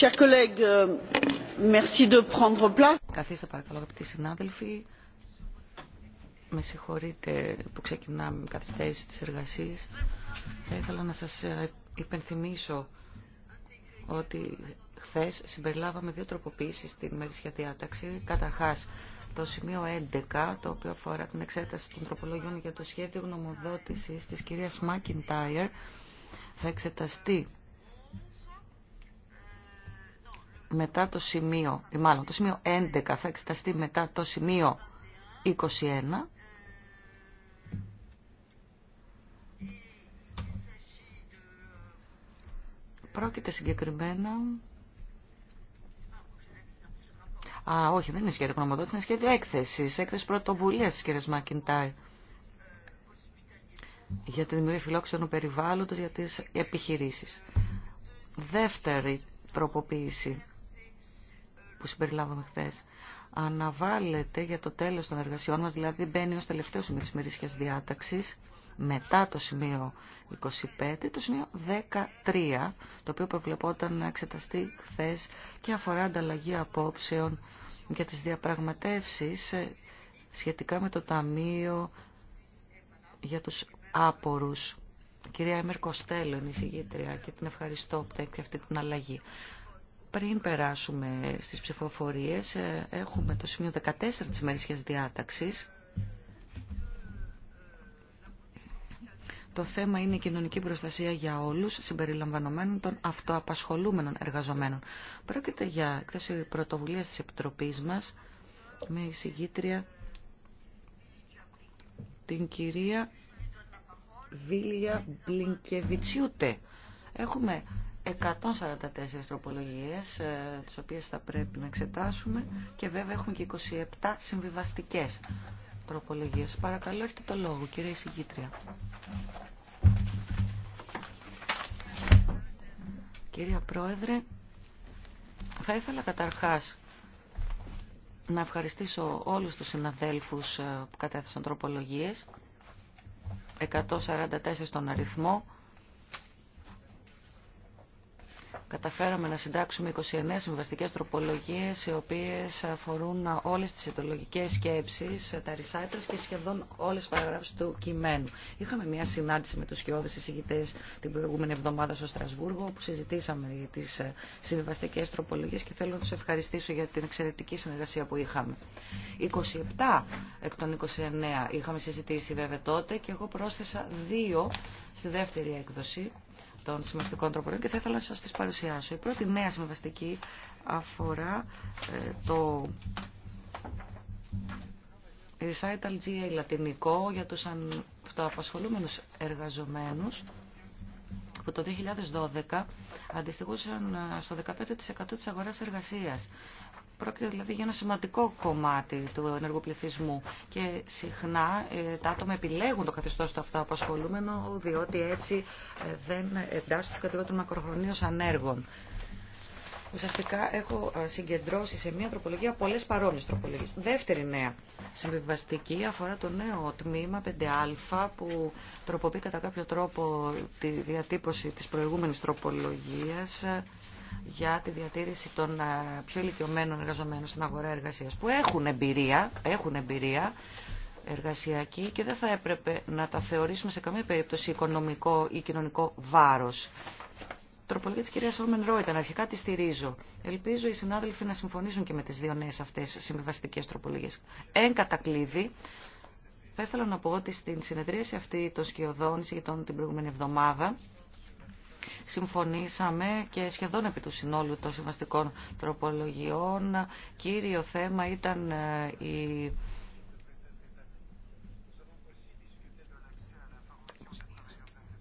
Euh, Καθίστε παρακαλώ αγαπητοί συνάδελφοι. Με συγχωρείτε που ξεκινάμε με καθυστέρηση της εργασίας. Θα ήθελα να σας ε, υπενθυμίσω ότι χθε συμπεριλάβαμε δύο τροποποίησεις στην ημερήσια διάταξη. Καταρχάς, το σημείο 11, το οποίο αφορά την εξέταση των τροπολογιών για το σχέδιο γνωμοδότησης της κυρίας Μάκιντάιρ, θα εξεταστεί μετά το σημείο, ή μάλλον το σημείο 11 θα εξεταστεί μετά το σημείο 21. Πρόκειται συγκεκριμένα... Α, όχι, δεν είναι σχέδιο γνωμοδότηση, είναι σχέδιο έκθεση. Έκθεση πρωτοβουλίας τη κυρία Μακιντάι. Για τη δημιουργία φιλόξενου περιβάλλοντος για τις επιχειρήσεις Δεύτερη τροποποίηση που συμπεριλάβαμε χθε, αναβάλλεται για το τέλος των εργασιών μα, δηλαδή μπαίνει ως τελευταίο σημείο τη μερίσιας διάταξη μετά το σημείο 25, το σημείο 13, το οποίο προβλεπόταν να εξεταστεί χθε και αφορά ανταλλαγή απόψεων για τις διαπραγματεύσεις ε, σχετικά με το Ταμείο για τους Άπορους. Κυρία Έμερ Κοστέλο, η συγγήτρια και την ευχαριστώ που αυτή την αλλαγή. Πριν περάσουμε στις ψηφοφορίες, ε, έχουμε το σημείο 14 της ημερησίας διάταξης. Το θέμα είναι η κοινωνική προστασία για όλους, συμπεριλαμβανομένων των αυτοαπασχολούμενων εργαζομένων. Πρόκειται για εκθέση πρωτοβουλία της Επιτροπής μας, με εισηγήτρια την κυρία Βίλια Μπλινκεβιτσιούτε. Έχουμε 144 τροπολογίες, ε, τις οποίες θα πρέπει να εξετάσουμε και βέβαια έχουν και 27 συμβιβαστικές τροπολογίες. Παρακαλώ, έχετε το λόγο, κύριε εισηγήτρια. Κυρία Πρόεδρε, θα ήθελα καταρχάς να ευχαριστήσω όλους τους συναδέλφους ε, που κατέθεσαν τροπολογίες, 144 στον αριθμό, καταφέραμε να συντάξουμε 29 συμβαστικές τροπολογίες οι οποίες αφορούν όλες τις συντολογικές σκέψεις, τα ρησάιτρας και σχεδόν όλες τις παραγράφεις του κειμένου. Είχαμε μια συνάντηση με τους σκιώδες εισηγητές την προηγούμενη εβδομάδα στο Στρασβούργο όπου συζητήσαμε τις ε, συμβαστικές τροπολογίες και θέλω να τους ευχαριστήσω για την εξαιρετική συνεργασία που είχαμε. 27 εκ των 29 είχαμε συζητήσει βέβαια τότε και εγώ πρόσθεσα δύο στη δεύτερη έκδοση των συμβαστικών τροπολίων και θα ήθελα να σας τις παρουσιάσω. Η πρώτη νέα συμβαστική αφορά ε, το recital GA λατινικό για τους αυτοαπασχολούμενους εργαζομένους που το 2012 αντιστοιχούσαν ε, στο 15% της αγοράς εργασίας. Πρόκειται δηλαδή για ένα σημαντικό κομμάτι του ενεργού πληθυσμού και συχνά ε, τα άτομα επιλέγουν το καθεστώ του αυτοαπασχολούμενο διότι έτσι ε, δεν εντάσσονται στην κατηγορία των μακροχρονίων ανέργων. Ουσιαστικά έχω ε, συγκεντρώσει σε μία τροπολογία πολλές παρόμοιες τροπολογίες. Δεύτερη νέα συμβιβαστική αφορά το νέο τμήμα 5α που τροποποιεί κατά κάποιο τρόπο τη διατύπωση της προηγούμενης τροπολογίας για τη διατήρηση των ε, πιο ηλικιωμένων εργαζομένων στην αγορά εργασίας που έχουν εμπειρία, έχουν εμπειρία εργασιακή και δεν θα έπρεπε να τα θεωρήσουμε σε καμία περίπτωση οικονομικό ή κοινωνικό βάρος. Τροπολογία τη κυρία Όμεν Ρόιταν, αρχικά τη στηρίζω. Ελπίζω οι συνάδελφοι να συμφωνήσουν και με τι δύο νέε αυτέ συμβιβαστικέ τροπολογίε. Εν κατακλείδη, θα ήθελα να πω ότι στην συνεδρίαση αυτή των σκιωδών εισηγητών την προηγούμενη εβδομάδα συμφωνήσαμε και σχεδόν επί του συνόλου των συμβαστικών τροπολογιών. Κύριο θέμα ήταν ε, η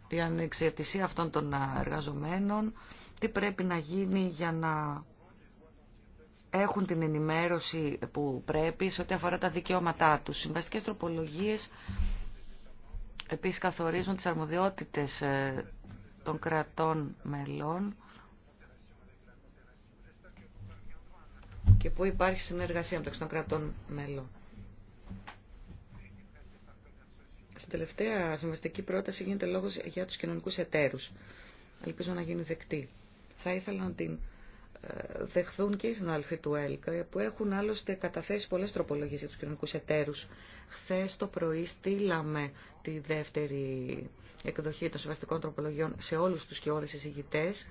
η ανεξαρτησία αυτών των ε, εργαζομένων, τι πρέπει να γίνει για να έχουν την ενημέρωση που πρέπει σε ό,τι αφορά τα δικαιώματά τους. Συμβαστικές τροπολογίες επίσης καθορίζουν τις αρμοδιότητες ε, των κρατών μελών και πού υπάρχει συνεργασία μεταξύ των κρατών μελών. Στην τελευταία συμβαστική πρόταση γίνεται λόγος για τους κοινωνικούς εταίρους. Ελπίζω να γίνει δεκτή. Θα ήθελα να την δεχθούν και οι συνάλφοι του ΕΛΚΑ, που έχουν άλλωστε καταθέσει πολλές τροπολογίες για τους κοινωνικούς εταίρους. Χθε το πρωί στείλαμε τη δεύτερη εκδοχή των συμβαστικών τροπολογιών σε όλους τους και όλες τις ηγητές.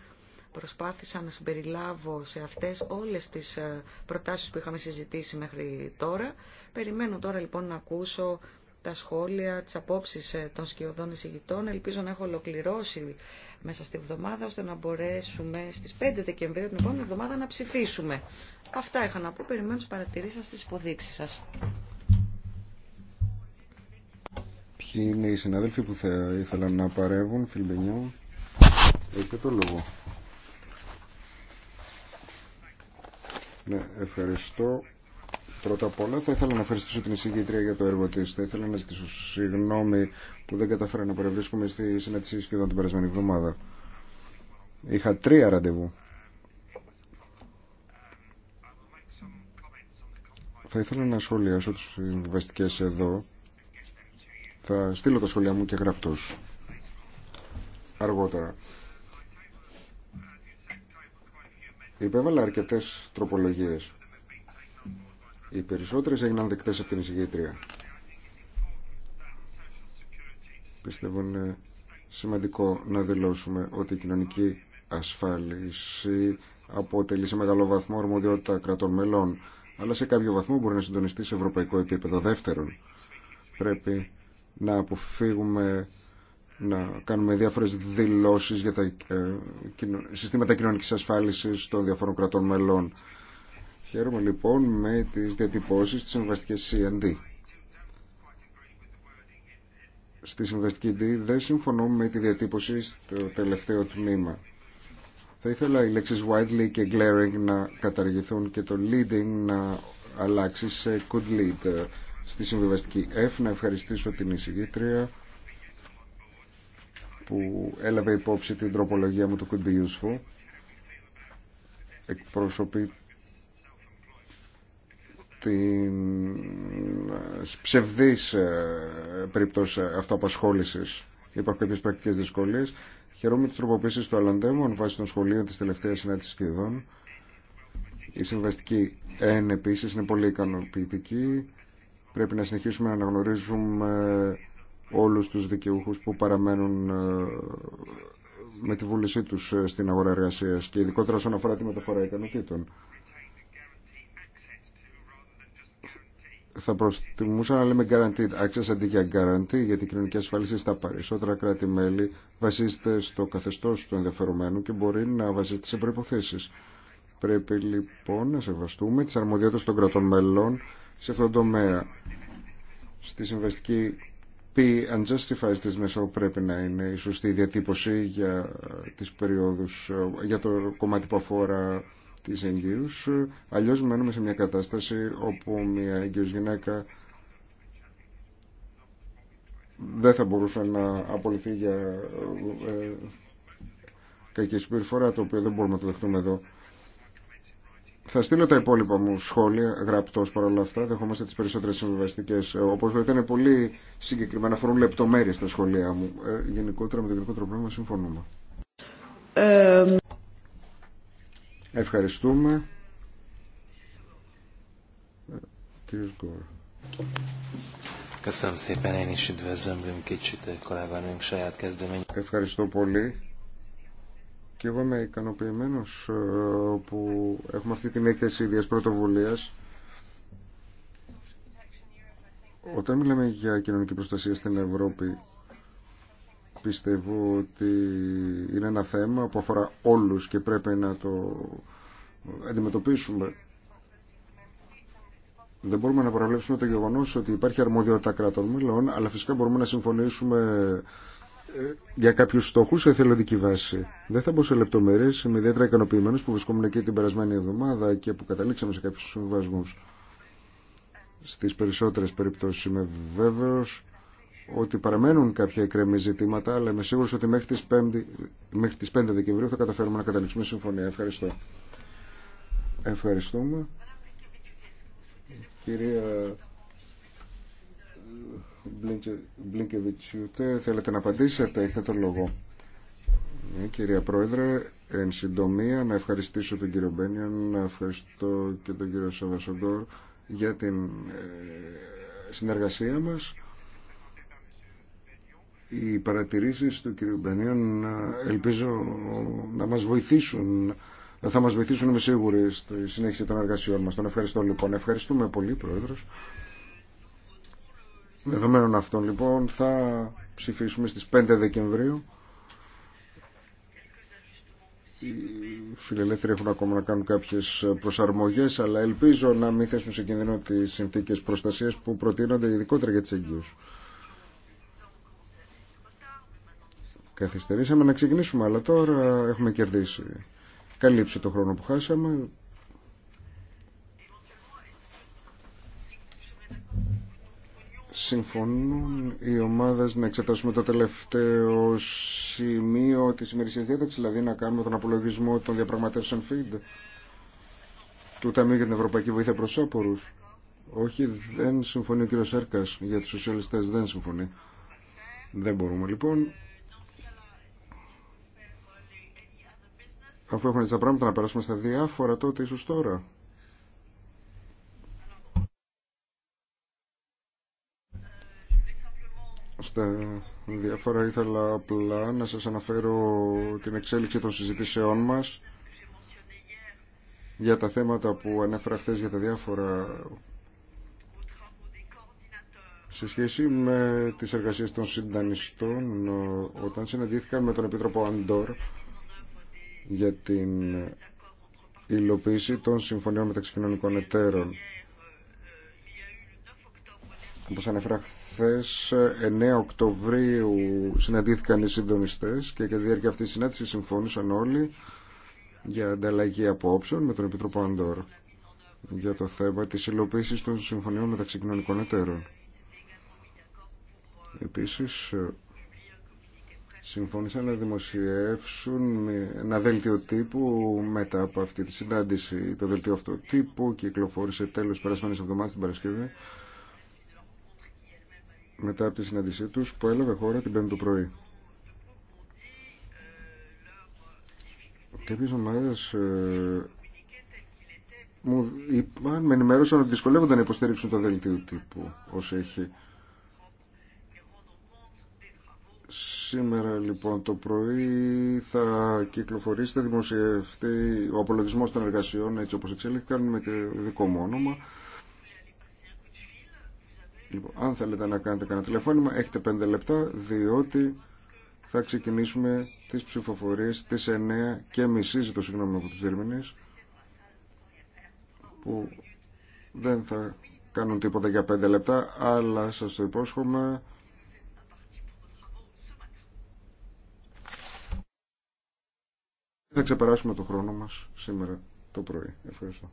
Προσπάθησα να συμπεριλάβω σε αυτές όλες τις ε, προτάσεις που είχαμε συζητήσει μέχρι τώρα. Περιμένω τώρα λοιπόν να ακούσω τα σχόλια, τις απόψεις ε, των σκιωδών εισηγητών. Ελπίζω να έχω ολοκληρώσει μέσα στη βδομάδα, ώστε να μπορέσουμε στις 5 Δεκεμβρίου την επόμενη εβδομάδα να ψηφίσουμε. Αυτά είχα να πω. Περιμένω τις παρατηρήσεις σας, τις υποδείξεις σας. Ποιοι είναι οι συνάδελφοι που θα ήθελαν να παρεύουν, Φιλμπενιό. Έχετε το λόγο. Ναι, ευχαριστώ. Πρώτα απ' όλα θα ήθελα να ευχαριστήσω την εισηγήτρια για το έργο της. Θα ήθελα να ζητήσω συγγνώμη που δεν καταφέρα να παρευρίσκομαι στη συνάντηση σχεδόν την περασμένη εβδομάδα. Είχα τρία ραντεβού. Θα ήθελα να σχολιάσω τις συμβιβαστικές εδώ. Θα στείλω τα σχολιά μου και γραπτός. Αργότερα. Υπέβαλα αρκετές τροπολογίες. Οι περισσότερες έγιναν δεκτές από την εισηγήτρια. Πιστεύω είναι σημαντικό να δηλώσουμε ότι η κοινωνική ασφάλιση αποτελεί σε μεγάλο βαθμό αρμοδιότητα κρατών μελών, αλλά σε κάποιο βαθμό μπορεί να συντονιστεί σε ευρωπαϊκό επίπεδο. Δεύτερον, πρέπει να αποφύγουμε να κάνουμε διάφορες δηλώσεις για τα ε, συστήματα κοινωνικής ασφάλισης των διαφορών κρατών μελών. Χαίρομαι λοιπόν με τις διατυπώσεις της συμβαστικής C&D. Στη συμβαστική D δεν συμφωνώ με τη διατύπωση στο τελευταίο τμήμα. Θα ήθελα οι λέξεις widely και glaring να καταργηθούν και το leading να αλλάξει σε could lead στη συμβιβαστική F. Να ευχαριστήσω την εισηγήτρια που έλαβε υπόψη την τροπολογία μου του could be useful. Εκπροσωπεί την ε, ψευδής ε, περίπτωση αυτοαπασχόλησης. Υπάρχουν κάποιες πρακτικές δυσκολίες. Χαιρόμαι τις τροποποίησεις του Αλαντέμου βάσει των σχολείων της τελευταίας συνάντησης σχεδόν. Η συμβαστική ΕΝ επίσης είναι πολύ ικανοποιητική. Πρέπει να συνεχίσουμε να αναγνωρίζουμε όλους τους δικαιούχους που παραμένουν ε, με τη βούλησή τους στην αγορά εργασία και ειδικότερα όσον αφορά τη μεταφορά ικανοτήτων. θα προτιμούσα να λέμε guaranteed access αντί για guarantee, γιατί η κοινωνική ασφάλιση στα περισσότερα κράτη-μέλη βασίζεται στο καθεστώ του ενδιαφερομένου και μπορεί να βασίζεται σε προποθέσει. Πρέπει λοιπόν να σεβαστούμε τι αρμοδιότητε των κρατών μελών σε αυτόν τον τομέα. Στη συμβαστική P unjustified της μέσω πρέπει να είναι η σωστή διατύπωση για, τις περιόδους, για το κομμάτι που αφορά της εγγύους. Αλλιώς μένουμε σε μια κατάσταση όπου μια εγγύους γυναίκα δεν θα μπορούσε να απολυθεί για ε, κακή συμπεριφορά, το οποίο δεν μπορούμε να το δεχτούμε εδώ. Θα στείλω τα υπόλοιπα μου σχόλια, γραπτό παρόλα αυτά. Δεχόμαστε τι περισσότερε συμβιβαστικέ. Ε, Όπω βλέπετε, είναι πολύ συγκεκριμένα, αφορούν λεπτομέρειε στα σχόλια μου. Ε, γενικότερα, με το γενικό τρόπο συμφωνούμε. Ε, Ευχαριστούμε. Κύριος Ευχαριστώ πολύ. Και εγώ είμαι ικανοποιημένο ε, που έχουμε αυτή την έκθεση ίδια πρωτοβουλία. Όταν μιλάμε για κοινωνική προστασία στην Ευρώπη, πιστεύω ότι είναι ένα θέμα που αφορά όλους και πρέπει να το αντιμετωπίσουμε. Δεν μπορούμε να προβλέψουμε το γεγονός ότι υπάρχει αρμοδιότητα κρατών μελών, αλλά φυσικά μπορούμε να συμφωνήσουμε ε, για κάποιου στόχου σε θελοντική βάση. Δεν θα μπω σε λεπτομέρειε. Είμαι ιδιαίτερα ικανοποιημένο που βρισκόμουν εκεί την περασμένη εβδομάδα και που καταλήξαμε σε κάποιου συμβασμού. Στι περισσότερε περιπτώσει είμαι βέβαιο ότι παραμένουν κάποια εκκρεμή ζητήματα, αλλά είμαι σίγουρο ότι μέχρι τις, 5, μέχρι τις 5 Δεκεμβρίου θα καταφέρουμε να καταλήξουμε συμφωνία. Ευχαριστώ. Ευχαριστούμε. Κυρία Μπλίνκεβιτσιούτε, θέλετε να απαντήσετε, έχετε το λόγο. Ναι, κυρία Πρόεδρε, εν συντομία να ευχαριστήσω τον κύριο Μπένιον, να ευχαριστώ και τον κύριο Σαββασοντόρ για την ε, συνεργασία μας οι παρατηρήσεις του κ. Μπενίων ελπίζω να μας βοηθήσουν, θα μας βοηθήσουν με σίγουρη στη συνέχιση των εργασιών μας. Τον ευχαριστώ λοιπόν. Ευχαριστούμε πολύ Πρόεδρος. Δεδομένων αυτών λοιπόν θα ψηφίσουμε στις 5 Δεκεμβρίου. Οι φιλελεύθεροι έχουν ακόμα να κάνουν κάποιες προσαρμογές αλλά ελπίζω να μην θέσουν σε κινδυνό τις συνθήκες προστασίας που προτείνονται ειδικότερα για τις εγγύους. Καθυστερήσαμε να ξεκινήσουμε, αλλά τώρα έχουμε κερδίσει. καλύψει το χρόνο που χάσαμε. Συμφωνούν οι ομάδες να εξετάσουμε το τελευταίο σημείο της ημερησίας διάταξης, δηλαδή να κάνουμε τον απολογισμό των διαπραγματεύσεων feed του Ταμείου για την Ευρωπαϊκή Βοήθεια προς Όχι, δεν συμφωνεί ο κύριος Σέρκας για τους σοσιαλιστές, δεν συμφωνεί. Δεν μπορούμε λοιπόν Αφού έχουμε τα πράγματα να περάσουμε στα διάφορα τότε ίσως τώρα. Στα διάφορα ήθελα απλά να σας αναφέρω την εξέλιξη των συζητήσεών μας για τα θέματα που ανέφερα χθες για τα διάφορα σε σχέση με τις εργασίες των συντανιστών όταν συναντήθηκαν με τον Επίτροπο Αντόρ για την υλοποίηση των συμφωνιών μεταξύ κοινωνικών εταίρων. Όπω ανέφερα χθε, 9 Οκτωβρίου συναντήθηκαν οι συντονιστέ και κατά τη διάρκεια αυτή τη συνάντηση συμφώνησαν όλοι για ανταλλαγή απόψεων με τον Επιτροπό Αντόρ για το θέμα τη υλοποίηση των συμφωνιών μεταξύ κοινωνικών εταίρων. Επίσης, συμφώνησαν να δημοσιεύσουν ένα δελτίο τύπου μετά από αυτή τη συνάντηση. Το δελτίο αυτό τύπου κυκλοφόρησε τέλος περασμένης εβδομάδας την Παρασκευή μετά από τη συνάντησή τους που έλαβε χώρα την Πέμπτη πρωί. Κάποιες ομάδες ε, μου είπαν, με ενημέρωσαν ότι δυσκολεύονταν να υποστηρίξουν το δελτίο τύπου όσο έχει Σήμερα λοιπόν το πρωί θα κυκλοφορήσει, θα δημοσιευτεί ο απολογισμός των εργασιών έτσι όπως εξελίχθηκαν με το δικό μου όνομα. Λοιπόν, αν θέλετε να κάνετε κανένα τηλεφώνημα, έχετε 5 λεπτά, διότι θα ξεκινήσουμε τις ψηφοφορίες τις 9 και μισή, ζητώ συγγνώμη από τους δίρμηνες που δεν θα κάνουν τίποτα για 5 λεπτά, αλλά σας το υπόσχομαι Θα ξεπεράσουμε το χρόνο μας σήμερα το πρωί. Ευχαριστώ.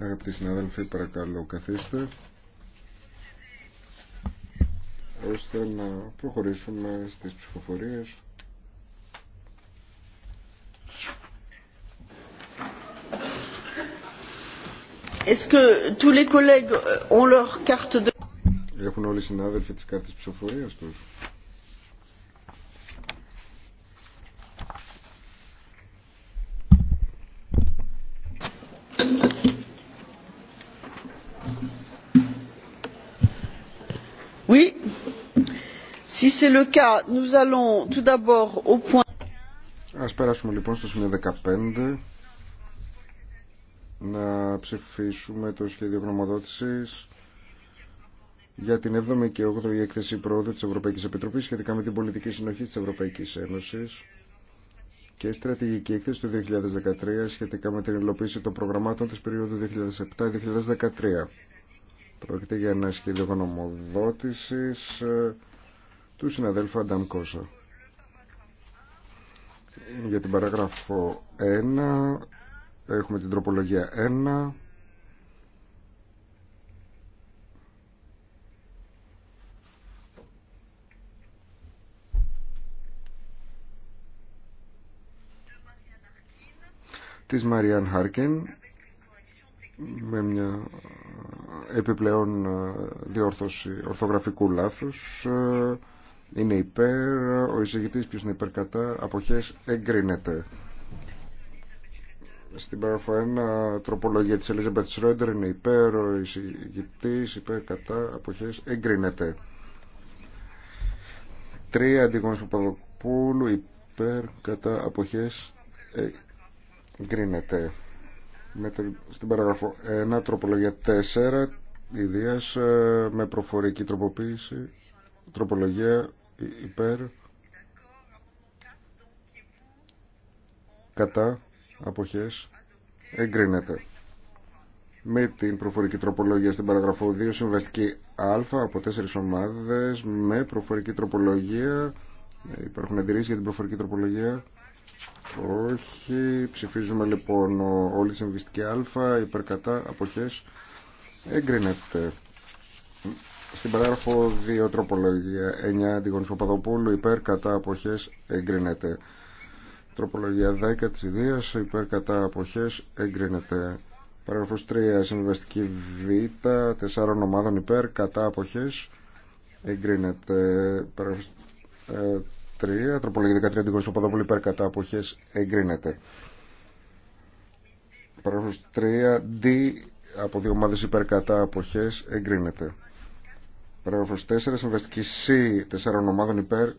Αγαπητοί συνάδελφοι, παρακαλώ καθίστε ώστε να προχωρήσουμε στις ψηφοφοριες Έχουν όλοι οι συνάδελφοι τις κάρτες ψηφοφορίας τους. c'est le cas, nous allons tout d'abord au point. Ας περάσουμε λοιπόν στο σημείο 15 να ψηφίσουμε το σχέδιο γνωμοδότησης για την 7η και 8η έκθεση πρόοδου της Ευρωπαϊκής Επιτροπής σχετικά με την πολιτική συνοχή της Ευρωπαϊκής Ένωσης και στρατηγική έκθεση του 2013 σχετικά με την υλοποίηση των προγραμμάτων της περίοδου 2007-2013. Πρόκειται για ένα σχέδιο γνωμοδότησης ε, του συναδέλφου Αντάμ Κόσο. Για την παράγραφο 1 έχουμε την τροπολογία 1. της Μαριάν Χάρκεν με μια επιπλέον ε, διόρθωση ορθογραφικού λάθους ε, είναι υπέρ, ο εισηγητής ποιος είναι υπέρ κατά, αποχές εγκρίνεται. Στην παραγραφή 1 τροπολογία της Elizabeth Schroeder είναι υπέρ, ο εισηγητής υπέρ κατά, αποχές εγκρίνεται. Τρία αντιγόνες Παπαδοπούλου υπέρ κατά αποχές εγκρίνεται. Στην παράγραφο 1 τροπολογία 4 ιδίας ε, με προφορική τροποποίηση τροπολογία υπέρ κατά αποχές εγκρίνεται με την προφορική τροπολογία στην παραγραφό 2 συμβαστική α από τέσσερις ομάδες με προφορική τροπολογία ε, υπάρχουν αντιρρήσεις για την προφορική τροπολογία όχι ψηφίζουμε λοιπόν όλη τη συμβαστική α υπερκατά αποχές εγκρίνεται στην παράγραφο 2 τροπολογία 9 Αντιγονής Παπαδοπούλου υπέρ κατά αποχές εγκρίνεται. Τροπολογία 10 της Ιδίας υπέρ κατά αποχές εγκρίνεται. Παράγραφος 3 συμβιβαστική β 4 ομάδων υπέρ κατά αποχές εγκρίνεται. Παράγραφος 3 ε, τροπολογία 13 Αντιγονής Παπαδοπούλου υπέρ κατά αποχές εγκρίνεται. Παράγραφος 3 D από δύο ομάδες υπερκατά αποχές εγκρίνεται. Παραγωγή 4. Συμβαστική C τεσσάρων ομάδων υπέρ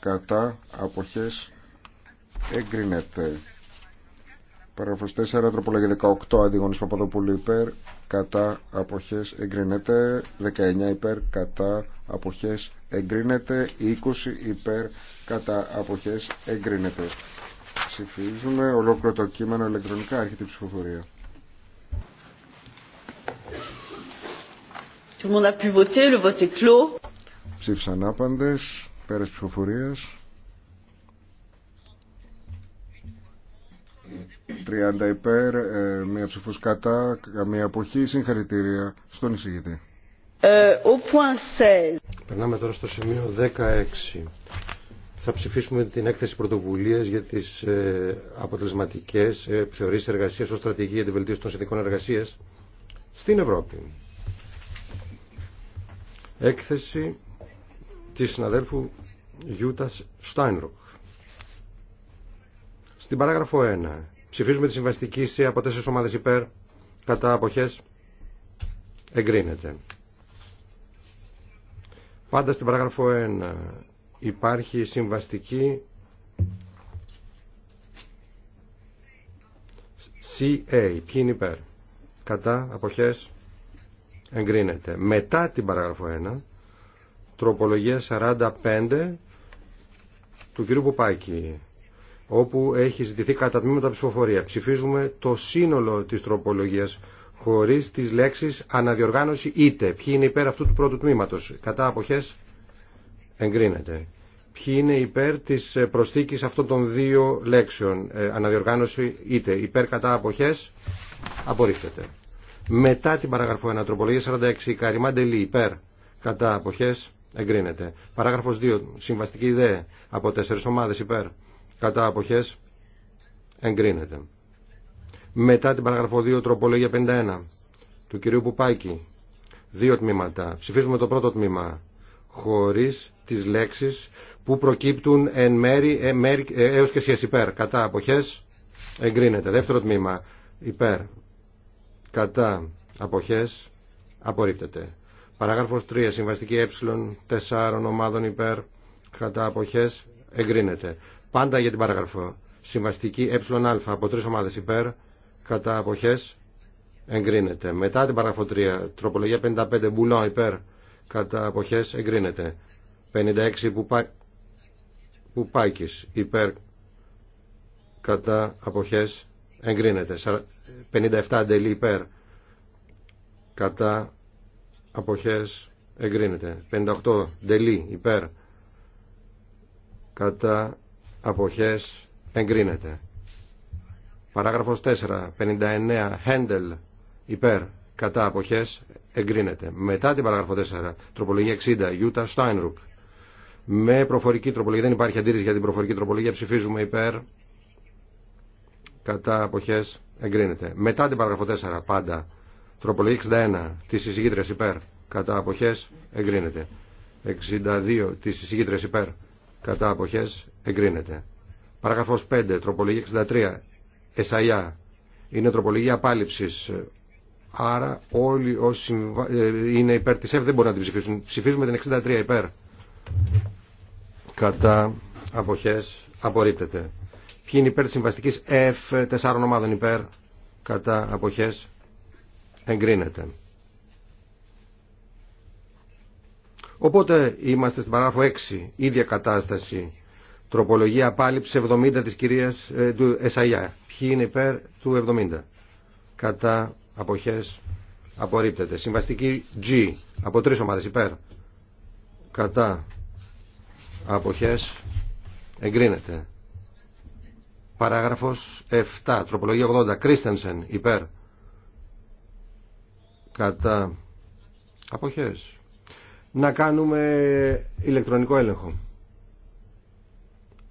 κατά αποχές εγκρίνεται. Παραγωγή 4. Τροπολογία 18. Αντίγονη Παπαδοπούλου υπέρ κατά αποχές εγκρίνεται. 19 υπέρ κατά αποχές εγκρίνεται. 20 υπέρ κατά αποχές εγκρίνεται. Ψηφίζουμε ολόκληρο το κείμενο ηλεκτρονικά. Έρχεται ψηφοφορία. Tout le monde a pu voter, le vote est clos. Ψήφισαν πέρα πέρας ψηφοφορία. 30 υπέρ, ε, μία ψηφο κατά, καμία αποχή, συγχαρητήρια στον εισηγητή. Ε, Περνάμε τώρα στο σημείο 16. Θα ψηφίσουμε την έκθεση πρωτοβουλία για τι ε, αποτελεσματικέ επιθεωρήσει εργασία ω στρατηγική για την βελτίωση των συνδικών εργασία στην Ευρώπη έκθεση της συναδέλφου Γιούτας Στάινροκ. Στην παράγραφο 1 ψηφίζουμε τη συμβαστική σε από τέσσερις ομάδες υπέρ κατά αποχές εγκρίνεται. Πάντα στην παράγραφο 1 υπάρχει συμβαστική CA. Ποιοι είναι υπέρ. Κατά αποχές εγκρίνεται. Μετά την παράγραφο 1, τροπολογία 45 του κ. Πουπάκη, όπου έχει ζητηθεί κατά τμήματα ψηφοφορία. Ψηφίζουμε το σύνολο της τροπολογίας χωρίς τις λέξεις αναδιοργάνωση είτε. Ποιοι είναι υπέρ αυτού του πρώτου τμήματος. Κατά αποχές εγκρίνεται. Ποιοι είναι υπέρ της προσθήκης αυτών των δύο λέξεων. Ε, αναδιοργάνωση είτε. Υπέρ κατά αποχές απορρίφεται. Μετά την παράγραφο 1, τροπολογία 46, η Καριμάντελη υπέρ κατά αποχές εγκρίνεται. Παράγραφο 2, συμβαστική ιδέα από τέσσερι ομάδε υπέρ κατά απόχέ, εγκρίνεται. Μετά την παράγραφο 2, τροπολογία 51 του κυρίου Πουπάκη, δύο τμήματα. Ψηφίζουμε το πρώτο τμήμα Χωρί τι λέξει που προκύπτουν εν μέρη, ε, ε, έως και σχέση υπέρ. Κατά αποχές εγκρίνεται. Δεύτερο τμήμα υπέρ κατά αποχές απορρίπτεται. Παράγραφος 3. Συμβαστική ε 4 ομάδων υπέρ κατά αποχές εγκρίνεται. Πάντα για την παράγραφο. Συμβαστική εα από τρεις ομάδες υπέρ κατά αποχές εγκρίνεται. Μετά την παράγραφο 3. Τροπολογία 55 μπουλό υπέρ κατά αποχές εγκρίνεται. 56 πουπά... πουπάκης υπέρ κατά αποχές εγκρίνεται. 57 αντελή υπέρ κατά αποχές εγκρίνεται. 58 ντελή υπέρ κατά αποχές εγκρίνεται. Παράγραφος 4. 59 Χέντελ υπέρ κατά αποχές εγκρίνεται. Μετά την παράγραφο 4. Τροπολογία 60 Ιούτα Στάινρουπ. Με προφορική τροπολογία. Δεν υπάρχει αντίρρηση για την προφορική τροπολογία. Ψηφίζουμε υπέρ κατά αποχές εγκρίνεται. Μετά την παραγραφό 4 πάντα τροπολογία 61 τη συζήτρε υπέρ κατά αποχές εγκρίνεται. 62 της συζήτρε υπέρ κατά αποχές εγκρίνεται. Παράγραφό 5 τροπολογία 63 εσαϊά είναι τροπολογία απάλυψης, άρα όλοι όσοι ε, είναι υπέρ τη ΕΦ δεν μπορούν να την ψηφίσουν. Ψηφίζουμε την 63 υπέρ κατά αποχές απορρίπτεται. Ποιοι είναι υπέρ της συμβαστικής F τεσσάρων ομάδων υπέρ κατά αποχές εγκρίνεται. Οπότε είμαστε στην παράγραφο 6, ίδια κατάσταση. Τροπολογία πάλιψη, 70 της κυρίας ε, του Εσαϊά. Ποιοι είναι υπέρ του 70. Κατά αποχές απορρίπτεται. Συμβαστική G από τρεις ομάδες υπέρ. Κατά αποχές εγκρίνεται. Παράγραφος 7, τροπολογία 80, Κρίστενσεν, υπέρ. Κατά αποχές. Να κάνουμε ηλεκτρονικό έλεγχο.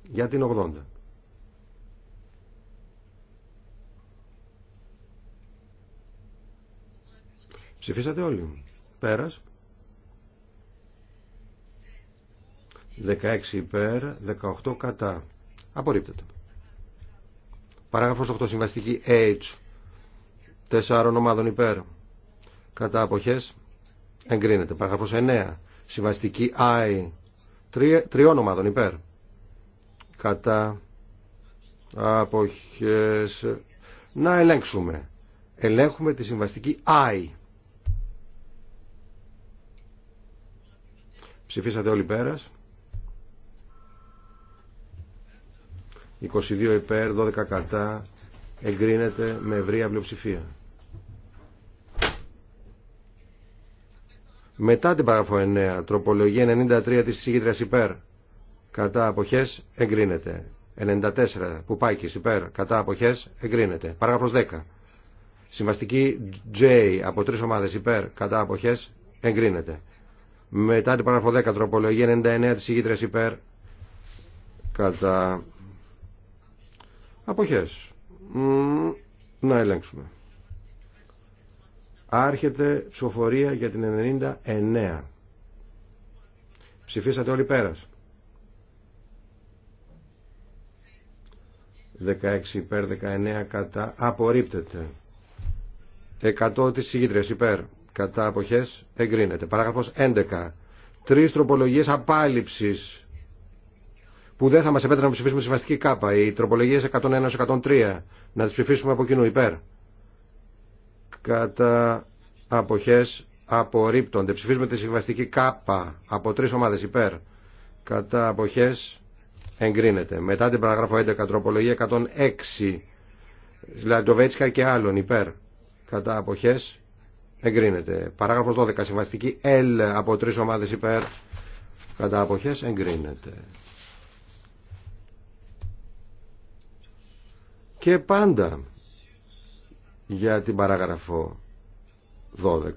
Για την 80. Ψηφίσατε όλοι. Πέρας. 16 υπέρ, 18 κατά. Απορρίπτεται. Παράγραφος 8 συμβαστική H. Τεσσάρων ομάδων υπέρ. Κατά αποχές εγκρίνεται. Παράγραφος 9 συμβαστική I. Τριών ομάδων υπέρ. Κατά αποχές να ελέγξουμε. Ελέγχουμε τη συμβαστική I. Ψηφίσατε όλοι πέρας. 22 υπέρ, 12 κατά, εγκρίνεται με ευρία πλειοψηφία. Μετά την παράγραφο 9, τροπολογία 93 της συγκήτριας υπέρ, κατά αποχές, εγκρίνεται. 94, που πάει και υπέρ, κατά αποχές, εγκρίνεται. Παράγραφος 10. Συμβαστική J από τρεις ομάδες υπέρ, κατά αποχές, εγκρίνεται. Μετά την παράγραφο 10, τροπολογία 99 της συγκήτριας υπέρ, κατά Αποχές. Να ελέγξουμε. Άρχεται ψηφοφορία για την 99. Ψηφίσατε όλοι πέρας. 16 υπέρ, 19 κατά. Απορρίπτεται. 100 της συγκήτριας υπέρ. Κατά αποχές εγκρίνεται. Παράγραφος 11. Τρεις τροπολογίες απάλληψης που δεν θα μα επέτρεπε να ψηφίσουμε τη συμβαστική ΚΑΠΑ. Οι τροπολογίε 101-103 να τι ψηφίσουμε από κοινού υπέρ. Κατά αποχέ απορρίπτονται. Ψηφίζουμε τη συμβαστική ΚΑΠΑ από τρει ομάδε υπέρ. Κατά αποχέ εγκρίνεται. Μετά την παραγράφο 11 τροπολογία 106 Λαντοβέτσικα και άλλων υπέρ. Κατά αποχέ εγκρίνεται. Παράγραφο 12 συμβαστική L από τρει ομάδε υπέρ. Κατά αποχές εγκρίνεται. Και πάντα για την παράγραφο 12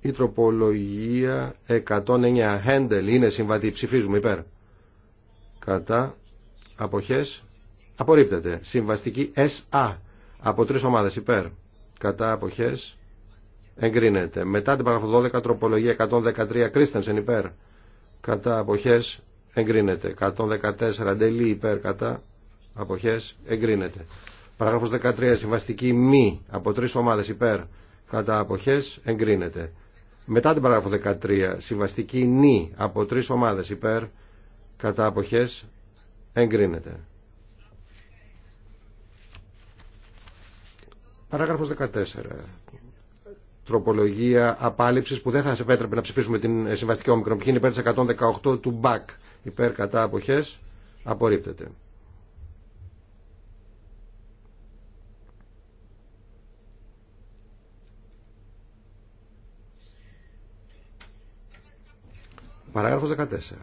η τροπολογία 109 Χέντελ είναι συμβατή. Ψηφίζουμε υπέρ. Κατά αποχές απορρίπτεται. Συμβαστική SA από τρεις ομάδες υπέρ. Κατά αποχές εγκρίνεται. Μετά την παράγραφο 12 τροπολογία 113 Κρίστενσεν υπέρ. Κατά αποχές εγκρίνεται. 114 Ντελή υπέρ κατά αποχές εγκρίνεται. Παράγραφος 13. Συμβαστική μη από τρεις ομάδες υπέρ κατά αποχές εγκρίνεται. Μετά την παράγραφο 13. Συμβαστική νη από τρεις ομάδες υπέρ κατά αποχές εγκρίνεται. Παράγραφος 14. Τροπολογία απάλληψη που δεν θα σε επέτρεπε να ψηφίσουμε την ε, συμβαστική όμικρο. Ποιοι είναι υπέρ τη 118 του ΜΠΑΚ. Υπέρ κατά αποχέ απορρίπτεται. Παράγραφος 14.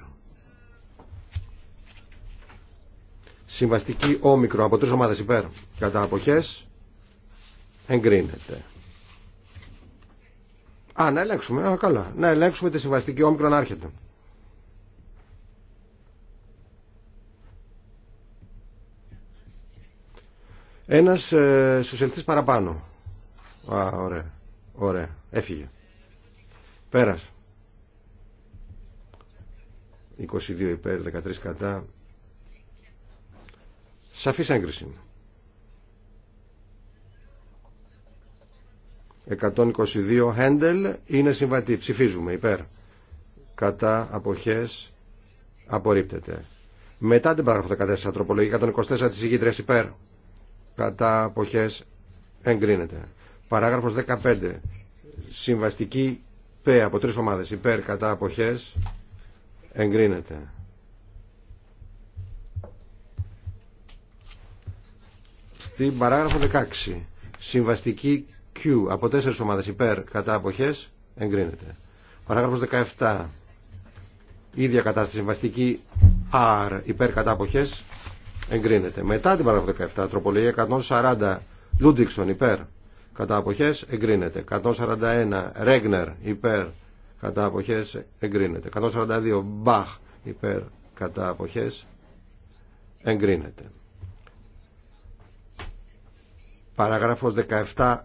Συμβαστική όμικρο από τρεις ομάδες υπέρ κατά αποχές εγκρίνεται. Α, να ελέγξουμε. Α, καλά. Να ελέγξουμε τη συμβαστική όμικρο να έρχεται. Ένας ε, σοσιαλιστής παραπάνω. Α, ωραία. Ωραία. Έφυγε. Πέρασε. 22 υπέρ, 13 κατά. Σαφή έγκριση. 122 Handel είναι συμβατή. Ψηφίζουμε υπέρ. Κατά απόχέ απορρίπτεται. Μετά την παράγραφο 14 τροπολογία 124 τη ηγήτριας υπέρ. Κατά αποχέ εγκρίνεται. Παράγραφο 15. Συμβαστική ΠΕ από τρει ομάδε υπέρ κατά αποχές Εγκρίνεται. Στην παράγραφο 16. Συμβαστική Q από τέσσερις ομάδες υπέρ κατά αποχές εγκρίνεται. Παράγραφος 17. Ίδια κατάσταση συμβαστική R υπέρ κατά αποχές εγκρίνεται. Μετά την παράγραφο 17 τροπολογία 140 Λούντιξον υπέρ κατά αποχές εγκρίνεται. 141 Ρέγνερ υπέρ κατά αποχές εγκρίνεται 142 μπαχ υπέρ κατά αποχές εγκρίνεται παράγραφος 17α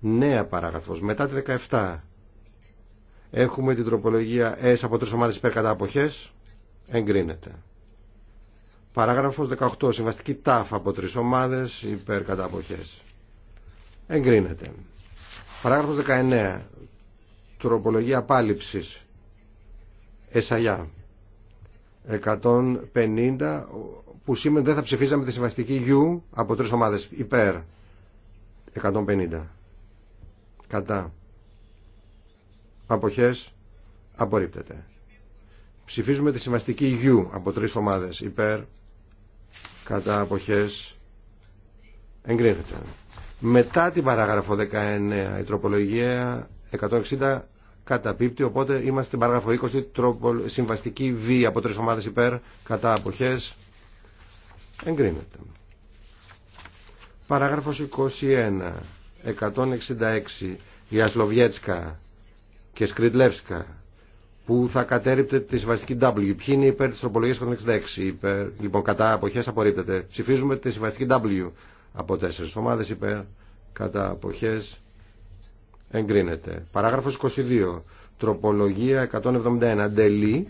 νέα παράγραφος μετά τη 17 έχουμε την τροπολογία S από τρεις ομάδες υπέρ κατά αποχές εγκρίνεται παράγραφος 18 συμβαστική τάφα από τρεις ομάδες υπέρ κατά αποχές εγκρίνεται παράγραφος 19 Τροπολογία πάλιψης. Εσαγιά. 150 που σήμερα δεν θα ψηφίζαμε τη συμβαστική γιου από τρεις ομάδες. Υπέρ. 150. Κατά. Αποχές. Απορρίπτεται. Ψηφίζουμε τη συμβαστική γιου από τρεις ομάδες. Υπέρ. Κατά. Αποχές. Εγκρίνεται. Μετά την παράγραφο 19 η τροπολογία 160 καταπίπτει, οπότε είμαστε στην παράγραφο 20, τροπο, συμβαστική Β από τρεις ομάδε υπέρ, κατά απόχέ. εγκρίνεται. Παράγραφο 21, 166, για και Σκριτλεύσκα, που θα κατέριπτε τη συμβαστική W. Ποιοι είναι υπέρ της τροπολογίας 166, υπέρ, λοιπόν κατά απόχέ απορρίπτεται. Ψηφίζουμε τη συμβαστική W από τέσσερι ομάδες υπέρ, κατά αποχές εγκρίνεται. Παράγραφος 22. Τροπολογία 171. Ντελή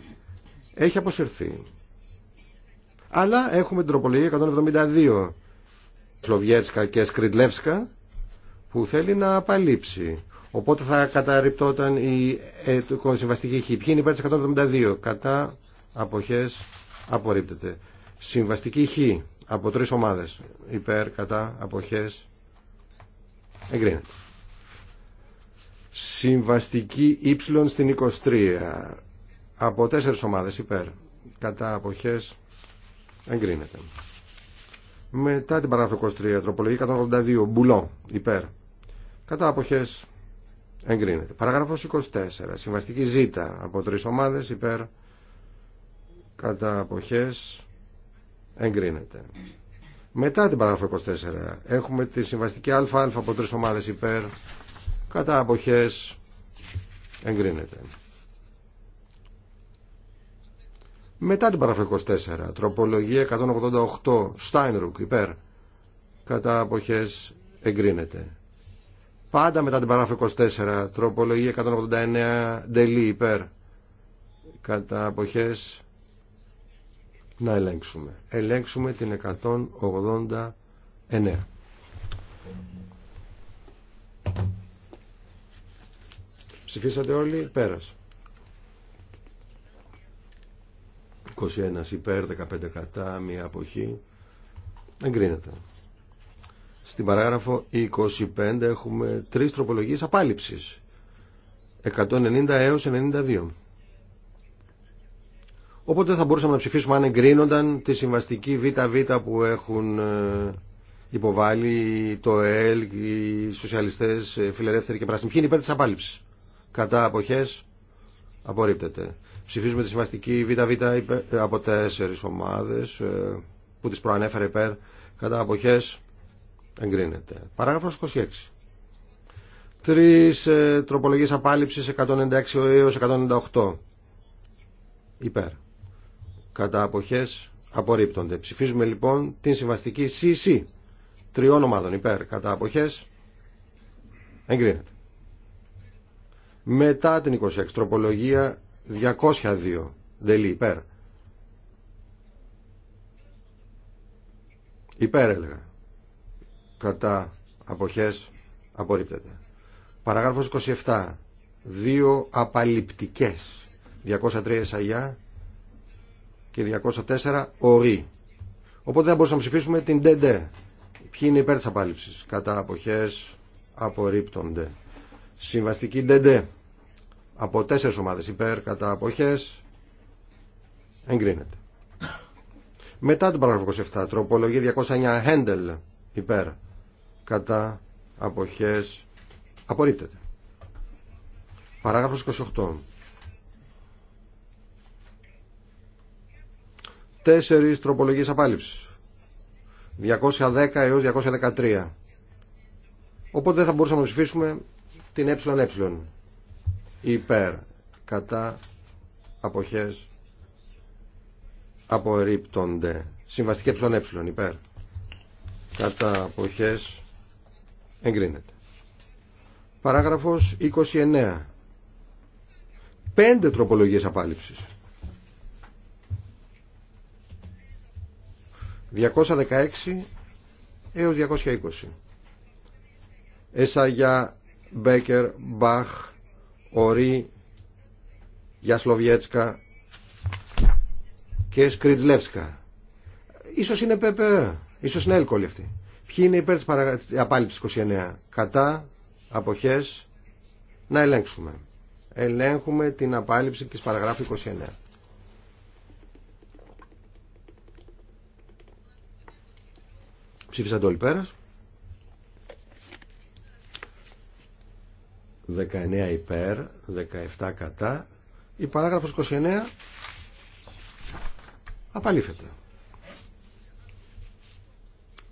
έχει αποσυρθεί. Αλλά έχουμε την τροπολογία 172. Σλοβιέτσκα και Σκριντλεύσκα που θέλει να απαλείψει. Οπότε θα καταρριπτόταν η συμβαστική χ. Ποιοι είναι υπέρ της 172. Κατά αποχές απορρίπτεται. Συμβαστική χ από τρεις ομάδες. Υπέρ, κατά, αποχές. Εγκρίνεται. Συμβαστική Y στην 23. Από τέσσερις ομάδες υπέρ. Κατά αποχές εγκρίνεται. Μετά την παράγραφο 23, τροπολογία 182, μπουλό, υπέρ. Κατά αποχές εγκρίνεται. Παράγραφος 24, συμβαστική Z από τρεις ομάδες υπέρ. Κατά αποχές εγκρίνεται. Μετά την παράγραφο 24, έχουμε τη συμβαστική ΑΑ από τρεις ομάδες υπέρ κατά αποχές εγκρίνεται. Μετά την παραγραφή 24, τροπολογία 188, Στάινρουκ, υπέρ, κατά αποχές εγκρίνεται. Πάντα μετά την παράγραφη 24, τροπολογία 189, Ντελή, υπέρ, κατά αποχές να ελέγξουμε. Ελέγξουμε την 189. Ψηφίσατε όλοι, πέρας. 21 υπέρ, 15 κατά, μία αποχή. Εγκρίνεται. Στην παράγραφο 25 έχουμε τρεις τροπολογίες απάλληψης. 190 έως 92. Οπότε θα μπορούσαμε να ψηφίσουμε αν εγκρίνονταν τη συμβαστική ΒΒ που έχουν ε, υποβάλει το ΕΛ, οι σοσιαλιστές, ε, φιλελεύθεροι και πράσινοι. Ποιοι είναι υπέρ της απάλληψης κατά αποχές απορρίπτεται. Ψηφίζουμε τη συμβαστική ΒΒ από τέσσερις ομάδες ε, που τις προανέφερε υπέρ κατά αποχές εγκρίνεται. Παράγραφος 26. Τρεις ε, τροπολογίες απάλληψης 196 έως 198 υπέρ. Κατά αποχές απορρίπτονται. Ψηφίζουμε λοιπόν την συμβαστική CC τριών ομάδων υπέρ. Κατά αποχές εγκρίνεται. Μετά την 26, τροπολογία 202, δελή, υπέρ. Υπέρ έλεγα. Κατά αποχές απορρίπτεται. Παραγράφος 27. Δύο απαλληπτικές. 203 Εσαγιά και 204 Ορί. Οπότε θα μπορούσαμε να ψηφίσουμε την ΤΕΝΤΕ. Ποιοι είναι υπέρ της απάλληψης. Κατά αποχές απορρίπτονται. Συμβαστική ΝΤΕΝΤΕ από τέσσερις ομάδες υπέρ κατά αποχές εγκρίνεται. Μετά το παράγραφο 27, τροπολογία 209 Χέντελ υπέρ κατά αποχές απορρίπτεται. Παράγραφος 28. Τέσσερις τροπολογίες απάλληψης. 210 έως 213. Οπότε δεν θα μπορούσαμε να ψηφίσουμε την Ε. Υπέρ. Κατά. Αποχές. Απορρίπτονται. Συμβαστική ε Υπέρ. Κατά. Αποχές. Εγκρίνεται. Παράγραφος 29. Πέντε τροπολογίες απάλληψης. 216 έως 220. Εσάγια Μπέκερ, Μπαχ, Ορί, Γιασλοβιέτσκα και Σκριτσλεύσκα. Ίσως είναι ΠΠΕ, ε, ίσως είναι έλκολοι αυτοί. Ποιοι είναι υπέρ της απάλληψης 29. Κατά, αποχές, να ελέγξουμε. Ελέγχουμε την απάλληψη της παραγράφου 29. Ψήφισαν όλοι πέρας. 19 υπέρ, 17 κατά. Η παράγραφος 29 απαλήφεται.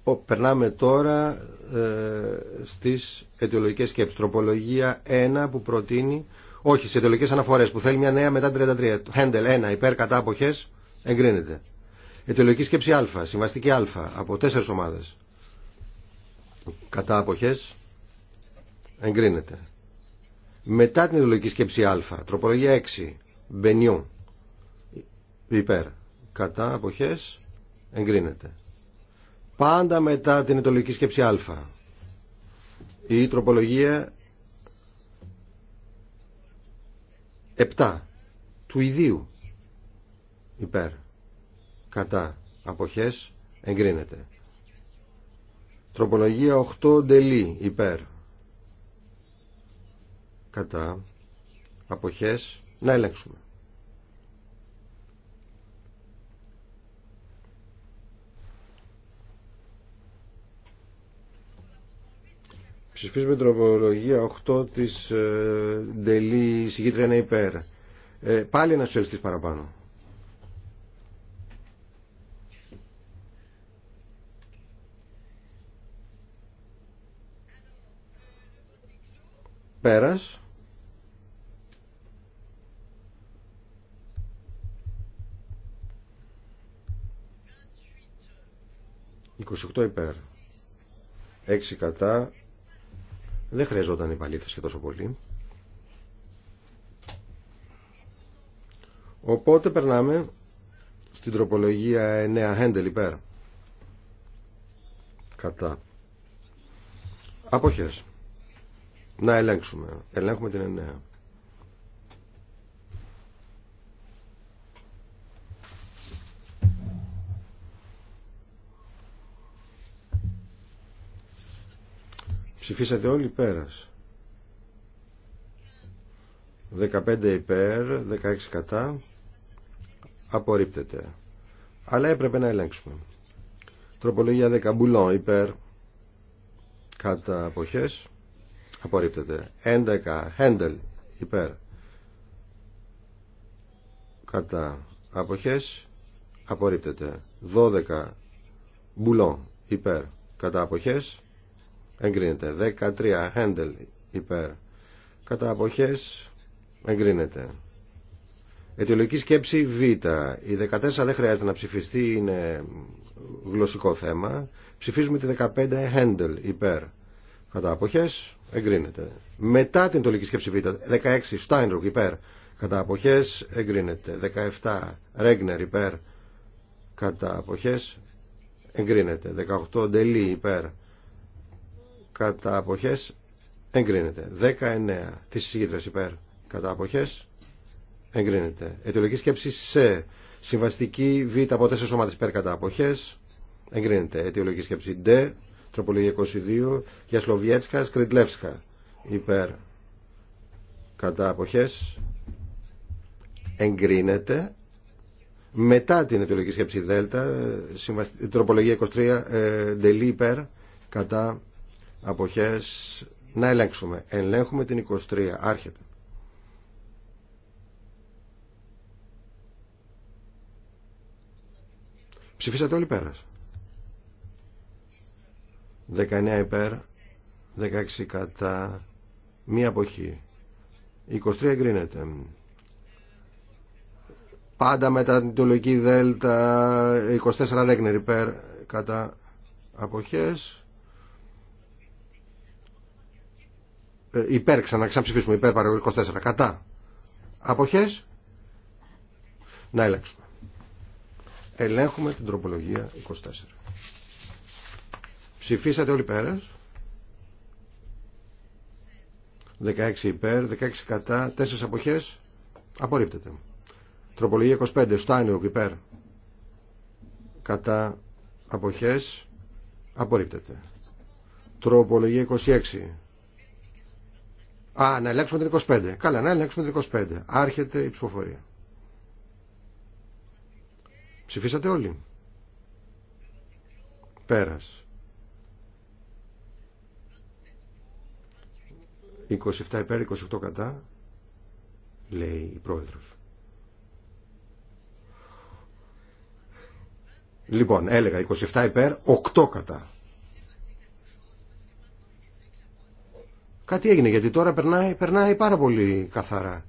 Ο, περνάμε τώρα ε, στις αιτιολογικές σκέψεις. Τροπολογία 1 που προτείνει, όχι, στις αιτιολογικές αναφορές που θέλει μια νέα μετά 33. Χέντελ 1 υπέρ κατά αποχές, εγκρίνεται. Αιτιολογική σκέψη α, συμβαστική α, από τέσσερις ομάδες. Κατά αποχές, εγκρίνεται. Μετά την ιδεολογική σκέψη α, τροπολογία 6, μπενιού, υπέρ, κατά, αποχές, εγκρίνεται. Πάντα μετά την ιδεολογική σκέψη α, η τροπολογία 7, του ιδίου, υπέρ, κατά, αποχές, εγκρίνεται. Τροπολογία 8, ντελή, υπέρ, κατά αποχές να ελέγξουμε. Ψηφίζουμε τροπολογία 8 της ε, Ντελή η υπέρ. Ε, πάλι ένας σοσιαλιστής παραπάνω. Πέρας. 28 υπέρ. 6 κατά. Δεν χρειαζόταν και τόσο πολύ. Οπότε περνάμε στην τροπολογία 9 Χέντελ υπέρ. Κατά. Αποχές. Να ελέγξουμε. Ελέγχουμε την 9. Ψηφίσατε όλοι πέρας. 15 υπέρ, 16 κατά. Απορρίπτεται. Αλλά έπρεπε να ελέγξουμε. Τροπολογία 10 μπουλόν υπέρ κατά αποχές. Απορρίπτεται. 11 χέντελ υπέρ κατά αποχές. Απορρίπτεται. 12 μπουλόν υπέρ κατά αποχές εγκρίνεται 13 Χέντελ υπέρ κατά αποχές εγκρίνεται αιτιολογική σκέψη Β η 14 δεν χρειάζεται να ψηφιστεί είναι γλωσσικό θέμα ψηφίζουμε τη 15 Χέντελ υπέρ κατά αποχές εγκρίνεται μετά την αιτιολογική σκέψη Β 16 Στάινρουκ υπέρ κατά αποχές εγκρίνεται 17 Ρέγνερ υπέρ κατά αποχές εγκρίνεται 18 Ντελή υπέρ κατά αποχές εγκρίνεται. 19 Τη συγκίτρες υπέρ κατά αποχές εγκρίνεται. Αιτιολογική σκέψη σε συμβαστική β από 4 σώματα υπέρ κατά αποχές εγκρίνεται. Αιτιολογική σκέψη d τροπολογία 22 για Σλοβιέτσκα Σκριντλεύσκα υπέρ κατά αποχές εγκρίνεται μετά την αιτιολογική σκέψη Δ, τροπολογία 23, ε, υπέρ, κατά αποχές να ελέγξουμε. Ελέγχουμε την 23. Άρχεται. Ψηφίσατε όλοι πέρας. 19 υπέρ, 16 κατά, μία αποχή. 23 εγκρίνεται. Πάντα μετά την τολογική δέλτα, 24 λέγνερ υπέρ, κατά αποχές. Ε, υπέρ ξανά, υπέρ παραγωγή 24. Κατά. Αποχές. Να ελέγξουμε. Ελέγχουμε την τροπολογία 24. Ψηφίσατε όλοι πέρας. 16 υπέρ, 16 κατά, 4 αποχές. Απορρίπτεται. Τροπολογία 25, Στάνιο υπέρ. Κατά αποχές. Απορρίπτεται. Τροπολογία 26, Α, να ελέγξουμε την 25. Καλά, να ελέγξουμε την 25. Άρχεται η ψηφοφορία. Ψηφίσατε όλοι. Πέρας. 27 υπέρ, 28 κατά, λέει η πρόεδρος. Λοιπόν, έλεγα 27 υπέρ, 8 κατά. Κάτι έγινε γιατί τώρα περνάει, περνάει πάρα πολύ καθαρά.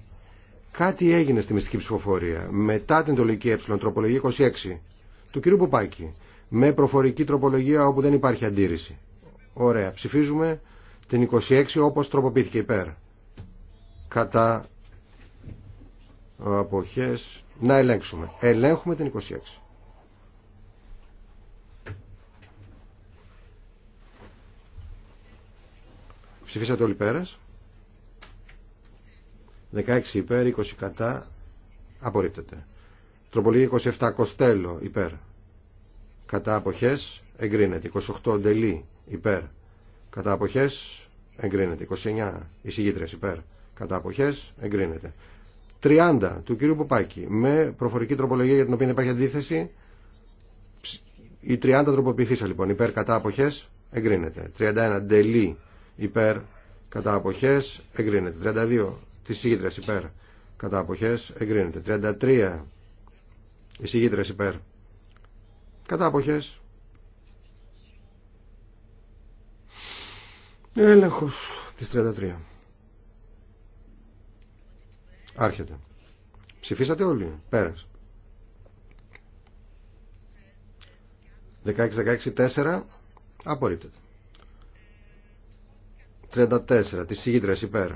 Κάτι έγινε στη μυστική ψηφοφορία μετά την τολική ε, τροπολογία 26 του κ. Πουπάκη με προφορική τροπολογία όπου δεν υπάρχει αντίρρηση. Ωραία. Ψηφίζουμε την 26 όπως τροποποιήθηκε υπέρ. Κατά αποχές να ελέγξουμε. Ελέγχουμε την 26. Ψηφίσατε όλοι πέρας. 16 υπέρ, 20 κατά. Απορρίπτεται. Τροπολογία 27 Κοστέλο υπέρ. Κατά αποχές εγκρίνεται. 28 Ντελή υπέρ. Κατά αποχές εγκρίνεται. 29 Ισηγήτρες υπέρ. Κατά αποχές εγκρίνεται. 30 του κυρίου Ποπάκη με προφορική τροπολογία για την οποία υπάρχει αντίθεση. Η 30 τροποποιηθήσα λοιπόν υπέρ κατά αποχές εγκρίνεται. 31 Ντελή υπέρ κατά αποχές εγκρίνεται 32 της ηγήτρες υπέρ κατά αποχές εγκρίνεται 33 η ηγήτρες υπέρ κατά αποχές έλεγχος της 33 άρχεται ψηφίσατε όλοι πέρας 16-16-4 απορρίπτεται 34 της ηγήτρες υπέρ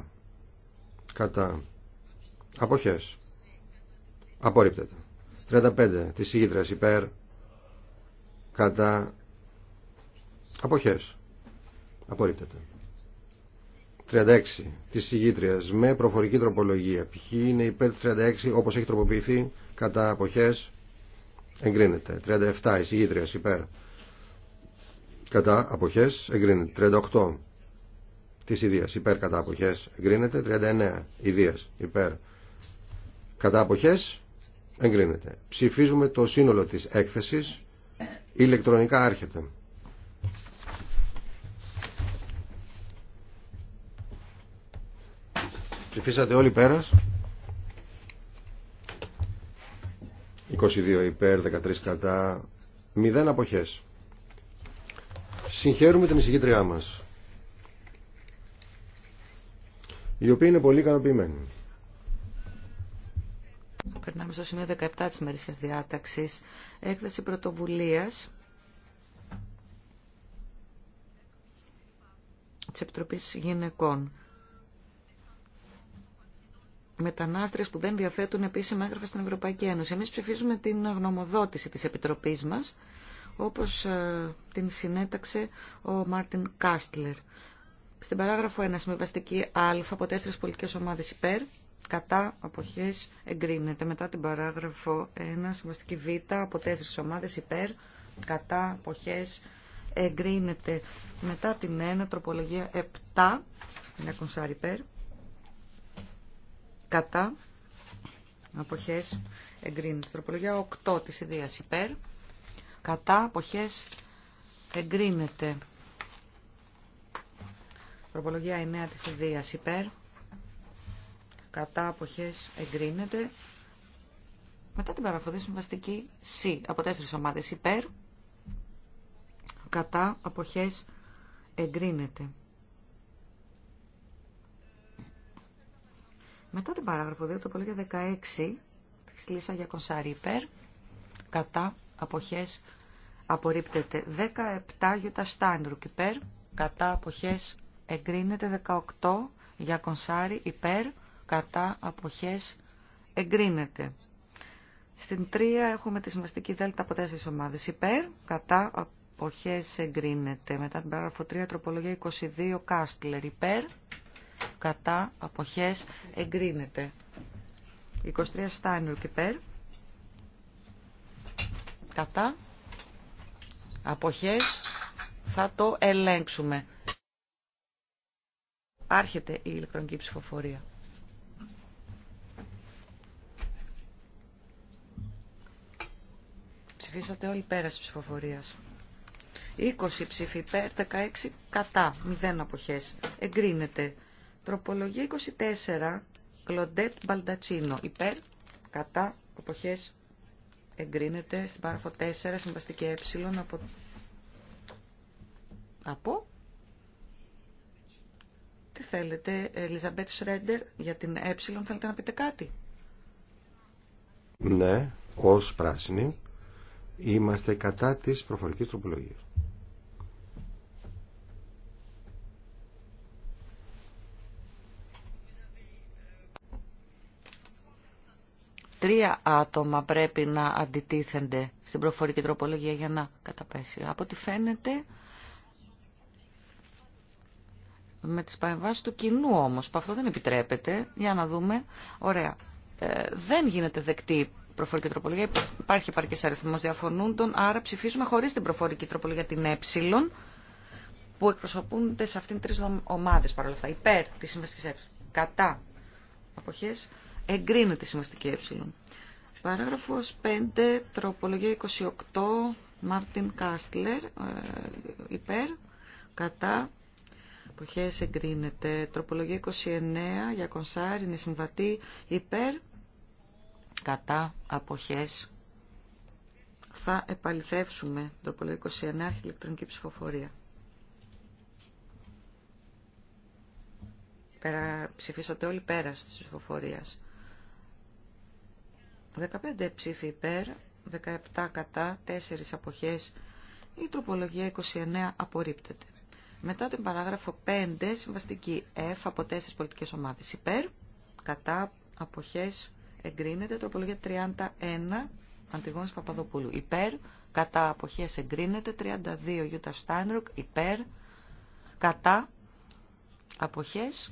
κατά αποχές απορρίπτεται 35 της ηγήτρες υπέρ κατά αποχές απορρίπτεται 36 της ηγήτριας με προφορική τροπολογία π.χ. είναι υπέρ 36 όπως έχει τροποποιηθεί κατά αποχές εγκρίνεται 37 της ηγήτριας υπέρ κατά αποχές εγκρίνεται 38 Τη ιδίας υπέρ κατά αποχές εγκρίνεται 39 ιδίας υπέρ κατά αποχές εγκρίνεται ψηφίζουμε το σύνολο της έκθεσης ηλεκτρονικά άρχεται ψηφίσατε όλοι πέρας 22 υπέρ 13 κατά 0 αποχές συγχαίρουμε την εισηγήτριά μας οι οποίοι είναι πολύ ικανοποιημένοι. Περνάμε στο σημείο 17 της μερίσιας διάταξης. Έκθεση πρωτοβουλίας της Επιτροπής Γυναικών. μετανάστρες που δεν διαθέτουν επίσημα έγγραφα στην Ευρωπαϊκή Ένωση. Εμείς ψηφίζουμε την γνωμοδότηση της Επιτροπής μας, όπως ε, την συνέταξε ο Μάρτιν Κάστλερ. Στην παράγραφο 1, συμβαστική α από τέσσερι πολιτικέ ομάδε υπέρ, κατά απόχέ εγκρίνεται. Μετά την παράγραφο 1, συμβαστική β από τέσσερι ομάδε υπέρ, κατά αποχές εγκρίνεται. Μετά την 1, τροπολογία 7, μια κονσάρι υπέρ, κατά απόχέ. εγκρίνεται. Τροπολογία 8 τη ιδέα υπέρ, κατά αποχέ, εγκρίνεται. Τροπολογία 9 της Ιδίας υπέρ. Κατά αποχές εγκρίνεται. Μετά την παραφορή συμβαστική C από τέσσερις ομάδες υπέρ. Κατά αποχές εγκρίνεται. Μετά την παράγραφο 2, το 16, της Λίσσα για κονσάρι υπέρ, κατά, αποχές, απορρίπτεται. 17, Γιουτα Στάνρουκ υπέρ, κατά, αποχές, εγκρίνεται 18 για κονσάρι υπέρ κατά αποχές εγκρίνεται. Στην 3 έχουμε τη συμβαστική δέλτα από τέσσερις ομάδες υπέρ κατά αποχές εγκρίνεται. Μετά την παράγραφο 3 τροπολογία 22 κάστλερ υπέρ κατά αποχές εγκρίνεται. 23 Στάινουρκ υπέρ κατά αποχές θα το ελέγξουμε. Άρχεται η ηλεκτρονική ψηφοφορία. Ψηφίσατε όλοι πέρα της ψηφοφορίας. 20 ψήφοι υπέρ, 16 κατά, 0 αποχές. Εγκρίνεται. Τροπολογία 24, Κλοντέτ Μπαλτατσίνο. Υπέρ, κατά, αποχές. Εγκρίνεται στην πάραφο 4, συμβαστική ε, από... Από τι θέλετε, Ελιζαμπέτ Σρέντερ, για την ε, θέλετε να πείτε κάτι. Ναι, ως πράσινοι είμαστε κατά της προφορικής τροπολογίας. Τρία άτομα πρέπει να αντιτίθενται στην προφορική τροπολογία για να καταπέσει. Από ό,τι φαίνεται με τις παρεμβάσεις του κοινού όμως, που αυτό δεν επιτρέπεται. Για να δούμε. Ωραία. Ε, δεν γίνεται δεκτή προφορική τροπολογία. Υπάρχει επαρκή αριθμό διαφωνούντων, άρα ψηφίζουμε χωρίς την προφορική τροπολογία την ε, που εκπροσωπούνται σε αυτήν τρει ομάδε παρόλα αυτά. Υπέρ τη συμβαστική ε. Κατά αποχές εγκρίνεται η συμβαστική ε. Παράγραφος 5, τροπολογία 28, Μάρτιν Κάστλερ, ε, υπέρ, κατά Αποχές εγκρίνεται. Τροπολογία 29 για κονσάρι είναι συμβατή υπέρ. Κατά αποχές θα επαληθεύσουμε τροπολογία 29 ηλεκτρονική ψηφοφορία. Πέρα, ψηφίσατε όλοι πέρα της ψηφοφορίας. 15 ψήφοι υπέρ, 17 κατά, 4 αποχές. Η τροπολογία 29 απορρίπτεται. Μετά την παράγραφο 5, συμβαστική F από 4 πολιτικές ομάδες υπέρ, κατά, αποχές, εγκρίνεται, τροπολογία 31, Αντιγόνης Παπαδοπούλου υπέρ, κατά, αποχές, εγκρίνεται, 32, Γιούτα Στάινρουκ υπέρ, κατά, αποχές,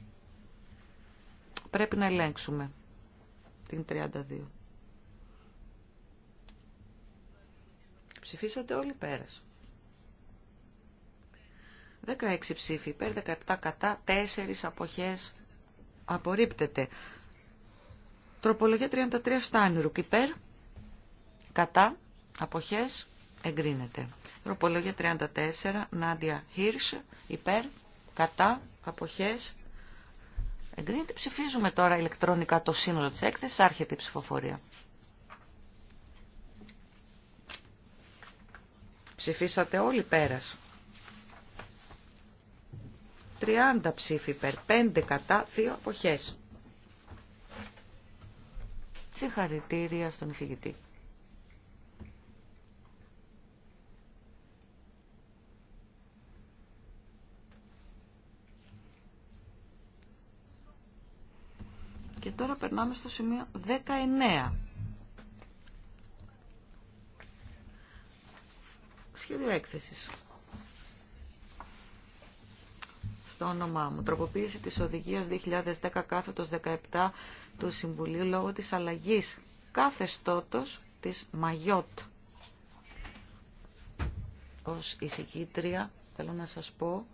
πρέπει να ελέγξουμε την 32. Ψηφίσατε όλοι πέρας. 16 ψήφοι υπέρ, 17 κατά, 4 αποχές απορρίπτεται. Τροπολογία 33 Στάνιρουκ υπέρ, κατά, αποχές εγκρίνεται. Τροπολογία 34 Νάντια Χίρς υπέρ, κατά, αποχές εγκρίνεται. Ψηφίζουμε τώρα ηλεκτρονικά το σύνολο της έκθεσης, άρχεται η ψηφοφορία. Ψηφίσατε όλοι πέρας. 30 ψήφοι υπέρ, 5 κατά, 2 αποχές. Συγχαρητήρια στον εισηγητή. Και τώρα περνάμε στο σημείο 19. Σχέδιο έκθεσης. όνομά μου. Τροποποίηση της οδηγίας 2010 κάθετος 17 του Συμβουλίου λόγω της αλλαγής καθεστώτος της Μαγιότ. Ως εισηγήτρια θέλω να σας πω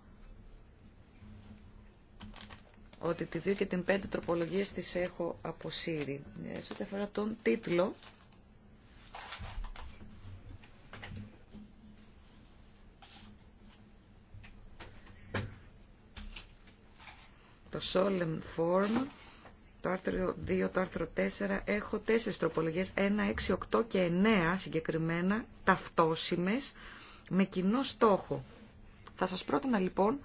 ότι τη 2 και την 5 τροπολογίες τις έχω αποσύρει. Ε, σε ό,τι τον τίτλο Solemn Form, το άρθρο 2, το άρθρο 4, έχω τέσσερις τροπολογίες, 1, 6, 8 και 9 συγκεκριμένα, ταυτόσιμες, με κοινό στόχο. Θα σας πρότεινα λοιπόν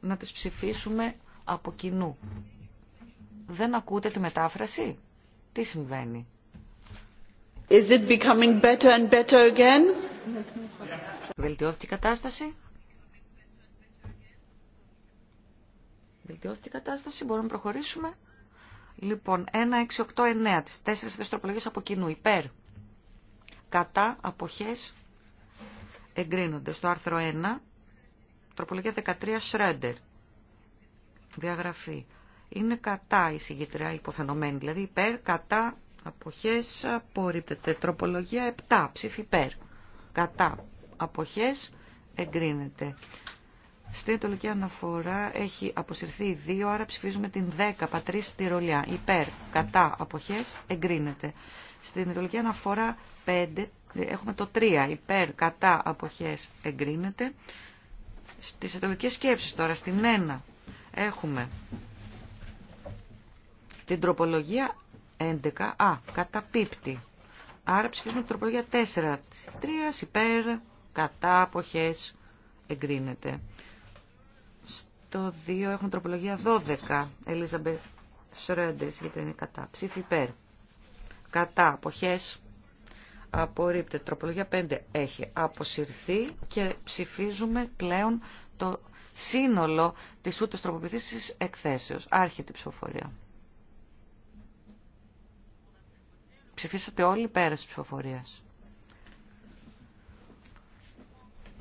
να τις ψηφίσουμε από κοινού. Δεν ακούτε τη μετάφραση? Τι συμβαίνει? Is it becoming better and better again? Βελτιώθηκε η κατάσταση? Βελτιώθηκε η κατάσταση, μπορούμε να προχωρήσουμε. Λοιπόν, 1, 6, 8, 9, τις τέσσερις από κοινού, υπέρ. Κατά, αποχές, εγκρίνονται. Στο άρθρο 1, τροπολογία 13, Σρέντερ. Διαγραφή. Είναι κατά η συγκεκριά υποφαινομένη, δηλαδή υπέρ, κατά, αποχές, απορρίπτεται. Τροπολογία 7, ψήφι υπέρ. Κατά, αποχές, εγκρίνεται. Στην αιτιολογική αναφορά έχει αποσυρθεί 2, άρα ψηφίζουμε την 10, πατρίς στη ρολιά. Υπέρ, κατά, αποχές, εγκρίνεται. Στην αιτιολογική αναφορά 5, έχουμε το 3, υπέρ, κατά, αποχές, εγκρίνεται. Στις αιτιολογικές σκέψεις τώρα, στην 1, έχουμε την τροπολογία 11, α, καταπίπτει. Άρα ψηφίζουμε την τροπολογία 4, 3, υπέρ, κατά, αποχές, εγκρίνεται το 2 έχουν τροπολογία 12. Ελίζαμπε Σρέντες, γιατί είναι κατά. Ψήφι υπέρ. Κατά. αποχέ. Απορρίπτεται. Τροπολογία 5 έχει αποσυρθεί και ψηφίζουμε πλέον το σύνολο της ούτως τροποποιητή εκθέσεως. Άρχεται η ψηφοφορία. Ψηφίσατε όλοι πέρα της ψηφοφορίας.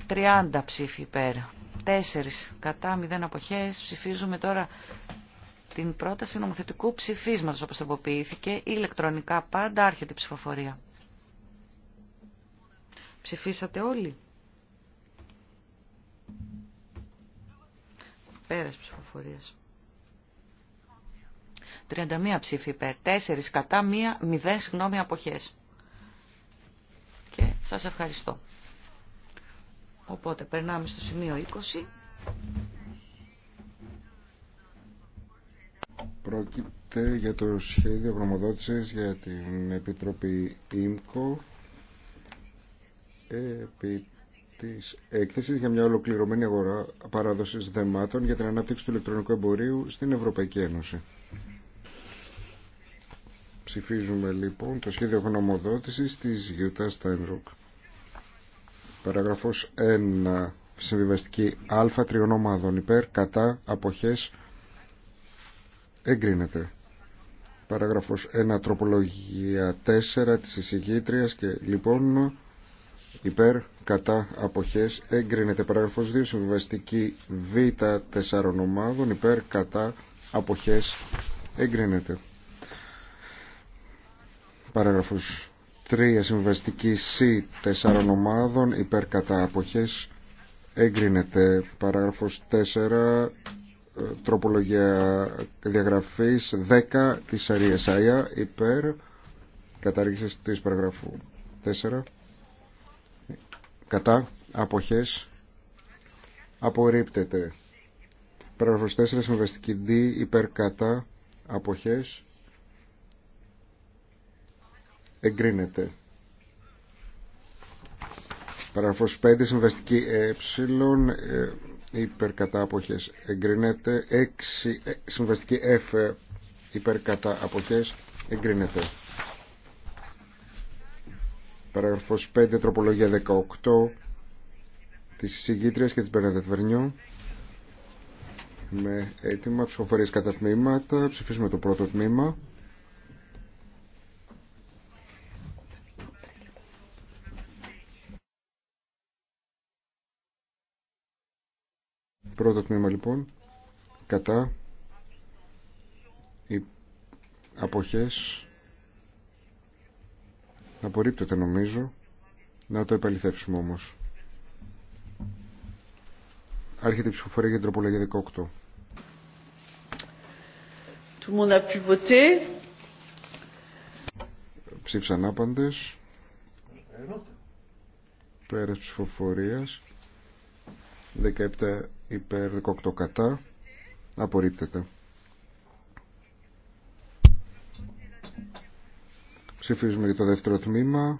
30 ψήφι πέρα. 4 κατά 0 αποχές. Ψηφίζουμε τώρα την πρόταση νομοθετικού ψηφίσματος όπως τροποποιήθηκε ηλεκτρονικά πάντα άρχεται η ψηφοφορία. Ψηφίσατε όλοι. Πέρας ψηφοφορίας. 31 ψήφοι υπέρ, 4 κατά, 1, 0 συγγνώμη αποχές. Και σας ευχαριστώ. Οπότε περνάμε στο σημείο 20. Πρόκειται για το σχέδιο γνωμοδότησης για την Επιτροπή ΙΜΚΟ επί της έκθεσης για μια ολοκληρωμένη αγορά παράδοσης δεμάτων για την ανάπτυξη του ηλεκτρονικού εμπορίου στην Ευρωπαϊκή Ένωση. Ψηφίζουμε λοιπόν το σχέδιο γνωμοδότησης της Γιούτα Steinrock. Παραγραφός 1. Συμβιβαστική α τριών ομάδων υπέρ, κατά, αποχές, εγκρίνεται. Παράγραφος 1. Τροπολογία 4 της εισηγήτριας και λοιπόν υπέρ, κατά, αποχές, εγκρίνεται. Παράγραφος 2. Συμβιβαστική β τεσσάρων ομάδων υπέρ, κατά, αποχές, εγκρίνεται. Παράγραφος 3 συμβαστική C 4 ομάδων υπέρ κατά αποχές εγκρίνεται παράγραφος 4 ε, τροπολογία διαγραφής 10 της Αρίας Αία υπέρ κατάργησης της παραγράφου 4 κατά αποχές απορρίπτεται παράγραφος 4 συμβαστική D υπέρ κατά αποχές εγκρίνεται. Παραγραφός 5, συμβαστική ε, ε, υπερκατάποχες εγκρίνεται. 6, ε, συμβαστική F, ε, υπερκατάποχες εγκρίνεται. Παραγραφός 5, τροπολογία 18 της συγκήτριας και της Μπερναδετ Με έτοιμα ψηφοφορίες κατά τμήματα. Ψηφίσουμε το πρώτο τμήμα. Πρώτο τμήμα λοιπόν, κατά οι αποχές απορρίπτεται νομίζω να το επαληθεύσουμε όμως άρχεται η ψηφοφορία για την τροπολογία 18 Tout le monde a Ψήφισαν άπαντες. Πέρας ψηφοφορίας. 17 υπέρ 18 κατά απορρίπτεται ψηφίζουμε για το δεύτερο τμήμα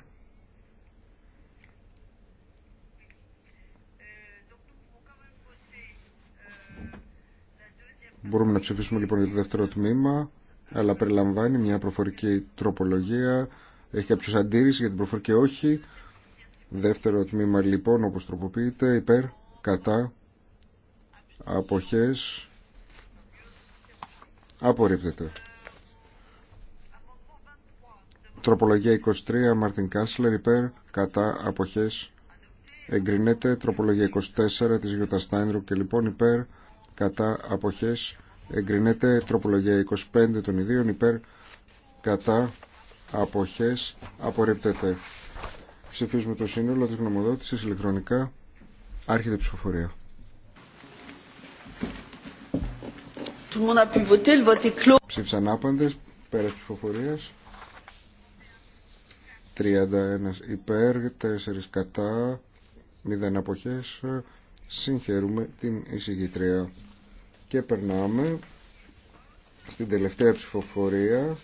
Μπορούμε να ψηφίσουμε λοιπόν για το δεύτερο τμήμα, αλλά περιλαμβάνει μια προφορική τροπολογία. Έχει κάποιο αντίρρηση για την προφορική όχι. Δεύτερο τμήμα λοιπόν όπως τροποποιείται, υπέρ, κατά, αποχές απορρίπτεται τροπολογία 23 Μαρτιν Κάσλερ υπέρ κατά αποχές εγκρινέται τροπολογία 24 της Γιώτα Στάινρου και λοιπόν υπέρ κατά αποχές εγκρινέται τροπολογία 25 των ιδίων υπέρ κατά αποχές απορρίπτεται ψηφίζουμε το σύνολο της γνωμοδότησης ηλεκτρονικά άρχεται ψηφοφορία Ψήφισαν άπαντε πέρα τη ψηφοφορία. 31 υπέρ, 4 κατά, 0 αποχέ. Συγχαίρουμε την εισηγητρία. Και περνάμε στην τελευταία ψηφοφορία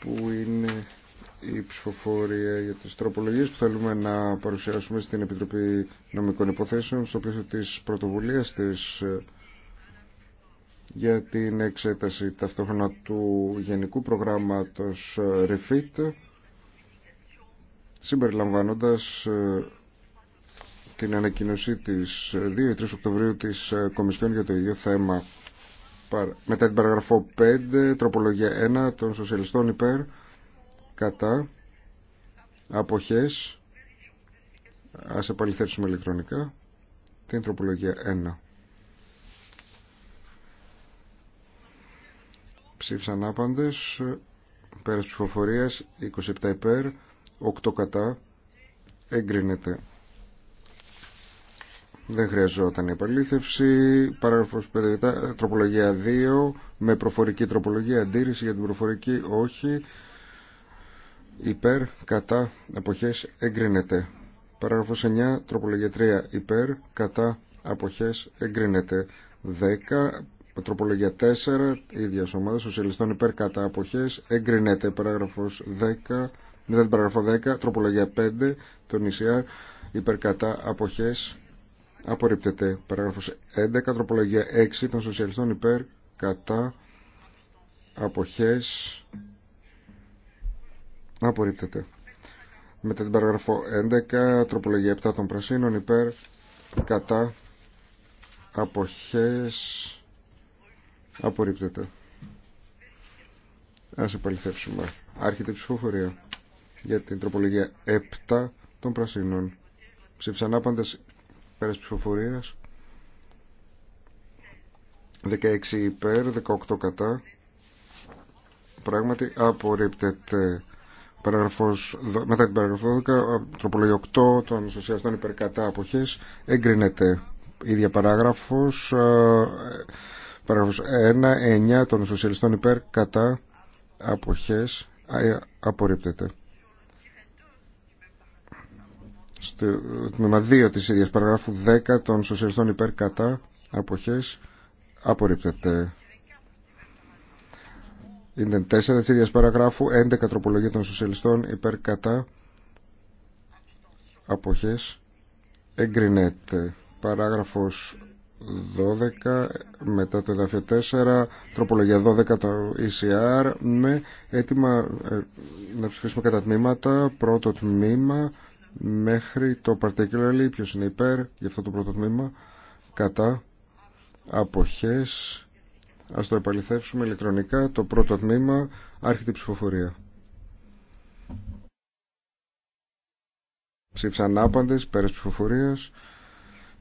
που είναι η ψηφοφορία για τις τροπολογίες που θέλουμε να παρουσιάσουμε στην Επιτροπή Νομικών Υποθέσεων στο πλαίσιο της πρωτοβουλίας της ε, για την εξέταση ταυτόχρονα του Γενικού Προγράμματος ε, REFIT συμπεριλαμβάνοντας ε, την ανακοινωσή της 2-3 Οκτωβρίου της Κομισιόν για το ίδιο θέμα μετά την παραγραφό 5 τροπολογία 1 των σοσιαλιστών υπέρ κατά αποχές ας επαληθεύσουμε ηλεκτρονικά την τροπολογία 1 ψήφισαν άπαντες πέρας ψηφοφορίας 27 υπέρ 8 κατά εγκρίνεται δεν χρειαζόταν επαλήθευση. Παράγραφος 5. Ε, τροπολογία 2. Με προφορική τροπολογία. Αντίρρηση για την προφορική. Όχι υπέρ, κατά, εποχές εγκρίνεται. Παράγραφος 9, τροπολογία 3, υπέρ, κατά, εποχές εγκρίνεται. 10, τροπολογία 4, ίδιας σοσιαλιστών υπέρ, κατά, εποχές εγκρίνεται. Παράγραφος 10, μετά την παραγραφό 10, τροπολογία 5, τον νησιά, υπέρ, κατά, αποχές, απορρίπτεται. Παράγραφος 11, τροπολογία 6, των σοσιαλιστών υπέρ, κατά, αποχές, Απορρίπτεται. Μετά την παραγραφό 11, τροπολογία 7 των πρασίνων, υπέρ, κατά, αποχές, απορρίπτεται. Ας επαληθεύσουμε. Άρχεται η ψηφοφορία για την τροπολογία 7 των πρασίνων. Ψήφισαν άπαντες πέρας ψηφοφορίας. 16 υπέρ, 18 κατά. Πράγματι απορρίπτεται. Παραγραφός, μετά την παραγραφό 12, τροπολογία 8 των σοσιαλιστών υπερκατά αποχές εγκρίνεται ίδια παράγραφος, ε, παράγραφος 1, 9 ε, των σοσιαλιστών υπερκατά αποχές απορρίπτεται. Στο τμήμα 2 της ίδιας παραγράφου 10 των σοσιαλιστών κατά αποχές απορρίπτεται. Είναι 4 της ίδιας παραγράφου, 11 τροπολογία των σοσιαλιστών υπέρ κατά αποχές εγκρινέται. Παράγραφος 12 μετά το εδάφιο 4 τροπολογία 12 το ECR με έτοιμα ε, να ψηφίσουμε κατά τμήματα πρώτο τμήμα μέχρι το particularly ποιος είναι υπέρ για αυτό το πρώτο τμήμα κατά αποχές Ας το επαληθεύσουμε ηλεκτρονικά. Το πρώτο τμήμα, άρχιτη ψηφοφορία. Ψήφισαν άπαντες, πέρας ψηφοφορίας.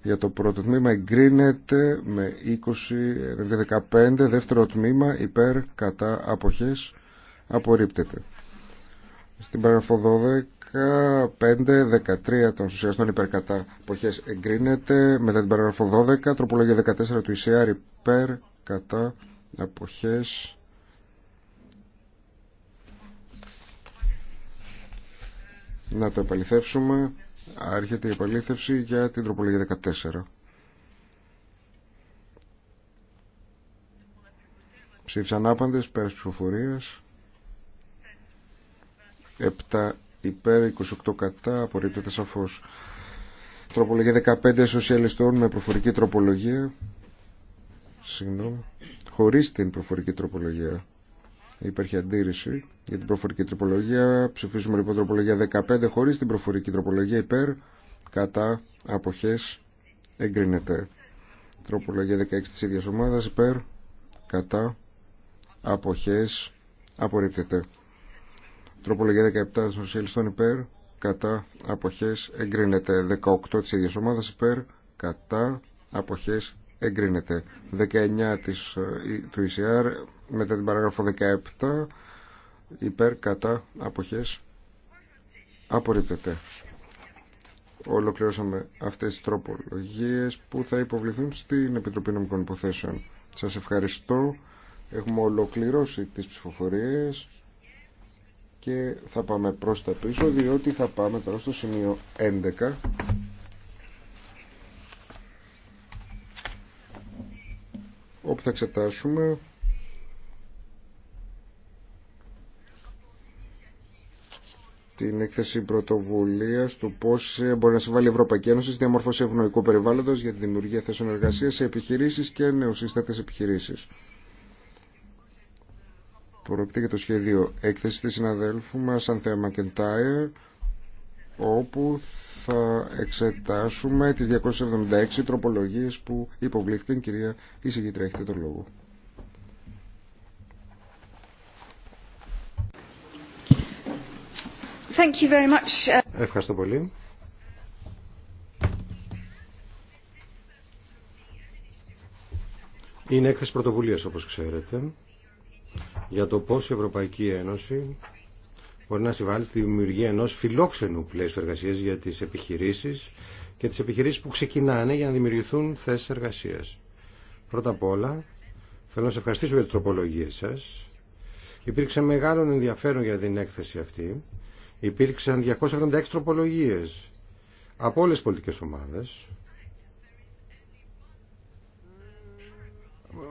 Για το πρώτο τμήμα εγκρίνεται με 20, 15, δεύτερο τμήμα υπέρ κατά αποχές απορρίπτεται. Στην παραγραφό 12, 5, 13 των σωσιαστών υπέρ κατά αποχές εγκρίνεται. Μετά την παραγραφό 12, τροπολογία 14 του ΙΣΕΑΡ υπέρ κατά αποχές να το επαληθεύσουμε άρχεται η επαλήθευση για την τροπολογία 14 ψήφισαν άπαντες της ψηφοφορίας 7 υπέρ 28 κατά απορρίπτεται σαφώς τροπολογία 15 σοσιαλιστών με προφορική τροπολογία Συγγνώμη. Χωρίς την προφορική τροπολογία. Υπάρχει αντίρρηση για την προφορική τροπολογία. Ψηφίζουμε λοιπόν τροπολογία 15 χωρίς την προφορική τροπολογία υπέρ κατά αποχές εγκρίνεται. Τροπολογία 16 της ίδιας ομάδας υπέρ κατά αποχές απορρίπτεται. Τροπολογία 17 των σοσιαλιστών υπέρ κατά αποχές εγκρίνεται. 18 της ίδιας ομάδας υπέρ κατά αποχές εγκρίνεται. 19 της, του ECR μετά την παράγραφο 17 υπέρ κατά αποχές απορρίπτεται. Ολοκληρώσαμε αυτές τις τροπολογίες που θα υποβληθούν στην Επιτροπή Νομικών Υποθέσεων. Σας ευχαριστώ. Έχουμε ολοκληρώσει τις ψηφοφορίες και θα πάμε προς τα πίσω διότι θα πάμε τώρα στο σημείο 11 όπου θα εξετάσουμε την έκθεση πρωτοβουλία του πώ μπορεί να συμβάλλει η Ευρωπαϊκή Ένωση στη διαμόρφωση ευνοϊκού περιβάλλοντο για τη δημιουργία θέσεων εργασία σε επιχειρήσει και νεοσύστατε επιχειρήσει. Πρόκειται και το σχέδιο έκθεση τη συναδέλφου μα, Ανθέα Μακεντάιερ, όπου θα εξετάσουμε τις 276 τροπολογίες που υποβλήθηκαν. Κυρία Ισηγήτρια, έχετε τον λόγο. Thank you very much. Ευχαριστώ πολύ. Είναι έκθεση πρωτοβουλίας, όπως ξέρετε, για το πώς η Ευρωπαϊκή Ένωση μπορεί να συμβάλλει στη δημιουργία ενός φιλόξενου πλαίσιου εργασίας για τις επιχειρήσεις και τις επιχειρήσεις που ξεκινάνε για να δημιουργηθούν θέσεις εργασίας. Πρώτα απ' όλα, θέλω να σας ευχαριστήσω για τις τροπολογίες σας. Υπήρξε μεγάλο ενδιαφέρον για την έκθεση αυτή. Υπήρξαν 276 τροπολογίες από όλες τις πολιτικές ομάδες.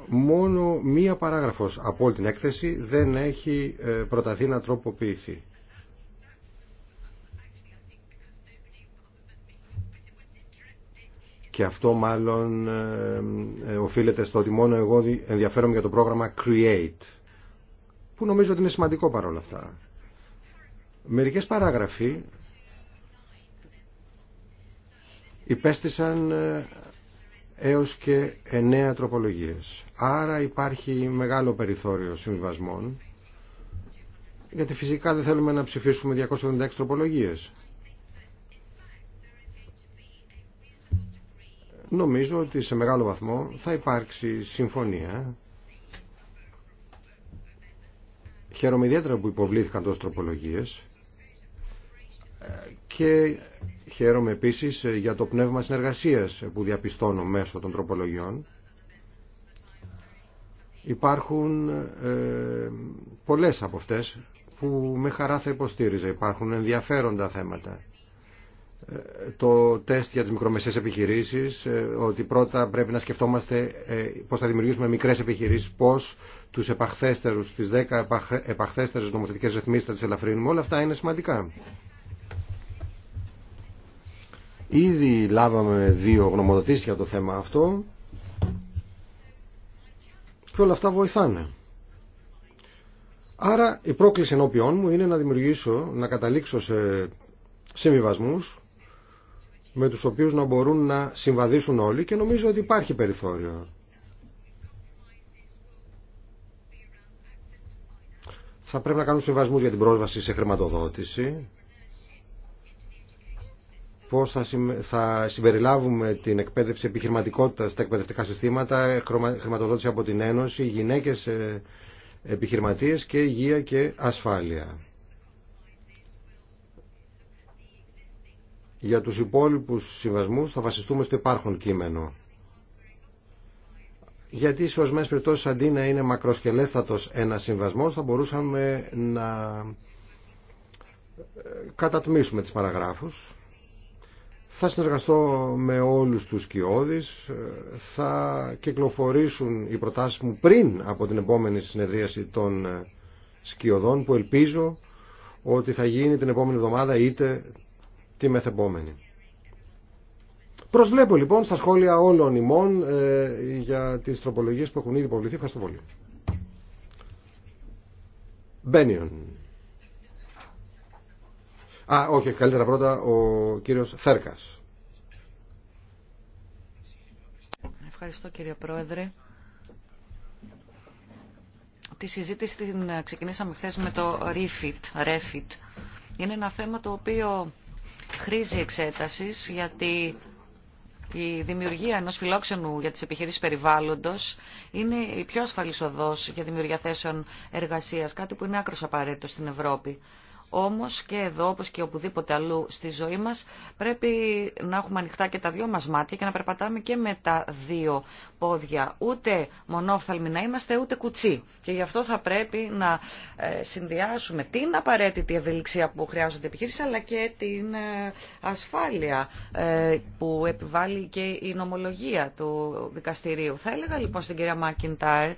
μόνο μία παράγραφος από όλη την έκθεση δεν έχει ε, προταθεί να τροποποιηθεί. Και αυτό μάλλον ε, ε, οφείλεται στο ότι μόνο εγώ ενδιαφέρομαι για το πρόγραμμα CREATE, που νομίζω ότι είναι σημαντικό παρόλα αυτά. Μερικές παράγραφοι υπέστησαν έως και εννέα τροπολογίες. Άρα υπάρχει μεγάλο περιθώριο συμβιβασμών, γιατί φυσικά δεν θέλουμε να ψηφίσουμε 276 τροπολογίες. Νομίζω ότι σε μεγάλο βαθμό θα υπάρξει συμφωνία. Χαίρομαι ιδιαίτερα που υποβλήθηκαν τόσες τροπολογίες και Χαίρομαι επίσης ε, για το πνεύμα συνεργασίας ε, που διαπιστώνω μέσω των τροπολογιών. Υπάρχουν ε, πολλές από αυτές που με χαρά θα υποστήριζα. Υπάρχουν ενδιαφέροντα θέματα. Ε, το τεστ για τις μικρομεσαίες επιχειρήσεις, ότι πρώτα πρέπει να σκεφτόμαστε πώς θα δημιουργήσουμε μικρές επιχειρήσεις, πώς τους επαχθέστερους, τις 10 επαχθέστερες νομοθετικές ρυθμίσεις θα τις ελαφρύνουμε. Όλα αυτά είναι σημαντικά. Ήδη λάβαμε δύο γνωμοδοτήσεις για το θέμα αυτό και όλα αυτά βοηθάνε. Άρα η πρόκληση ενώπιόν μου είναι να δημιουργήσω, να καταλήξω σε συμβιβασμούς με τους οποίους να μπορούν να συμβαδίσουν όλοι και νομίζω ότι υπάρχει περιθώριο. Θα πρέπει να κάνουν συμβασμούς για την πρόσβαση σε χρηματοδότηση πώς θα συμπεριλάβουμε την εκπαίδευση επιχειρηματικότητα στα εκπαιδευτικά συστήματα, χρηματοδότηση από την Ένωση, γυναίκες ε, επιχειρηματίες και υγεία και ασφάλεια. Για τους υπόλοιπους συμβασμούς θα βασιστούμε στο υπάρχον κείμενο. Γιατί σε ορισμένε περιπτώσει αντί να είναι μακροσκελέστατος ένα συμβασμός θα μπορούσαμε να ε, κατατμήσουμε τις παραγράφους θα συνεργαστώ με όλους τους κοιόδης, θα κυκλοφορήσουν οι προτάσεις μου πριν από την επόμενη συνεδρίαση των σκιωδών που ελπίζω ότι θα γίνει την επόμενη εβδομάδα είτε τη μεθεπόμενη. Προσβλέπω λοιπόν στα σχόλια όλων ημών ε, για τις τροπολογίες που έχουν ήδη υποβληθεί. Ευχαριστώ πολύ. Μπένιον. Α, όχι, καλύτερα πρώτα ο κύριος Θέρκας. Ευχαριστώ κύριε Πρόεδρε. Τη συζήτηση την ξεκινήσαμε χθε με το REFIT, REFIT. Είναι ένα θέμα το οποίο χρήζει εξέτασης γιατί η δημιουργία ενός φιλόξενου για τις επιχειρήσεις περιβάλλοντος είναι η πιο ασφαλής οδός για δημιουργία θέσεων εργασίας, κάτι που είναι άκρος απαραίτητο στην Ευρώπη. Όμως και εδώ, όπως και οπουδήποτε αλλού στη ζωή μας, πρέπει να έχουμε ανοιχτά και τα δύο μας μάτια και να περπατάμε και με τα δύο πόδια. Ούτε μονόφθαλμοι να είμαστε, ούτε κουτσί. Και γι' αυτό θα πρέπει να ε, συνδυάσουμε την απαραίτητη ευελιξία που χρειάζονται επιχείρηση, αλλά και την ε, ασφάλεια ε, που επιβάλλει και η νομολογία του δικαστηρίου. Θα έλεγα λοιπόν στην κυρία Μάκιντάρ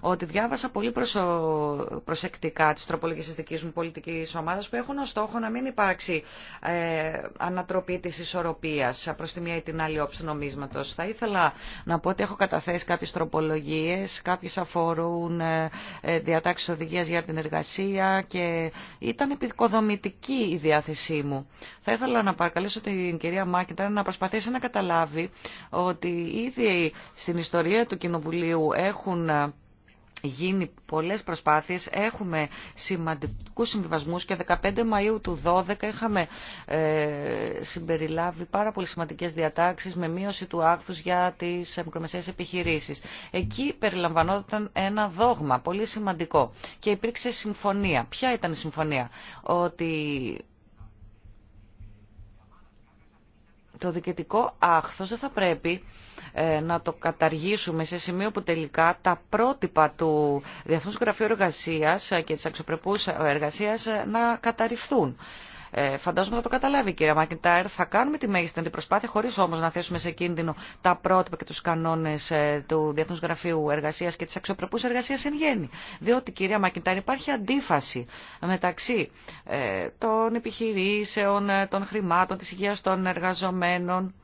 ότι διάβασα πολύ προσεκτικά τις τροπολογίες της δικής μου πολιτικής ομάδας που έχουν ως στόχο να μην υπάρξει ε, ανατροπή τη ισορροπίας προ τη μία ή την άλλη όψη νομίσματο. Θα ήθελα να πω ότι έχω καταθέσει κάποιες τροπολογίες, κάποιες αφορούν ε, ε, διατάξεις οδηγίας για την εργασία και ήταν επικοδομητική η διάθεσή μου. Θα ήθελα να παρακαλέσω την κυρία Μάκητα να προσπαθήσει να καταλάβει ότι ήδη στην ιστορία του Κοινοβουλίου έχουν ε, γίνει πολλές προσπάθειες. Έχουμε σημαντικούς συμβιβασμούς και 15 Μαΐου του 12 είχαμε ε, συμπεριλάβει πάρα πολύ σημαντικές διατάξεις με μείωση του άκθους για τις ε, μικρομεσαίες επιχειρήσεις. Εκεί περιλαμβανόταν ένα δόγμα πολύ σημαντικό και υπήρξε συμφωνία. Ποια ήταν η συμφωνία? Ότι το διοικητικό άχθος δεν θα πρέπει ε, να το καταργήσουμε σε σημείο που τελικά τα πρότυπα του Διεθνούς Γραφείου Εργασίας ε, και της αξιοπρεπούς εργασίας ε, να καταρριφθούν. Ε, φαντάζομαι θα το καταλάβει η κυρία Μακιντάιρ. Θα κάνουμε τη μέγιστη αντιπροσπάθεια, χωρί όμω να θέσουμε σε κίνδυνο τα πρότυπα και τους κανόνες του κανόνε του Διεθνού Γραφείου Εργασία και τη αξιοπρεπού εργασία εν γέννη. Διότι, κυρία Μακιντάιρ, υπάρχει αντίφαση μεταξύ ε, των επιχειρήσεων, των χρημάτων, τη υγεία των εργαζομένων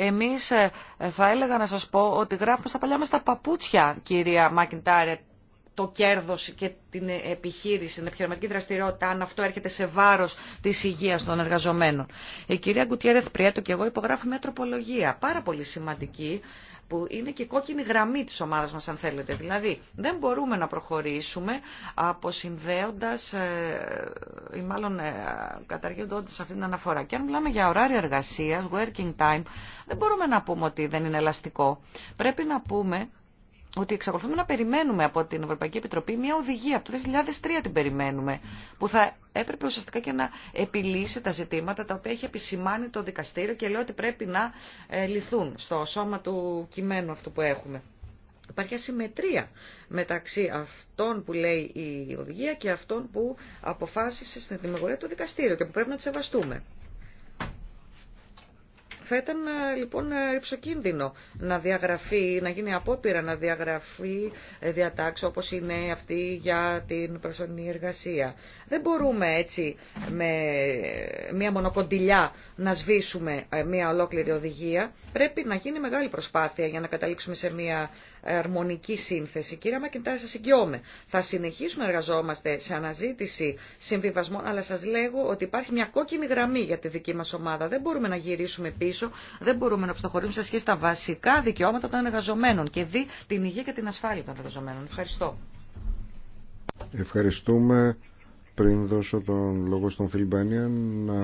Εμείς ε, θα έλεγα να σας πω ότι γράφουμε στα παλιά μας τα παπούτσια, κυρία Μακιντάρε, το κέρδος και την επιχείρηση, την επιχειρηματική δραστηριότητα, αν αυτό έρχεται σε βάρος της υγείας των εργαζομένων. Η κυρία Γκουτιέρεθ Πριέτο και εγώ υπογράφουμε μια τροπολογία πάρα πολύ σημαντική που είναι και κόκκινη γραμμή της ομάδας μας αν θέλετε. Δηλαδή δεν μπορούμε να προχωρήσουμε αποσυνδέοντας ε, ή μάλλον ε, καταργέντοντας αυτή την αναφορά. Και αν μιλάμε για ωράριο εργασίας, working time, δεν μπορούμε να πούμε ότι δεν είναι ελαστικό. Πρέπει να πούμε ότι εξακολουθούμε να περιμένουμε από την Ευρωπαϊκή Επιτροπή μια οδηγία, από το 2003 την περιμένουμε, που θα έπρεπε ουσιαστικά και να επιλύσει τα ζητήματα τα οποία έχει επισημάνει το δικαστήριο και λέει ότι πρέπει να ε, λυθούν στο σώμα του κειμένου αυτού που έχουμε. Υπάρχει ασυμμετρία μεταξύ αυτών που λέει η οδηγία και αυτών που αποφάσισε στην δημιουργία του δικαστήριου και που πρέπει να τη σεβαστούμε. Θα ήταν ε, λοιπόν ε, ρηψοκίνδυνο να διαγραφεί, να γίνει απόπειρα να διαγραφεί ε, διατάξει όπως είναι αυτή για την προσωρινή εργασία. Δεν μπορούμε έτσι με μία μονοκοντιλιά να σβήσουμε μία ολόκληρη οδηγία. Πρέπει να γίνει μεγάλη προσπάθεια για να καταλήξουμε σε μία αρμονική σύνθεση. Κύριε Μακιντάρη, σας εγγυώμαι. Θα συνεχίσουμε να εργαζόμαστε σε αναζήτηση συμβιβασμών, αλλά σας λέγω ότι υπάρχει μια κόκκινη γραμμή για τη δική μας ομάδα. Δεν μπορούμε να γυρίσουμε πίσω, δεν μπορούμε να προχωρήσουμε σε σχέση τα βασικά δικαιώματα των εργαζομένων και δει την υγεία και την ασφάλεια των εργαζομένων. Ευχαριστώ. Ευχαριστούμε. Πριν δώσω τον λόγο στον Φιλμπάνιαν να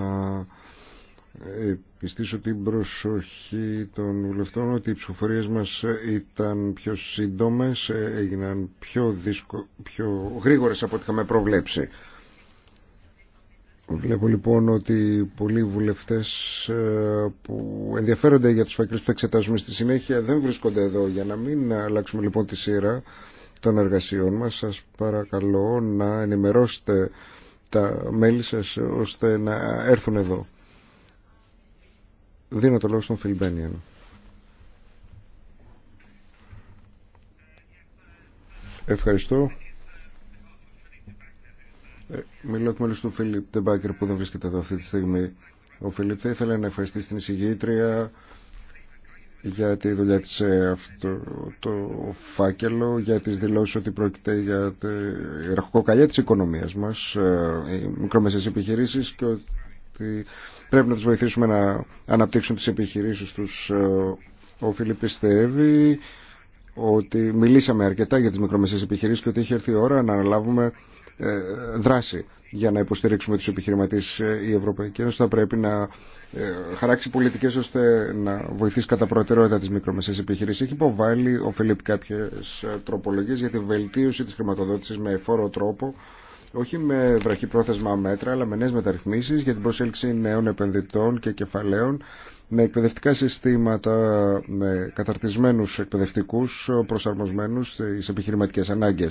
επιστήσω την προσοχή των βουλευτών ότι οι ψηφοφορίες μας ήταν πιο σύντομες, ε, έγιναν πιο, δυσκο... πιο γρήγορες από ό,τι είχαμε προβλέψει. Βλέπω λοιπόν ότι πολλοί βουλευτές ε, που ενδιαφέρονται για τους φακελούς που θα εξετάζουμε στη συνέχεια δεν βρίσκονται εδώ. Για να μην αλλάξουμε λοιπόν τη σειρά των εργασιών μας, σας παρακαλώ να ενημερώσετε τα μέλη σας ώστε να έρθουν εδώ. Δίνω το λόγο στον Φιλμπένιαν. Ευχαριστώ. Ε, μιλώ εκ μέλους του Φίλιπ Ντεμπάκερ που δεν βρίσκεται εδώ αυτή τη στιγμή. Ο Φίλιπ θα ήθελε να ευχαριστήσει την εισηγήτρια για τη δουλειά της σε αυτό το φάκελο, για τις δηλώσεις ότι πρόκειται για τη ραχοκοκαλιά της οικονομίας μας, ε, οι μικρομεσαίες επιχειρήσεις και ότι Πρέπει να τους βοηθήσουμε να αναπτύξουν τις επιχειρήσεις τους. Ε, ο Φίλιπ πιστεύει ότι μιλήσαμε αρκετά για τις μικρομεσαίες επιχειρήσεις και ότι έχει έρθει η ώρα να αναλάβουμε ε, δράση για να υποστηρίξουμε τους επιχειρηματίες ε, η Ευρωπαϊκή Ένωση θα πρέπει να χαράξει πολιτικές ώστε να βοηθήσει κατά προτεραιότητα τις μικρομεσαίες επιχειρήσεις. Έχει υποβάλει ο Φιλίπ κάποιες τροπολογίες για τη βελτίωση της χρηματοδότησης με εφόρο τρόπο όχι με βραχυπρόθεσμα μέτρα, αλλά με νέε μεταρρυθμίσει για την προσέλξη νέων επενδυτών και κεφαλαίων, με εκπαιδευτικά συστήματα, με καταρτισμένους εκπαιδευτικού προσαρμοσμένου στι επιχειρηματικέ ανάγκε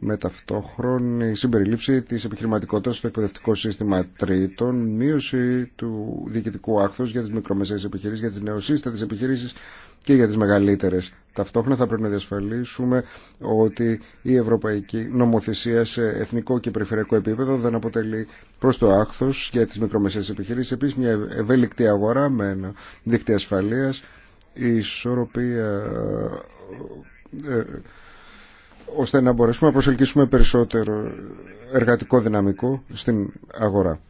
με ταυτόχρονη συμπεριλήψη της επιχειρηματικότητας στο εκπαιδευτικό σύστημα τρίτων, μείωση του διοικητικού άχθους για τις μικρομεσαίες επιχειρήσεις, για τις νεοσύστατες επιχειρήσεις και για τις μεγαλύτερες. Ταυτόχρονα θα πρέπει να διασφαλίσουμε ότι η ευρωπαϊκή νομοθεσία σε εθνικό και περιφερειακό επίπεδο δεν αποτελεί προς το άχθος για τις μικρομεσαίες επιχειρήσεις. Επίσης μια ευέλικτη αγορά με ένα δίκτυο ασφαλείας, η ισορροπία ε, ώστε να μπορέσουμε να προσελκύσουμε περισσότερο εργατικό δυναμικό στην αγορά.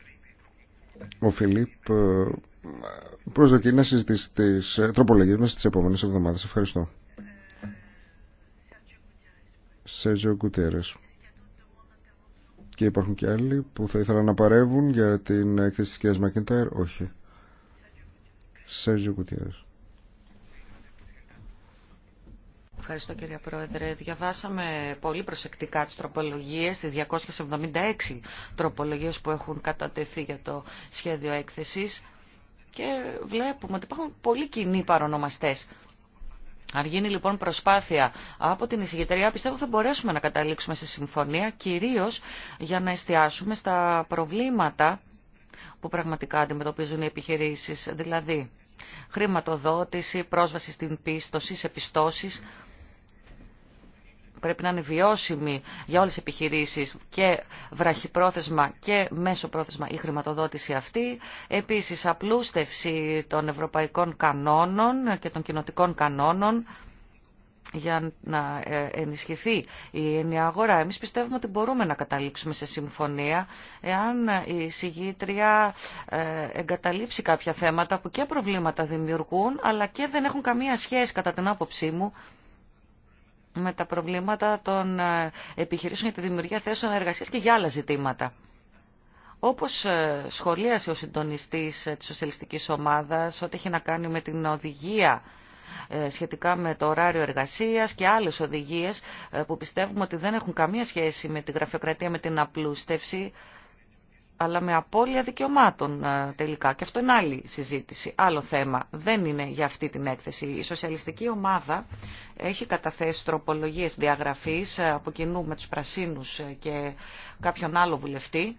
Ο Φιλίπ ε, προσδοκεί να συζητήσει τις ε, τροπολογίε μας τις επόμενες εβδομάδες. Ευχαριστώ. Σέζιο Κουτέρες. Και υπάρχουν και άλλοι που θα ήθελαν να παρεύουν για την εκθέση της κυρίας Μακεντάρ. Όχι. Σέζιο Κουτέρες. Ευχαριστώ κύριε Πρόεδρε. Διαβάσαμε πολύ προσεκτικά τις τροπολογίες, τις 276 τροπολογίες που έχουν κατατεθεί για το σχέδιο έκθεσης και βλέπουμε ότι υπάρχουν πολύ κοινοί παρονομαστές. Αν γίνει λοιπόν προσπάθεια από την εισηγητερία, πιστεύω θα μπορέσουμε να καταλήξουμε σε συμφωνία, κυρίως για να εστιάσουμε στα προβλήματα που πραγματικά αντιμετωπίζουν οι επιχειρήσεις, δηλαδή χρηματοδότηση, πρόσβαση στην πίστοση, σε πιστώσεις πρέπει να είναι βιώσιμη για όλες τις επιχειρήσεις και βραχυπρόθεσμα και μέσοπρόθεσμα η χρηματοδότηση αυτή. Επίσης, απλούστευση των ευρωπαϊκών κανόνων και των κοινοτικών κανόνων για να ε, ενισχυθεί η ενιαία αγορά. Εμείς πιστεύουμε ότι μπορούμε να καταλήξουμε σε συμφωνία εάν η συγγήτρια ε, εγκαταλείψει κάποια θέματα που και προβλήματα δημιουργούν αλλά και δεν έχουν καμία σχέση κατά την άποψή μου με τα προβλήματα των ε, επιχειρήσεων για τη δημιουργία θέσεων εργασία και για άλλα ζητήματα. Όπως ε, σχολίασε ο συντονιστής ε, της Σοσιαλιστική ομάδας, ό,τι έχει να κάνει με την οδηγία σχετικά με το ωράριο εργασίας και άλλες οδηγίες που πιστεύουμε ότι δεν έχουν καμία σχέση με την γραφειοκρατία, με την απλούστευση, αλλά με απώλεια δικαιωμάτων ε, τελικά. Και αυτό είναι άλλη συζήτηση, άλλο θέμα. Δεν είναι για αυτή την έκθεση. Η σοσιαλιστική ομάδα έχει καταθέσει τροπολογίες διαγραφής ε, από κοινού με τους Πρασίνους ε, και κάποιον άλλο βουλευτή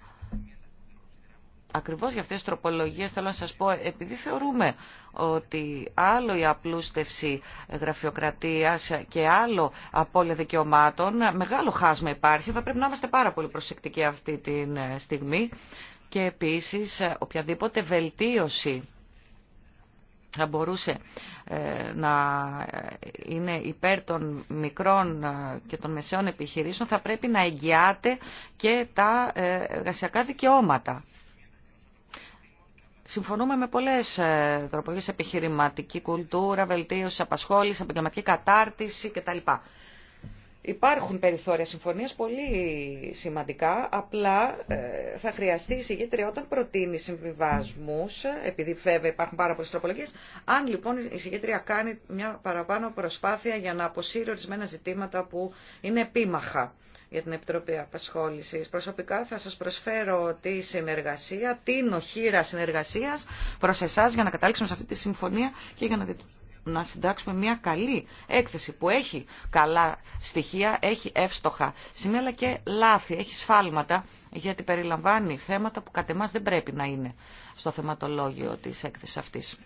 Ακριβώς για αυτές τις τροπολογίες θέλω να σας πω, επειδή θεωρούμε ότι άλλο η απλούστευση γραφειοκρατίας και άλλο απόλυτα δικαιωμάτων, μεγάλο χάσμα υπάρχει, θα πρέπει να είμαστε πάρα πολύ προσεκτικοί αυτή τη στιγμή και επίσης οποιαδήποτε βελτίωση θα μπορούσε ε, να είναι υπέρ των μικρών ε, και των μεσαίων επιχειρήσεων, θα πρέπει να εγγυάται και τα ε, εργασιακά δικαιώματα. Συμφωνούμε με πολλέ ε, τροπολογίε, επιχειρηματική κουλτούρα, βελτίωση απασχόληση, επαγγελματική κατάρτιση κτλ. Υπάρχουν περιθώρια συμφωνίας πολύ σημαντικά, απλά ε, θα χρειαστεί η συγκέντρια όταν προτείνει συμβιβασμούς, επειδή βέβαια υπάρχουν πάρα πολλέ τροπολογίε. αν λοιπόν η συγκέντρια κάνει μια παραπάνω προσπάθεια για να αποσύρει ορισμένα ζητήματα που είναι επίμαχα για την Επιτροπή Απασχόλησης. Προσωπικά θα σας προσφέρω τη συνεργασία, την οχήρα συνεργασίας προς εσάς για να καταλήξουμε σε αυτή τη συμφωνία και για να συντάξουμε μια καλή έκθεση που έχει καλά στοιχεία, έχει εύστοχα σημεία αλλά και λάθη, έχει σφάλματα γιατί περιλαμβάνει θέματα που κατ' δεν πρέπει να είναι στο θεματολόγιο της έκθεσης αυτής.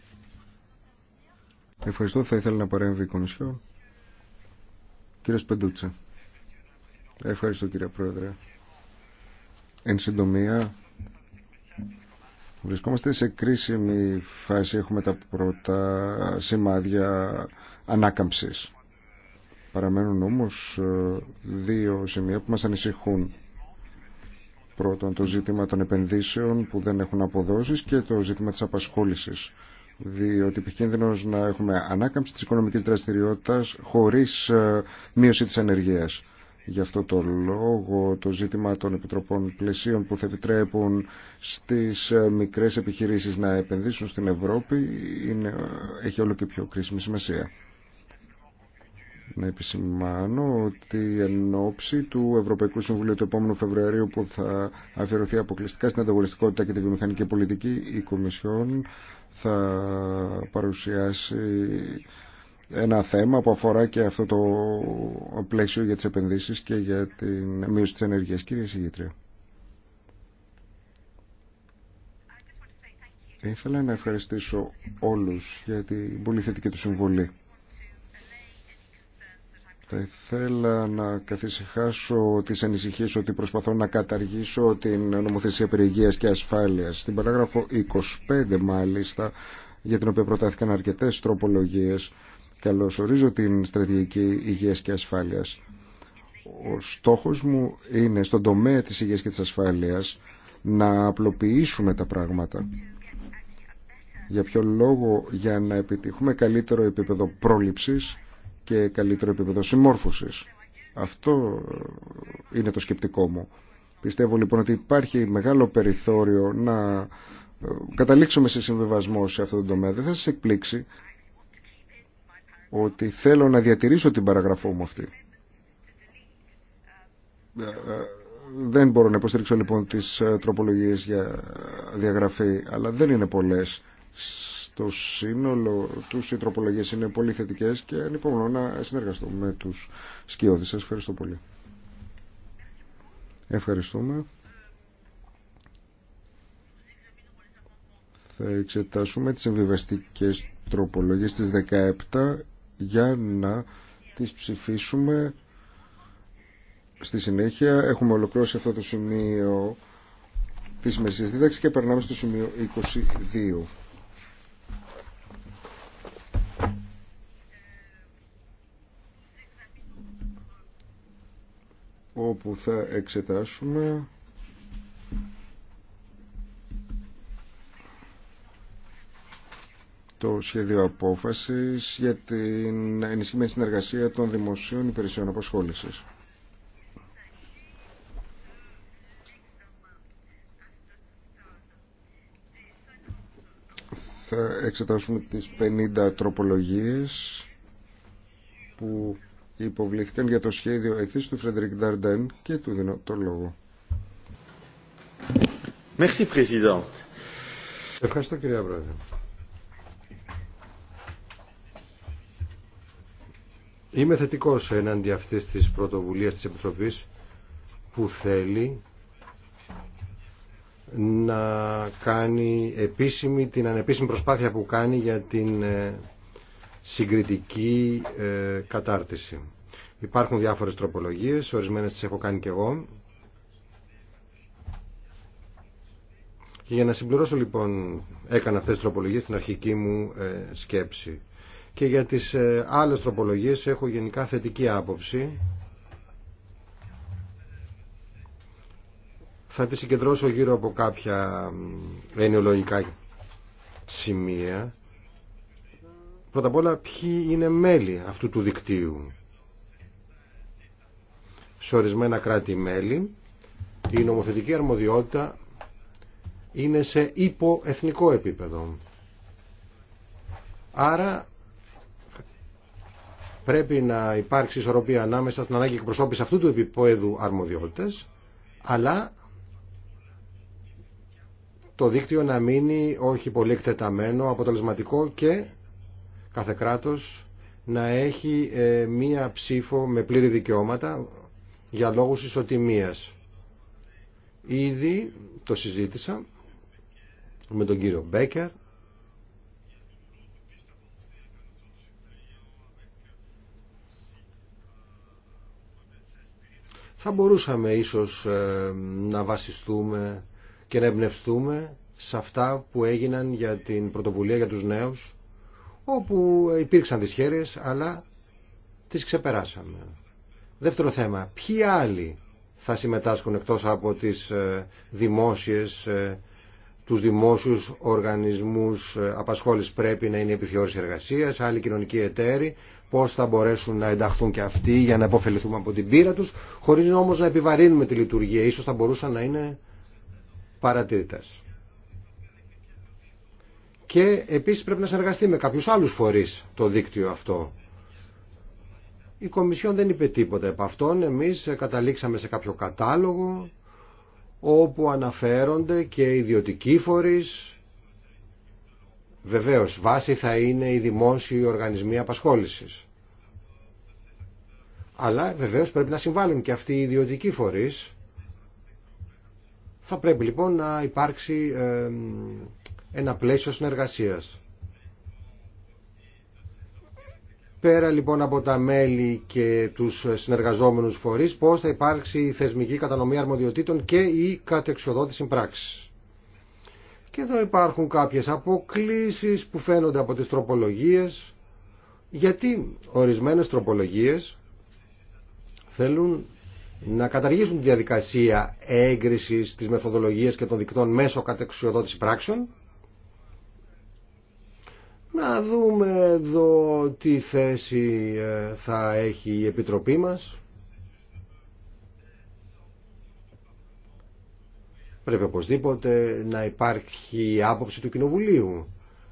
Ευχαριστώ. Θα ήθελα να παρέμβει η Κομισιό. Κύριος Πεντούτσα. Ευχαριστώ κύριε Πρόεδρε. Εν συντομία, βρισκόμαστε σε κρίσιμη φάση. Έχουμε τα πρώτα σημάδια ανάκαμψης. Παραμένουν όμως ε, δύο σημεία που μας ανησυχούν. Πρώτον, το ζήτημα των επενδύσεων που δεν έχουν αποδόσεις και το ζήτημα της απασχόλησης. Διότι επικίνδυνο να έχουμε ανάκαμψη της οικονομικής δραστηριότητας χωρίς ε, μείωση της ενεργείας. Γι' αυτό το λόγο το ζήτημα των επιτροπών πλαισίων που θα επιτρέπουν στις ε, μικρές επιχειρήσεις να επενδύσουν στην Ευρώπη είναι, ε, έχει όλο και πιο κρίσιμη σημασία. Να επισημάνω ότι εν ώψη του Ευρωπαϊκού Συμβουλίου του επόμενου Φεβρουαρίου που θα αφιερωθεί αποκλειστικά στην ανταγωνιστικότητα και τη βιομηχανική πολιτική, η Κομισιόν θα παρουσιάσει ένα θέμα που αφορά και αυτό το πλαίσιο για τις επενδύσεις και για την μείωση της ενεργείας. Κύριε Συγγήτρια. Ήθελα να ευχαριστήσω όλους για την πολύ θετική του συμβολή. Θα ήθελα να καθησυχάσω τις ανησυχίες ότι προσπαθώ να καταργήσω την νομοθεσία περιγείας και ασφάλειας. Στην παράγραφο 25 μάλιστα, για την οποία προτάθηκαν αρκετές τροπολογίες, ορίζω την στρατηγική υγείας και ασφάλειας. Ο στόχος μου είναι στον τομέα της υγείας και της ασφάλειας να απλοποιήσουμε τα πράγματα. Για ποιο λόγο για να επιτύχουμε καλύτερο επίπεδο πρόληψης και καλύτερο επίπεδο συμμόρφωσης. Αυτό είναι το σκεπτικό μου. Πιστεύω λοιπόν ότι υπάρχει μεγάλο περιθώριο να ε, καταλήξουμε σε συμβιβασμό σε αυτό το τομέα. Δεν θα σας εκπλήξει ότι θέλω να διατηρήσω την παραγραφό μου αυτή. Ε, ε, δεν μπορώ να υποστηρίξω λοιπόν τις ε, τροπολογίες για διαγραφή, αλλά δεν είναι πολλές. Στο σύνολο τους οι τροπολογίες είναι πολύ θετικές και ανυπομονώ να συνεργαστώ με τους σκιώδεις. Σας ευχαριστώ πολύ. Ευχαριστούμε. Θα εξετάσουμε τις εμβιβαστικές τροπολογίες της 17 για να τις ψηφίσουμε στη συνέχεια. Έχουμε ολοκληρώσει αυτό το σημείο της μεσής δίδαξης και περνάμε στο σημείο 22. όπου θα εξετάσουμε το σχέδιο απόφασης για την ενισχυμένη συνεργασία των δημοσίων υπηρεσιών απασχόλησης. Θα εξετάσουμε τις 50 τροπολογίες που υποβλήθηκαν για το σχέδιο εκθέσης του Φρεντρικ Νταρντέν και του δίνω το λόγο. Merci, Ευχαριστώ κυρία Πρόεδρε. Είμαι θετικός εναντί αυτής της πρωτοβουλίας της Επιτροπής που θέλει να κάνει επίσημη την ανεπίσημη προσπάθεια που κάνει για την ε, συγκριτική ε, κατάρτιση. Υπάρχουν διάφορες τροπολογίες, ορισμένες τις έχω κάνει και εγώ. Και για να συμπληρώσω λοιπόν έκανα αυτές τις τροπολογίες στην αρχική μου ε, σκέψη. Και για τις ε, άλλες τροπολογίες έχω γενικά θετική άποψη. Θα τις συγκεντρώσω γύρω από κάποια ενοιολογικά σημεία. Πρώτα απ' όλα, ποιοι είναι μέλη αυτού του δικτύου. Σε ορισμένα κράτη-μέλη, η νομοθετική αρμοδιότητα είναι σε υποεθνικό επίπεδο. Άρα Πρέπει να υπάρξει ισορροπία ανάμεσα στην ανάγκη εκπροσώπηση αυτού του επίπεδου αρμοδιότητε, αλλά το δίκτυο να μείνει όχι πολύ εκτεταμένο, αποτελεσματικό και κάθε κράτο να έχει ε, μία ψήφο με πλήρη δικαιώματα για λόγους ισοτιμίας. Ήδη το συζήτησα με τον κύριο Μπέκερ θα μπορούσαμε ίσως ε, να βασιστούμε και να εμπνευστούμε σε αυτά που έγιναν για την πρωτοβουλία για τους νέους όπου υπήρξαν δυσχέρειες αλλά τις ξεπεράσαμε. Δεύτερο θέμα, ποιοι άλλοι θα συμμετάσχουν εκτός από τις ε, δημόσιες ε, τους δημόσιους οργανισμούς ε, απασχόλησης πρέπει να είναι επιθεώρηση εργασίας, άλλοι κοινωνικοί εταίροι, πώς θα μπορέσουν να ενταχθούν και αυτοί για να αποφεληθούμε από την πείρα τους, χωρίς όμως να επιβαρύνουμε τη λειτουργία, ίσως θα μπορούσαν να είναι παρατήρητες. Και επίσης πρέπει να συνεργαστεί με κάποιους άλλους φορείς το δίκτυο αυτό. Η Κομισιόν δεν είπε τίποτα από αυτόν, εμείς ε, καταλήξαμε σε κάποιο κατάλογο όπου αναφέρονται και ιδιωτικοί φορείς, βεβαίως βάση θα είναι οι δημόσιοι οργανισμοί απασχόλησης. Αλλά βεβαίως πρέπει να συμβάλλουν και αυτοί οι ιδιωτικοί φορείς. Θα πρέπει λοιπόν να υπάρξει ένα πλαίσιο συνεργασίας. Πέρα λοιπόν από τα μέλη και τους συνεργαζόμενους φορείς, πώς θα υπάρξει η θεσμική κατανομή αρμοδιοτήτων και η κατεξοδότηση πράξη. Και εδώ υπάρχουν κάποιες αποκλήσεις που φαίνονται από τις τροπολογίες, γιατί ορισμένες τροπολογίες θέλουν να καταργήσουν τη διαδικασία έγκρισης της μεθοδολογίας και των δικτών μέσω κατεξοδότηση πράξεων, να δούμε εδώ τι θέση ε, θα έχει η Επιτροπή μας. Πρέπει οπωσδήποτε να υπάρχει άποψη του Κοινοβουλίου.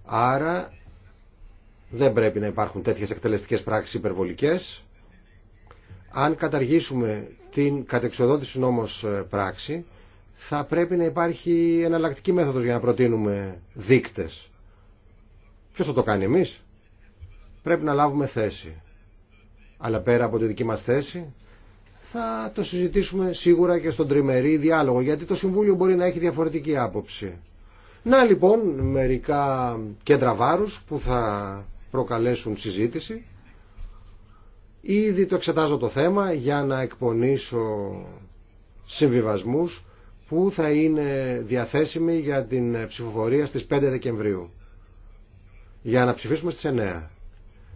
Άρα δεν πρέπει να υπάρχουν τέτοιες εκτελεστικές πράξεις υπερβολικές. Αν καταργήσουμε την κατεξοδότηση νόμος ε, πράξη, θα πρέπει να υπάρχει εναλλακτική μέθοδος για να προτείνουμε δείκτες. Ποιος θα το κάνει εμείς. Πρέπει να λάβουμε θέση. Αλλά πέρα από τη δική μας θέση θα το συζητήσουμε σίγουρα και στον τριμερή διάλογο γιατί το Συμβούλιο μπορεί να έχει διαφορετική άποψη. Να λοιπόν μερικά κέντρα βάρους που θα προκαλέσουν συζήτηση. Ήδη το εξετάζω το θέμα για να εκπονήσω συμβιβασμούς που θα είναι διαθέσιμοι για την ψηφοφορία στις 5 Δεκεμβρίου για να ψηφίσουμε στις 9.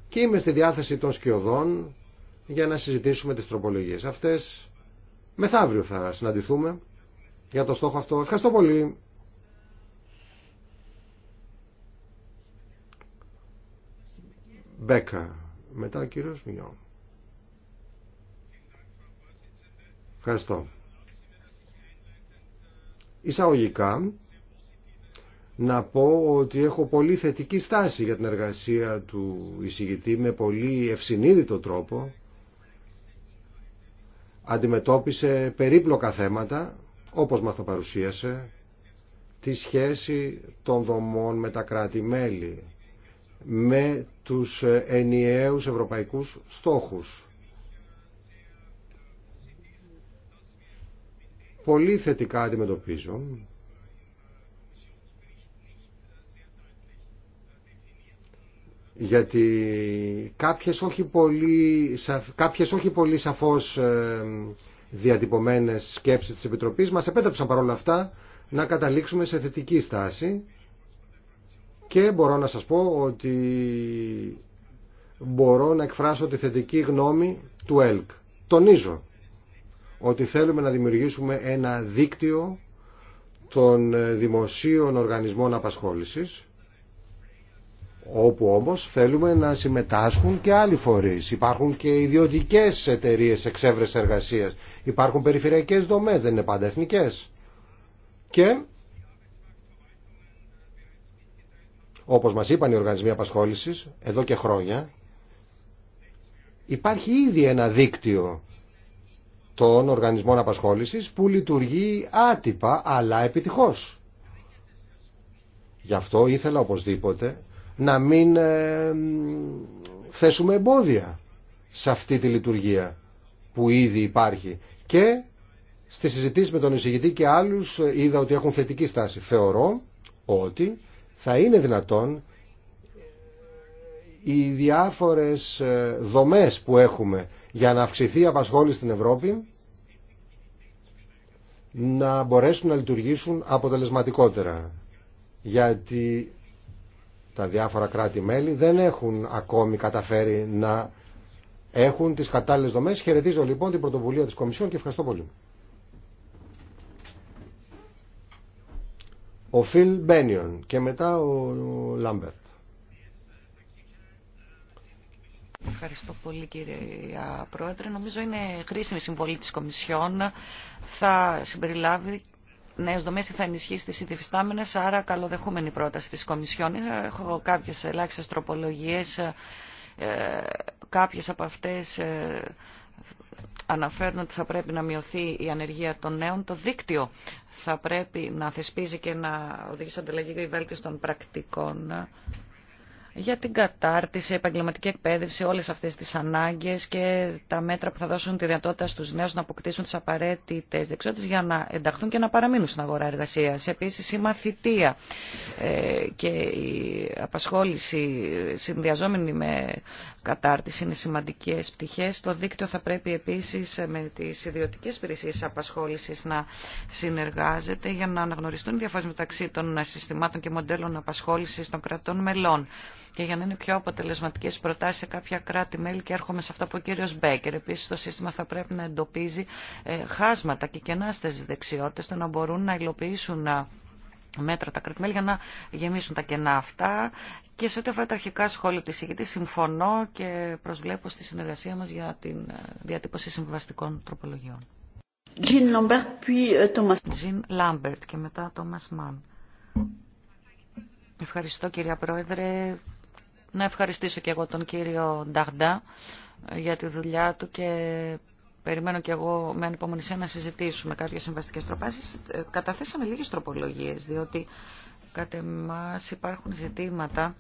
Και είμαι στη διάθεση των σκιωδών για να συζητήσουμε τις τροπολογίες αυτές. Μεθαύριο θα συναντηθούμε για το στόχο αυτό. Ευχαριστώ πολύ. Μπέκα. Μετά ο κύριος Ευχαριστώ. Εισαγωγικά να πω ότι έχω πολύ θετική στάση για την εργασία του εισηγητή με πολύ ευσυνείδητο τρόπο. Αντιμετώπισε περίπλοκα θέματα, όπως μας τα παρουσίασε, τη σχέση των δομών με τα κράτη-μέλη, με τους ενιαίους ευρωπαϊκούς στόχους. Πολύ θετικά αντιμετωπίζω γιατί κάποιες όχι πολύ, κάποιες όχι πολύ σαφώς ε, διατυπωμένες σκέψεις της Επιτροπής μας επέτρεψαν παρόλα αυτά να καταλήξουμε σε θετική στάση και μπορώ να σας πω ότι μπορώ να εκφράσω τη θετική γνώμη του ΕΛΚ. Τονίζω ότι θέλουμε να δημιουργήσουμε ένα δίκτυο των δημοσίων οργανισμών απασχόλησης όπου όμως θέλουμε να συμμετάσχουν και άλλοι φορείς. Υπάρχουν και ιδιωτικές εταιρείες εξέβρεση εργασίας. Υπάρχουν περιφερειακές δομές, δεν είναι πάντα εθνικές. Και όπως μας είπαν οι οργανισμοί απασχόλησης εδώ και χρόνια, υπάρχει ήδη ένα δίκτυο των οργανισμών απασχόλησης που λειτουργεί άτυπα αλλά επιτυχώς. Γι' αυτό ήθελα οπωσδήποτε να μην ε, θέσουμε εμπόδια σε αυτή τη λειτουργία που ήδη υπάρχει. Και στη συζητήσεις με τον εισηγητή και άλλους ε, είδα ότι έχουν θετική στάση. Θεωρώ ότι θα είναι δυνατόν ε, οι διάφορες δομές που έχουμε για να αυξηθεί η απασχόληση στην Ευρώπη να μπορέσουν να λειτουργήσουν αποτελεσματικότερα. Γιατί τα διάφορα κράτη-μέλη δεν έχουν ακόμη καταφέρει να έχουν τις κατάλληλες δομές. Χαιρετίζω λοιπόν την πρωτοβουλία της Κομισιόν και ευχαριστώ πολύ. Ο Φιλ Μπένιον και μετά ο Λάμπερτ. Ευχαριστώ πολύ κύριε Πρόεδρε. Νομίζω είναι χρήσιμη συμβολή της Κομισιόν. Θα συμπεριλάβει νέες δομές θα ενισχύσει τις φυστάμενε. άρα καλοδεχούμενη πρόταση της Κομισιόν. Ε, έχω κάποιες ελάχιστες τροπολογίες, ε, ε, κάποιες από αυτές αναφέρουν ότι θα πρέπει να μειωθεί η ανεργία των νέων. Το δίκτυο θα πρέπει να θεσπίζει και να οδηγήσει, σε ανταλλαγή βέλτιση των πρακτικών για την κατάρτιση, επαγγελματική εκπαίδευση, όλε αυτέ τι ανάγκε και τα μέτρα που θα δώσουν τη δυνατότητα στους νέου να αποκτήσουν τι απαραίτητε δεξιότητε για να ενταχθούν και να παραμείνουν στην αγορά εργασία. Επίση η μαθητεία ε, και η απασχόληση συνδυαζόμενη με κατάρτιση είναι σημαντικέ πτυχέ. Το δίκτυο θα πρέπει επίση ε, με τι ιδιωτικέ υπηρεσίες απασχόληση να συνεργάζεται για να αναγνωριστούν διαφορέ μεταξύ των συστημάτων και μοντέλων απασχόληση των κρατών μελών και για να είναι πιο αποτελεσματικέ οι προτάσει σε κάποια κράτη-μέλη. Και έρχομαι σε αυτά που ο κύριο Μπέκερ. Επίση, το σύστημα θα πρέπει να εντοπίζει ε, χάσματα και κενά στι δεξιότητε, ώστε να μπορούν να υλοποιήσουν ε, μέτρα τα κράτη-μέλη για να γεμίσουν τα κενά αυτά. Και σε ό,τι αφορά τα αρχικά σχόλια τη ηγητή, συμφωνώ και προσβλέπω στη συνεργασία μα για τη ε, διατύπωση συμβαστικών τροπολογιών. Jean Lambert, puis Thomas. Jean Lambert και μετά Thomas Mann. Ευχαριστώ κυρία Πρόεδρε. Να ευχαριστήσω και εγώ τον κύριο Νταγντά ε, για τη δουλειά του και περιμένω και εγώ με ανυπομονησία να συζητήσουμε κάποιες συμβαστικές τροπάσεις. Ε, καταθέσαμε λίγες τροπολογίες, διότι κατά εμάς υπάρχουν ζητήματα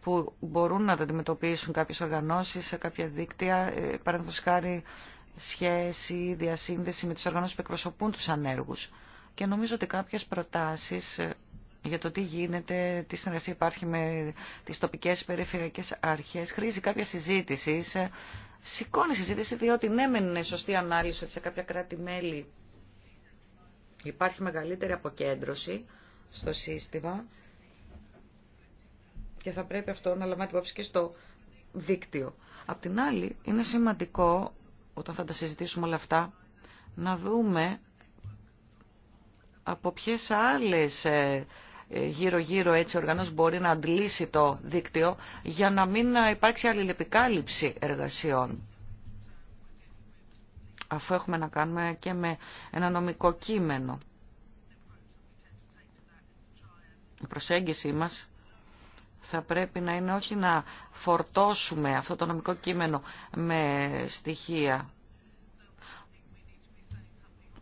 που μπορούν να τα αντιμετωπίσουν κάποιες οργανώσεις σε κάποια δίκτυα, ε, παραδείγματος χάρη σχέση, διασύνδεση με τις οργανώσεις που εκπροσωπούν τους ανέργους. Και νομίζω ότι κάποιες προτάσεις για το τι γίνεται, τι συνεργασία υπάρχει με τις τοπικές περιφερειακές αρχές. Χρήζει κάποια συζήτηση, σηκώνει συζήτηση διότι ναι μεν είναι σωστή ανάλυση ότι σε κάποια κράτη-μέλη υπάρχει μεγαλύτερη αποκέντρωση στο σύστημα και θα πρέπει αυτό να λαμβάνει υπόψη και στο δίκτυο. Απ' την άλλη, είναι σημαντικό όταν θα τα συζητήσουμε όλα αυτά να δούμε από ποιες άλλες ε, γύρω-γύρω έτσι ο οργανός μπορεί να αντλήσει το δίκτυο για να μην υπάρξει αλληλεπικάλυψη εργασιών. Αφού έχουμε να κάνουμε και με ένα νομικό κείμενο. Η προσέγγιση μας θα πρέπει να είναι όχι να φορτώσουμε αυτό το νομικό κείμενο με στοιχεία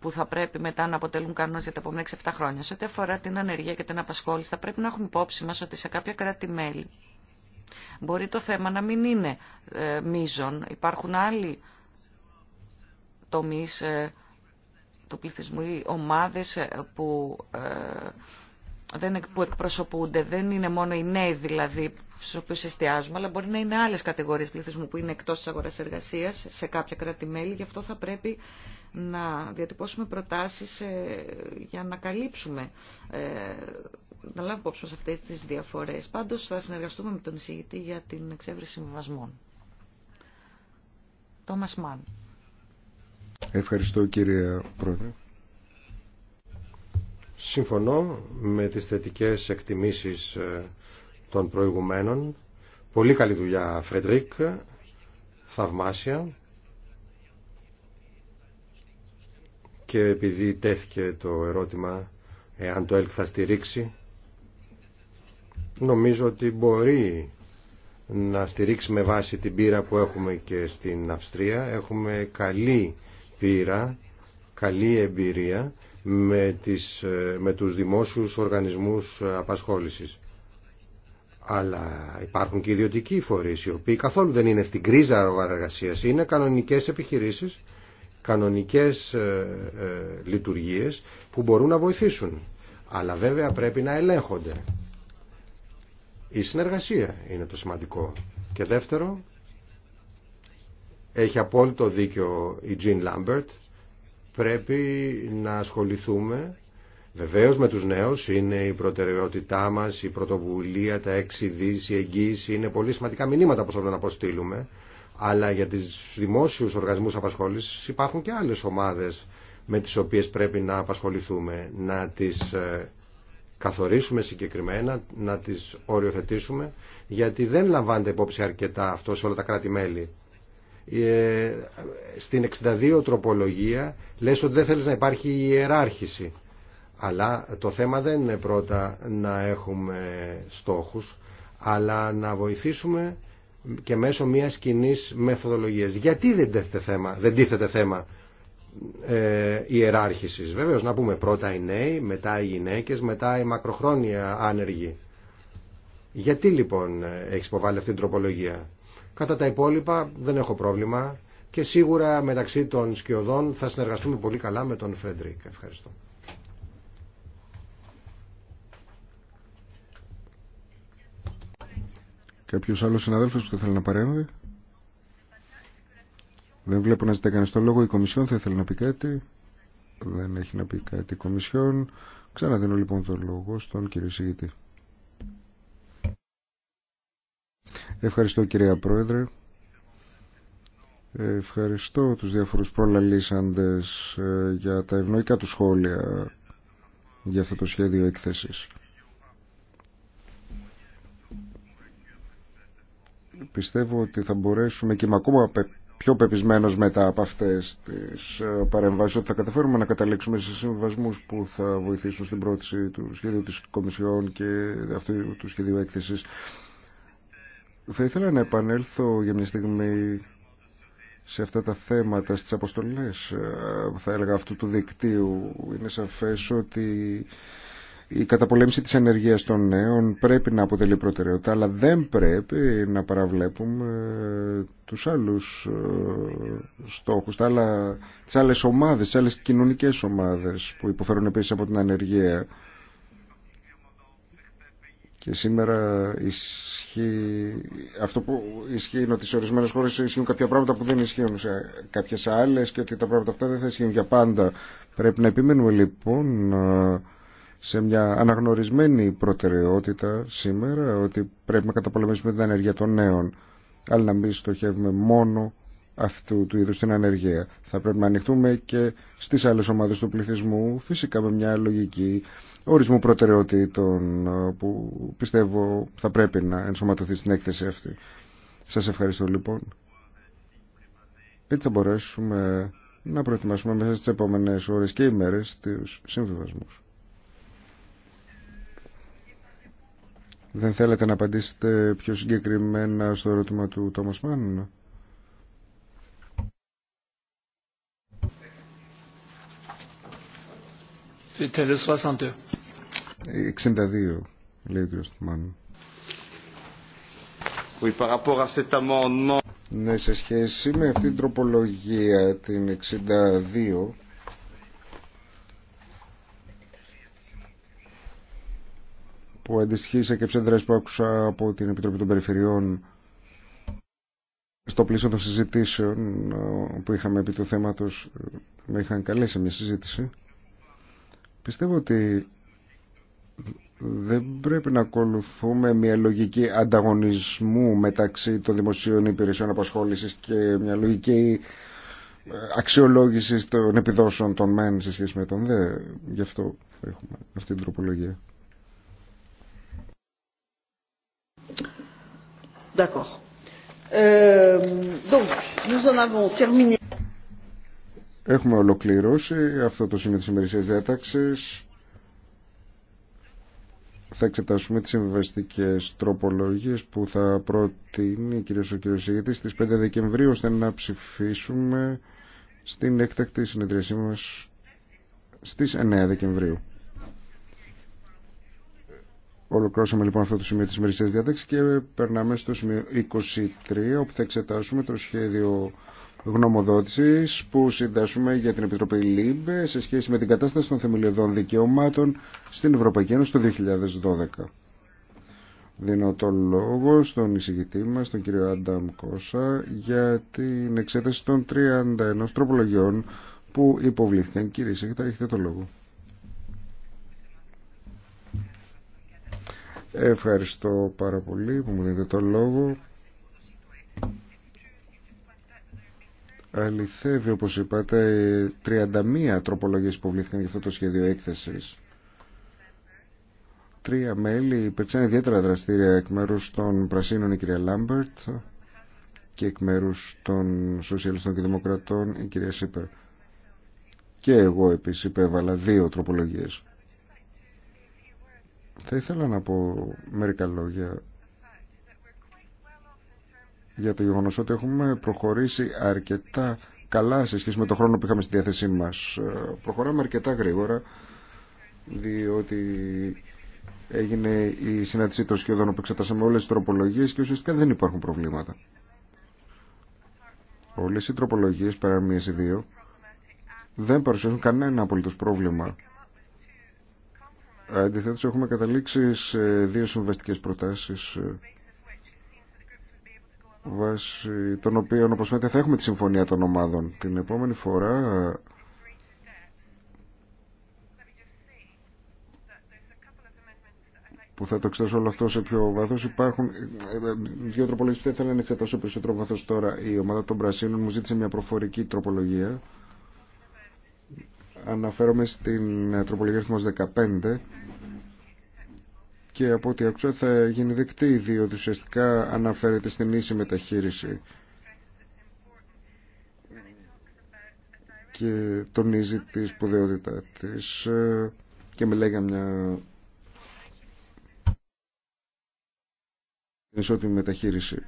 που θα πρέπει μετά να αποτελούν κανόνε για τα επόμενα 6-7 χρόνια. Σε ό,τι αφορά την ανεργία και την απασχόληση, θα πρέπει να έχουμε υπόψη μα ότι σε κάποια κράτη-μέλη μπορεί το θέμα να μην είναι ε, μείζον. Υπάρχουν άλλοι τομεί ε, του πληθυσμού ή ομάδε ε, που. Ε, που εκπροσωπούνται. Δεν είναι μόνο οι νέοι δηλαδή στου οποίου εστιάζουμε, αλλά μπορεί να είναι άλλε κατηγορίε πληθυσμού που είναι εκτό τη αγορα εργασία, σε κάποια κράτη-μέλη. Γι' αυτό θα πρέπει να διατυπώσουμε προτάσεις ε, για να καλύψουμε, ε, να λάβουμε υπόψη μα αυτέ τι διαφορέ. Πάντως θα συνεργαστούμε με τον εισηγητή για την εξέβρεση συμβασμών. Ευχαριστώ κύριε Πρόεδρε. Συμφωνώ με τις θετικές εκτιμήσεις ε, των προηγουμένων. Πολύ καλή δουλειά, Φρεντρίκ. Θαυμάσια. Και επειδή τέθηκε το ερώτημα εάν το ΕΛΚ θα στηρίξει, νομίζω ότι μπορεί να στηρίξει με βάση την πύρα που έχουμε και στην Αυστρία. Έχουμε καλή πύρα, καλή εμπειρία με, τις, ε, με τους δημόσιους οργανισμούς ε, απασχόλησης. Αλλά υπάρχουν και ιδιωτικοί φορείς οι οποίοι καθόλου δεν είναι στην κρίζα εργασία, είναι κανονικές επιχειρήσεις, κανονικές ε, ε, λειτουργίες που μπορούν να βοηθήσουν. Αλλά βέβαια πρέπει να ελέγχονται. Η συνεργασία είναι το σημαντικό. Και δεύτερο, έχει απόλυτο δίκιο η Jean Lambert πρέπει να ασχοληθούμε βεβαίως με τους νέους, είναι η προτεραιότητά μας, η πρωτοβουλία, τα έξι η εγγύηση, είναι πολύ σημαντικά μηνύματα που θέλουμε να αποστείλουμε, αλλά για τις δημόσιους οργανισμούς απασχόλησης υπάρχουν και άλλες ομάδες με τις οποίες πρέπει να απασχοληθούμε, να τις ε, καθορίσουμε συγκεκριμένα, να τις οριοθετήσουμε, γιατί δεν λαμβάνεται υπόψη αρκετά αυτό σε όλα τα κράτη-μέλη. Ε, στην 62 τροπολογία λες ότι δεν θέλεις να υπάρχει ιεράρχηση. Αλλά το θέμα δεν είναι πρώτα να έχουμε στόχους, αλλά να βοηθήσουμε και μέσω μιας κοινή μεθοδολογίας. Γιατί δεν τίθεται θέμα, δεν τίθεται θέμα ε, ιεράρχησης. Βεβαίως να πούμε πρώτα οι νέοι, μετά οι γυναίκες, μετά οι μακροχρόνια άνεργοι. Γιατί λοιπόν έχει υποβάλει αυτή την τροπολογία. Κατά τα υπόλοιπα δεν έχω πρόβλημα και σίγουρα μεταξύ των σκιωδών θα συνεργαστούμε πολύ καλά με τον Φρέντρικ. Ευχαριστώ. Κάποιο άλλος συναδέλφο που θα θέλει να παρέμβει. Δεν βλέπω να ζητάει κανεί το λόγο. Η Κομισιόν θα ήθελε να πει κάτι. Δεν έχει να πει κάτι η Κομισιόν. Ξαναδίνω λοιπόν το λόγο στον κύριο Σιγητή. Ευχαριστώ κυρία Πρόεδρε. Ευχαριστώ τους διάφορους προλαλήσαντες ε, για τα ευνοϊκά του σχόλια για αυτό το σχέδιο έκθεσης. Πιστεύω ότι θα μπορέσουμε και είμαι ακόμα πιο πεπισμένος μετά από αυτές τις ε, παρεμβάσεις ότι θα καταφέρουμε να καταλήξουμε σε συμβασμούς που θα βοηθήσουν στην πρόθεση του σχέδιου της Κομισιόν και αυτού του σχεδίου έκθεσης θα ήθελα να επανέλθω για μια στιγμή σε αυτά τα θέματα, στις αποστολές, ε, θα έλεγα, αυτού του δικτύου. Είναι σαφές ότι η καταπολέμηση της ενεργείας των νέων πρέπει να αποτελεί προτεραιότητα, αλλά δεν πρέπει να παραβλέπουμε τους άλλους ε, στόχους, τα άλλα, τις άλλες ομάδες, τις άλλες κοινωνικές ομάδες που υποφέρουν επίσης από την ανεργία. Και σήμερα ισχύει... αυτό που ισχύει είναι ότι σε ορισμένε χώρε ισχύουν κάποια πράγματα που δεν ισχύουν σε κάποιε άλλε και ότι τα πράγματα αυτά δεν θα ισχύουν για πάντα. Πρέπει να επιμένουμε λοιπόν σε μια αναγνωρισμένη προτεραιότητα σήμερα ότι πρέπει να καταπολεμήσουμε την ανεργία των νέων αλλά να μην στοχεύουμε μόνο αυτού του είδου την ανεργία. Θα πρέπει να ανοιχτούμε και στι άλλε ομάδε του πληθυσμού, φυσικά με μια λογική ορισμού προτεραιοτήτων ε, που πιστεύω θα πρέπει να ενσωματωθεί στην έκθεση αυτή. Σας ευχαριστώ λοιπόν. Έτσι θα μπορέσουμε να προετοιμάσουμε μέσα στις επόμενες ώρες και ημέρες τους συμβιβασμούς. Δεν θέλετε να απαντήσετε πιο συγκεκριμένα στο ερώτημα του Τόμας Μάνου. C'était le 62. 62, λέει ο κ. Στουμάνου. Oui, par rapport à cet Ναι, σε σχέση με αυτή την τροπολογία, την 62, που αντιστοιχεί σε κεψέντρες που άκουσα από την Επιτροπή των Περιφερειών στο πλήσιο των συζητήσεων ε, που είχαμε επί του θέματος ε, με είχαν καλέσει μια συζήτηση πιστεύω ότι δεν πρέπει να ακολουθούμε μια λογική ανταγωνισμού μεταξύ των δημοσίων υπηρεσιών απασχόλησης και μια λογική ε, αξιολόγηση των επιδόσεων των μεν σε σχέση με τον δε. Γι' αυτό έχουμε αυτή την τροπολογία. D'accord. Euh, donc, nous en Έχουμε ολοκληρώσει αυτό το σημείο της ημερησίας διάταξης θα εξετάσουμε τις συμβιβαστικές τροπολογίες που θα προτείνει κυρίως ο κύριος Ηγετής στις 5 Δεκεμβρίου ώστε να ψηφίσουμε στην έκτακτη συνεδρίασή μας στις 9 Δεκεμβρίου. Ολοκλώσαμε λοιπόν αυτό το σημείο της ημερησίας διάταξης και περνάμε στο σημείο 23 όπου θα εξετάσουμε το σχέδιο γνωμοδότησης που συντάσσουμε για την Επιτροπή ΛΥΜΠΕ σε σχέση με την κατάσταση των θεμελιωδών δικαιωμάτων στην Ευρωπαϊκή Ένωση το 2012. Δίνω το λόγο στον εισηγητή μας, τον κύριο Άνταμ Κώσα, για την εξέταση των 31 τροπολογιών που υποβλήθηκαν. Κύριε Σίγητα, έχετε το λόγο. Ευχαριστώ πάρα πολύ που μου δίνετε το λόγο. Αληθεύει, όπως είπατε, 31 τροπολογίες βλήθηκαν για αυτό το σχέδιο έκθεσης. Τρία μέλη υπήρξαν ιδιαίτερα δραστήρια εκ μέρους των Πρασίνων η κυρία Λάμπερτ και εκ μέρους των Σοσιαλιστών και Δημοκρατών η κυρία Σίπερ. Και εγώ επίσης υπέβαλα δύο τροπολογίες. Θα ήθελα να πω μερικά λόγια για το γεγονός ότι έχουμε προχωρήσει αρκετά καλά σε σχέση με το χρόνο που είχαμε στη διάθεσή μας. Ε, προχωράμε αρκετά γρήγορα, διότι έγινε η συνάντησή των σχεδόν που εξετάσαμε όλες τις τροπολογίες και ουσιαστικά δεν υπάρχουν προβλήματα. Όλες οι τροπολογίες, πέραν μία ή δύο, δεν παρουσιάζουν κανένα απολύτως πρόβλημα. Αντιθέτω, έχουμε καταλήξει σε δύο συμβαστικέ προτάσεις ε, βάσει των οποίων όπως φαίνεται θα έχουμε τη συμφωνία των ομάδων την επόμενη φορά που θα το εξετάσω όλο αυτό σε πιο βάθο. Υπάρχουν ε, ε, δύο τροπολογίε που θα ήθελα να εξετάσω σε περισσότερο βάθος τώρα. Η ομάδα των Πρασίνων μου ζήτησε μια προφορική τροπολογία. Αναφέρομαι στην ε, τροπολογία αριθμό 15 και από ό,τι άκουσα θα γίνει δεκτή διότι ουσιαστικά αναφέρεται στην ίση μεταχείριση και τονίζει τη σπουδαιότητά της ε, και με για μια ισότιμη μεταχείριση.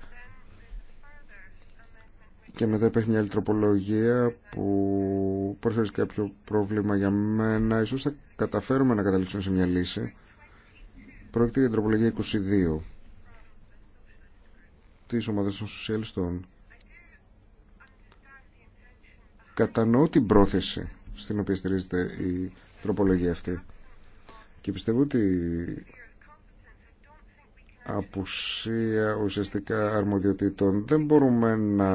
Και μετά υπάρχει μια άλλη τροπολογία που προσφέρει κάποιο πρόβλημα για μένα. Ίσως θα καταφέρουμε να καταλήξουμε σε μια λύση. Πρόκειται για τροπολογία 22 της ομάδας των σοσιαλιστών. Κατανοώ την πρόθεση στην οποία στηρίζεται η τροπολογία αυτή και πιστεύω ότι απουσία ουσιαστικά αρμοδιοτήτων δεν μπορούμε να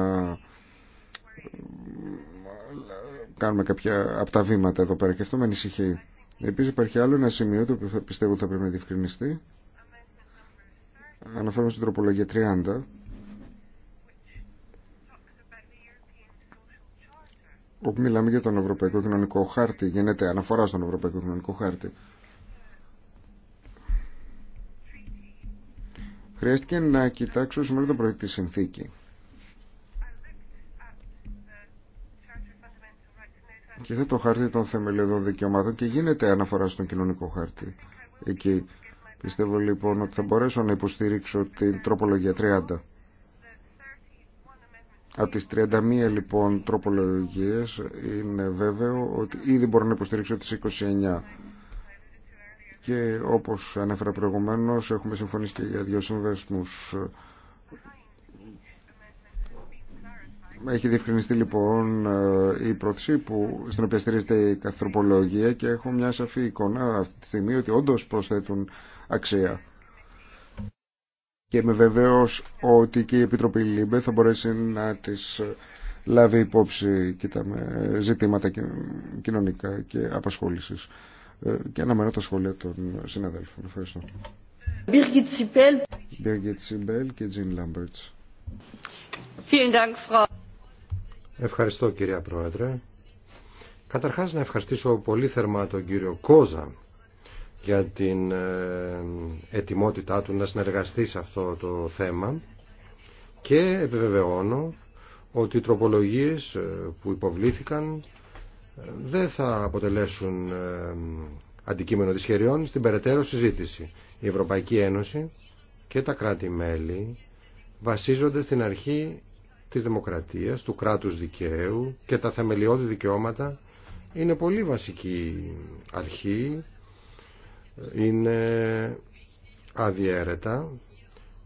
κάνουμε κάποια από τα βήματα εδώ πέρα και αυτό με ανησυχεί. Επίσης υπάρχει άλλο ένα σημείο το οποίο πιστεύω θα πρέπει να διευκρινιστεί. Αναφέρομαι στην τροπολογία 30 όπου μιλάμε για τον Ευρωπαϊκό Κοινωνικό Χάρτη, γίνεται αναφορά στον Ευρωπαϊκό Κοινωνικό Χάρτη. Χρειάστηκε να κοιτάξω σήμερα το πρωί τη συνθήκη. και θα το χαρτί των θεμελιωδών δικαιωμάτων και γίνεται αναφορά στον κοινωνικό χάρτη εκεί. Πιστεύω λοιπόν ότι θα μπορέσω να υποστηρίξω την τροπολογία 30. Από τις 31 λοιπόν τροπολογίες είναι βέβαιο ότι ήδη μπορώ να υποστηρίξω τις 29. Και όπως ανέφερα προηγουμένως έχουμε συμφωνήσει και για δύο συμβέσμους Έχει διευκρινιστεί λοιπόν ε, η πρόθεση που, στην οποία στηρίζεται η καθροπολογία και έχω μια σαφή εικόνα αυτή τη στιγμή ότι όντως προσθέτουν αξία. Και είμαι βεβαίω ότι και η Επιτροπή ΛΥΜΠΕ θα μπορέσει να τις ε, λάβει υπόψη κοιτάμε, ζητήματα κοινωνικά και απασχόλησης. Ε, και αναμένω τα σχόλια των συναδέλφων. Ευχαριστώ. Birgit Sibel και Jean Ευχαριστώ κυρία Πρόεδρε. Καταρχάς να ευχαριστήσω πολύ θερμά τον κύριο Κόζα για την ε, ετοιμότητά του να συνεργαστεί σε αυτό το θέμα και επιβεβαιώνω ότι οι τροπολογίες ε, που υποβλήθηκαν ε, δεν θα αποτελέσουν αντικείμενο δυσχεριών στην περαιτέρω συζήτηση. Η Ευρωπαϊκή Ένωση και τα κράτη-μέλη βασίζονται στην αρχή της δημοκρατίας, του κράτους δικαίου και τα θεμελιώδη δικαιώματα είναι πολύ βασική αρχή, είναι αδιέρετα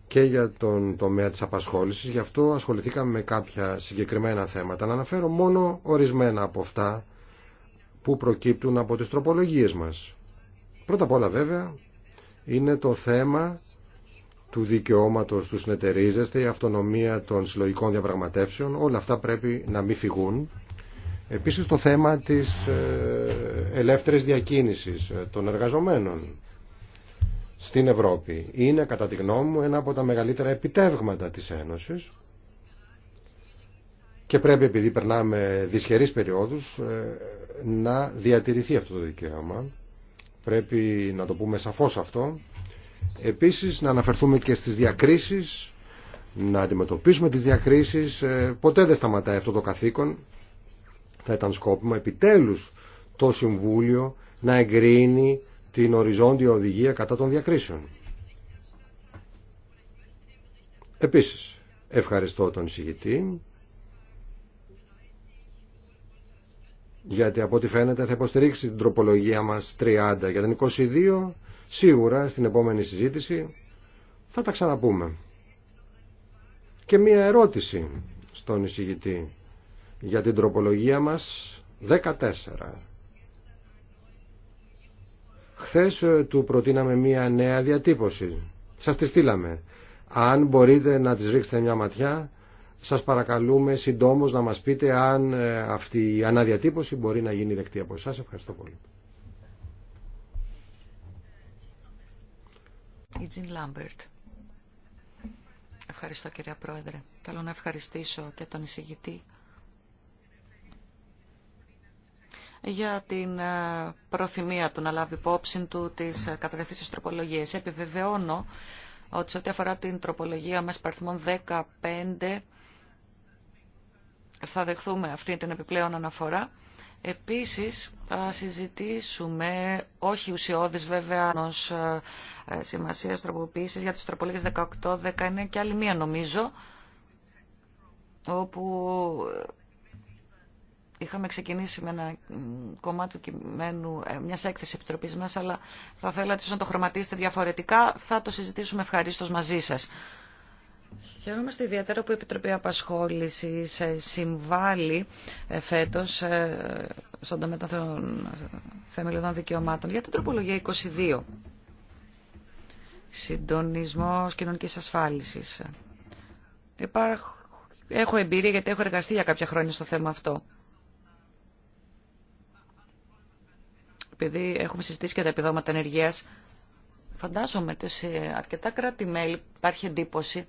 και για τον τομέα της απασχόλησης, γι' αυτό ασχοληθήκαμε με κάποια συγκεκριμένα θέματα. Να αναφέρω μόνο ορισμένα από αυτά που προκύπτουν από τις τροπολογίες μας. Πρώτα απ' όλα βέβαια είναι το θέμα του δικαιώματος του συνεταιρίζεστε, η αυτονομία των συλλογικών διαπραγματεύσεων, όλα αυτά πρέπει να μην φυγούν. Επίσης το θέμα της ε, ελεύθερης διακίνησης ε, των εργαζομένων στην Ευρώπη είναι κατά τη γνώμη μου ένα από τα μεγαλύτερα επιτεύγματα της Ένωσης και πρέπει επειδή περνάμε δυσχερείς περιόδους ε, να διατηρηθεί αυτό το δικαίωμα. Πρέπει να το πούμε σαφώς αυτό Επίσης να αναφερθούμε και στις διακρίσεις, να αντιμετωπίσουμε τις διακρίσεις. Ε, ποτέ δεν σταματάει αυτό το καθήκον. Θα ήταν σκόπιμο επιτέλους το Συμβούλιο να εγκρίνει την οριζόντια οδηγία κατά των διακρίσεων. Επίσης, ευχαριστώ τον εισηγητή, γιατί από ό,τι φαίνεται θα υποστηρίξει την τροπολογία μας 30 για την 22 Σίγουρα στην επόμενη συζήτηση θα τα ξαναπούμε. Και μία ερώτηση στον εισηγητή για την τροπολογία μας 14. Χθες ε, του προτείναμε μία νέα διατύπωση. Σας τη στείλαμε. Αν μπορείτε να τις ρίξετε μια ματιά, σας παρακαλούμε συντόμως να μας πείτε αν ε, αυτή η αναδιατύπωση μπορεί να γίνει δεκτή από εσάς. Ευχαριστώ πολύ. Ευχαριστώ κυρία Πρόεδρε. Θέλω να ευχαριστήσω και τον εισηγητή για την ε, προθυμία του να λάβει υπόψη του τις ε, κατατεθήσεις τροπολογίες. Επιβεβαιώνω ότι σε ό,τι αφορά την τροπολογία μας παρθμών 15 θα δεχθούμε αυτή την επιπλέον αναφορά Επίσης θα συζητήσουμε, όχι ουσιώδης βέβαια, ως ε, ε, σημασίας τροποποίησης για τις τροπολίες 18, 19 και άλλη μία νομίζω, όπου ε, είχαμε ξεκινήσει με ένα κομμάτι του κειμένου μια έκθεση επιτροπή μα, αλλά θα θέλατε να το χρωματίσετε διαφορετικά. Θα το συζητήσουμε ευχαρίστω μαζί σας. Χαιρόμαστε ιδιαίτερα που η Επιτροπή απασχόληση ε, συμβάλλει ε, φέτος ε, στον τομέα των θεμελιωδών δικαιωμάτων για την τροπολογία 22. Συντονισμός κοινωνικής ασφάλισης. Έχω εμπειρία γιατί έχω εργαστεί για κάποια χρόνια στο θέμα αυτό. Επειδή έχουμε συζητήσει και τα επιδόματα ενεργείας, φαντάζομαι ότι σε αρκετά κράτη-μέλη υπάρχει εντύπωση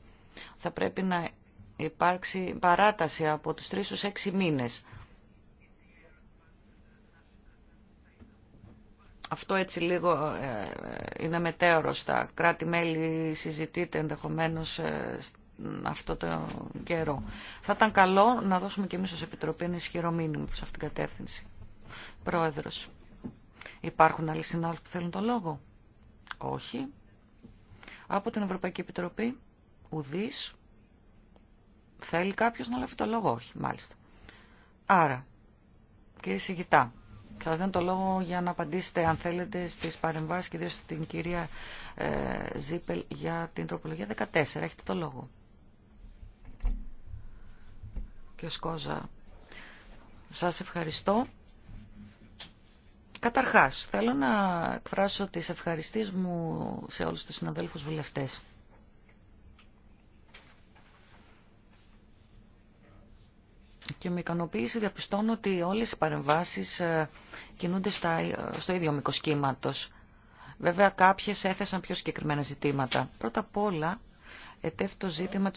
θα πρέπει να υπάρξει παράταση από τους τρεις στους έξι μήνες. Αυτό έτσι λίγο ε, ε, είναι μετέωρο στα κράτη-μέλη, συζητείται ενδεχομένως ε, αυτό το καιρό. Θα ήταν καλό να δώσουμε και εμείς ως Επιτροπή ένα ισχυρό μήνυμα προς αυτήν την κατεύθυνση. Πρόεδρος, υπάρχουν άλλοι συνάδελφοι που θέλουν τον λόγο. Όχι. Από την Ευρωπαϊκή Επιτροπή. Ουδής. Θέλει κάποιος να λάβει το λόγο. Όχι, μάλιστα. Άρα, κύριε Σιγητά, σας δίνω το λόγο για να απαντήσετε, αν θέλετε, στις παρεμβάσεις και ιδίως στην κυρία ε, Ζίπελ για την τροπολογία 14. Έχετε το λόγο. Κύριε Σκόζα, σας ευχαριστώ. Καταρχάς, θέλω να εκφράσω τις ευχαριστίες μου σε όλους τους συναδέλφους βουλευτές. και με ικανοποίηση διαπιστώνω ότι όλες οι παρεμβάσεις ε, κινούνται ε, στο ίδιο μήκο Βέβαια κάποιες έθεσαν πιο συγκεκριμένα ζητήματα. Πρώτα απ' όλα ετέφει το ζήτημα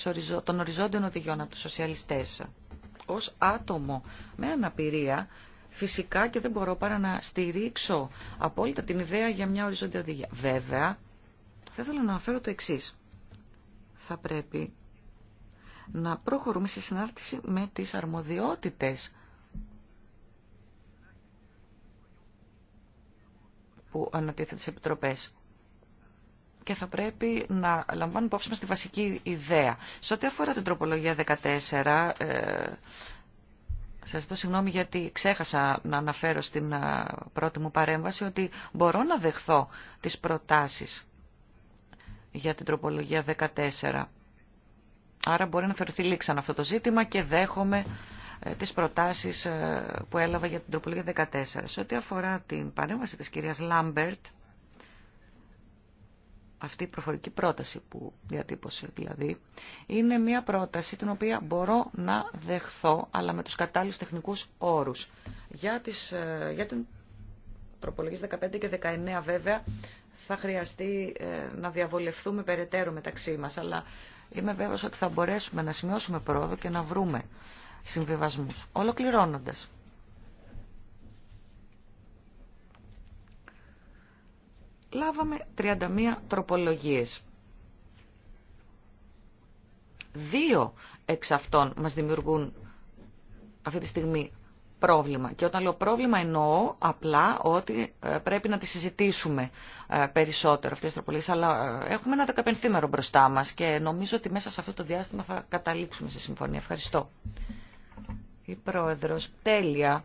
των οριζόντιων οδηγιών από τους σοσιαλιστές. Ως άτομο με αναπηρία φυσικά και δεν μπορώ παρά να στηρίξω απόλυτα την ιδέα για μια οριζόντια οδηγία. Βέβαια θα ήθελα να αναφέρω το εξή. Θα πρέπει να προχωρούμε σε συνάρτηση με τις αρμοδιότητες που ανατίθεται σε επιτροπές. Και θα πρέπει να λαμβάνουμε υπόψη μας τη βασική ιδέα. Σε ό,τι αφορά την τροπολογία 14, ε, σας ζητώ συγγνώμη γιατί ξέχασα να αναφέρω στην ε, πρώτη μου παρέμβαση ότι μπορώ να δεχθώ τις προτάσεις για την τροπολογία 14 Άρα μπορεί να θεωρηθεί λήξαν αυτό το ζήτημα και δέχομαι ε, τις προτάσεις ε, που έλαβα για την τροπολογία 14. Σε ό,τι αφορά την παρέμβαση της κυρίας Λάμπερτ, αυτή η προφορική πρόταση που διατύπωσε δηλαδή, είναι μια πρόταση την οποία μπορώ να δεχθώ, αλλά με τους κατάλληλους τεχνικούς όρους. Για, τις, ε, για την τροπολογίες 15 και 19 βέβαια, θα χρειαστεί ε, να διαβολευτούμε περαιτέρω μεταξύ μας, αλλά είμαι βέβαιος ότι θα μπορέσουμε να σημειώσουμε πρόοδο και να βρούμε συμβιβασμούς. Ολοκληρώνοντας. Λάβαμε 31 τροπολογίες. Δύο εξ αυτών μας δημιουργούν αυτή τη στιγμή πρόβλημα. Και όταν λέω πρόβλημα εννοώ απλά ότι ε, πρέπει να τη συζητήσουμε ε, περισσότερο αυτές τις τροπολίες, αλλά ε, έχουμε ένα δεκαπενθήμερο μπροστά μας και νομίζω ότι μέσα σε αυτό το διάστημα θα καταλήξουμε σε συμφωνία. Ευχαριστώ. Η Πρόεδρος, τέλεια.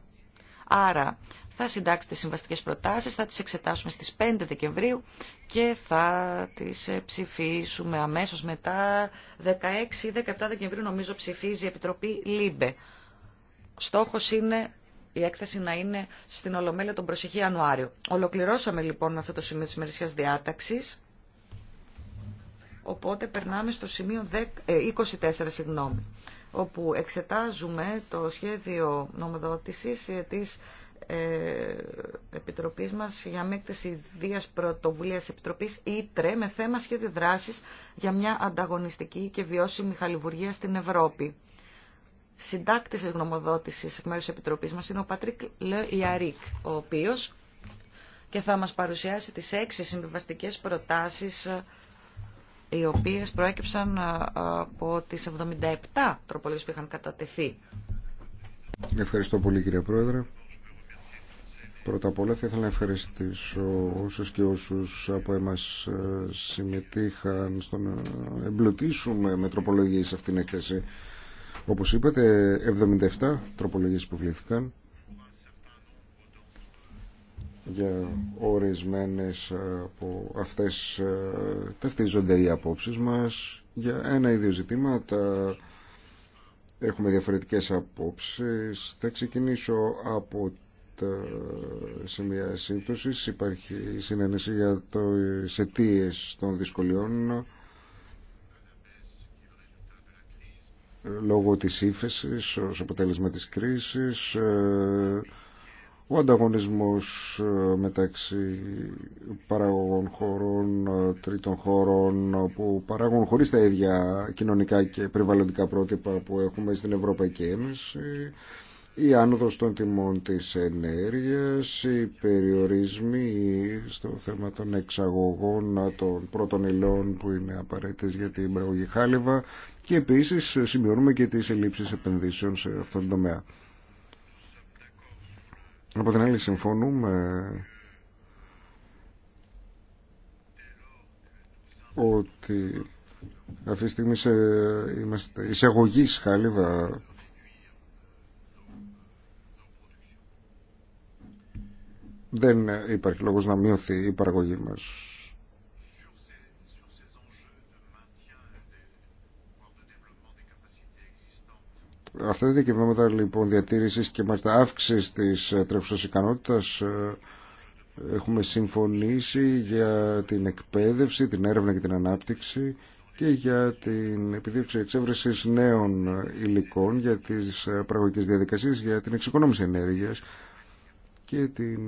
Άρα θα συντάξει τις συμβαστικές προτάσεις, θα τις εξετάσουμε στις 5 Δεκεμβρίου και θα τις ψηφίσουμε αμέσως μετά 16-17 Δεκεμβρίου νομίζω ψηφίζει η Επιτροπή ΛΥΜΠΕ στόχος είναι η έκθεση να είναι στην Ολομέλεια τον προσεχή Ιανουάριο. Ολοκληρώσαμε λοιπόν με αυτό το σημείο της ημερησίας διάταξης. Οπότε περνάμε στο σημείο 24, ε, συγγνώμη, όπου εξετάζουμε το σχέδιο νομοδότησης ε, της ε, Επιτροπής μας για μέκτηση ιδίας πρωτοβουλίας Επιτροπής ΙΤΡΕ με θέμα σχέδιο δράσης για μια ανταγωνιστική και βιώσιμη χαλιβουργία στην Ευρώπη συντάκτη τη γνωμοδότηση εκ μέρου τη Επιτροπή μα είναι ο Πατρίκ Λεϊαρίκ, ο οποίο και θα μας παρουσιάσει τις έξι συμβιβαστικέ προτάσει, ε, οι οποίες προέκυψαν ε, από τι 77 τροπολίε που είχαν κατατεθεί. Ευχαριστώ πολύ κύριε Πρόεδρε. Πρώτα απ' όλα θα ήθελα να ευχαριστήσω όσους και όσους από εμάς ε, συμμετείχαν στο να εμπλουτίσουμε με τροπολογίες αυτήν την έκθεση. Όπως είπατε, 77 τροπολογίες που βλήθηκαν για ορισμένες από αυτές ε, ταυτίζονται οι απόψεις μας για ένα ή δύο ζητήματα έχουμε διαφορετικές απόψεις θα ξεκινήσω από τα σημεία σύμπτωση. υπάρχει συνένεση για το αιτίε των δυσκολιών λόγω της ύφεσης ως αποτέλεσμα της κρίσης ε, ο ανταγωνισμός ε, μεταξύ παραγωγών χωρών, ε, τρίτων χωρών που παράγουν χωρίς τα ίδια κοινωνικά και περιβαλλοντικά πρότυπα που έχουμε στην Ευρωπαϊκή Ένωση η άνοδος των τιμών της ενέργειας, οι περιορισμοί στο θέμα των εξαγωγών των πρώτων υλών που είναι απαραίτητες για την παραγωγή χάλιβα, και επίσης σημειώνουμε και τις ελλείψεις επενδύσεων σε αυτόν τον τομέα. Από την άλλη συμφωνούμε ότι αυτή τη στιγμή σε, είμαστε εισαγωγής χάλιβα δεν υπάρχει λόγος να μειωθεί η παραγωγή μας Αυτά τα δικαιώματα λοιπόν διατήρησης και μάλιστα αύξηση της ε, τρέχουσας ικανότητας ε, έχουμε συμφωνήσει για την εκπαίδευση, την έρευνα και την ανάπτυξη και για την επιδίωξη εξέβρεσης νέων υλικών για τις ε, πραγματικές διαδικασίες, για την εξοικονόμηση ενέργειας και την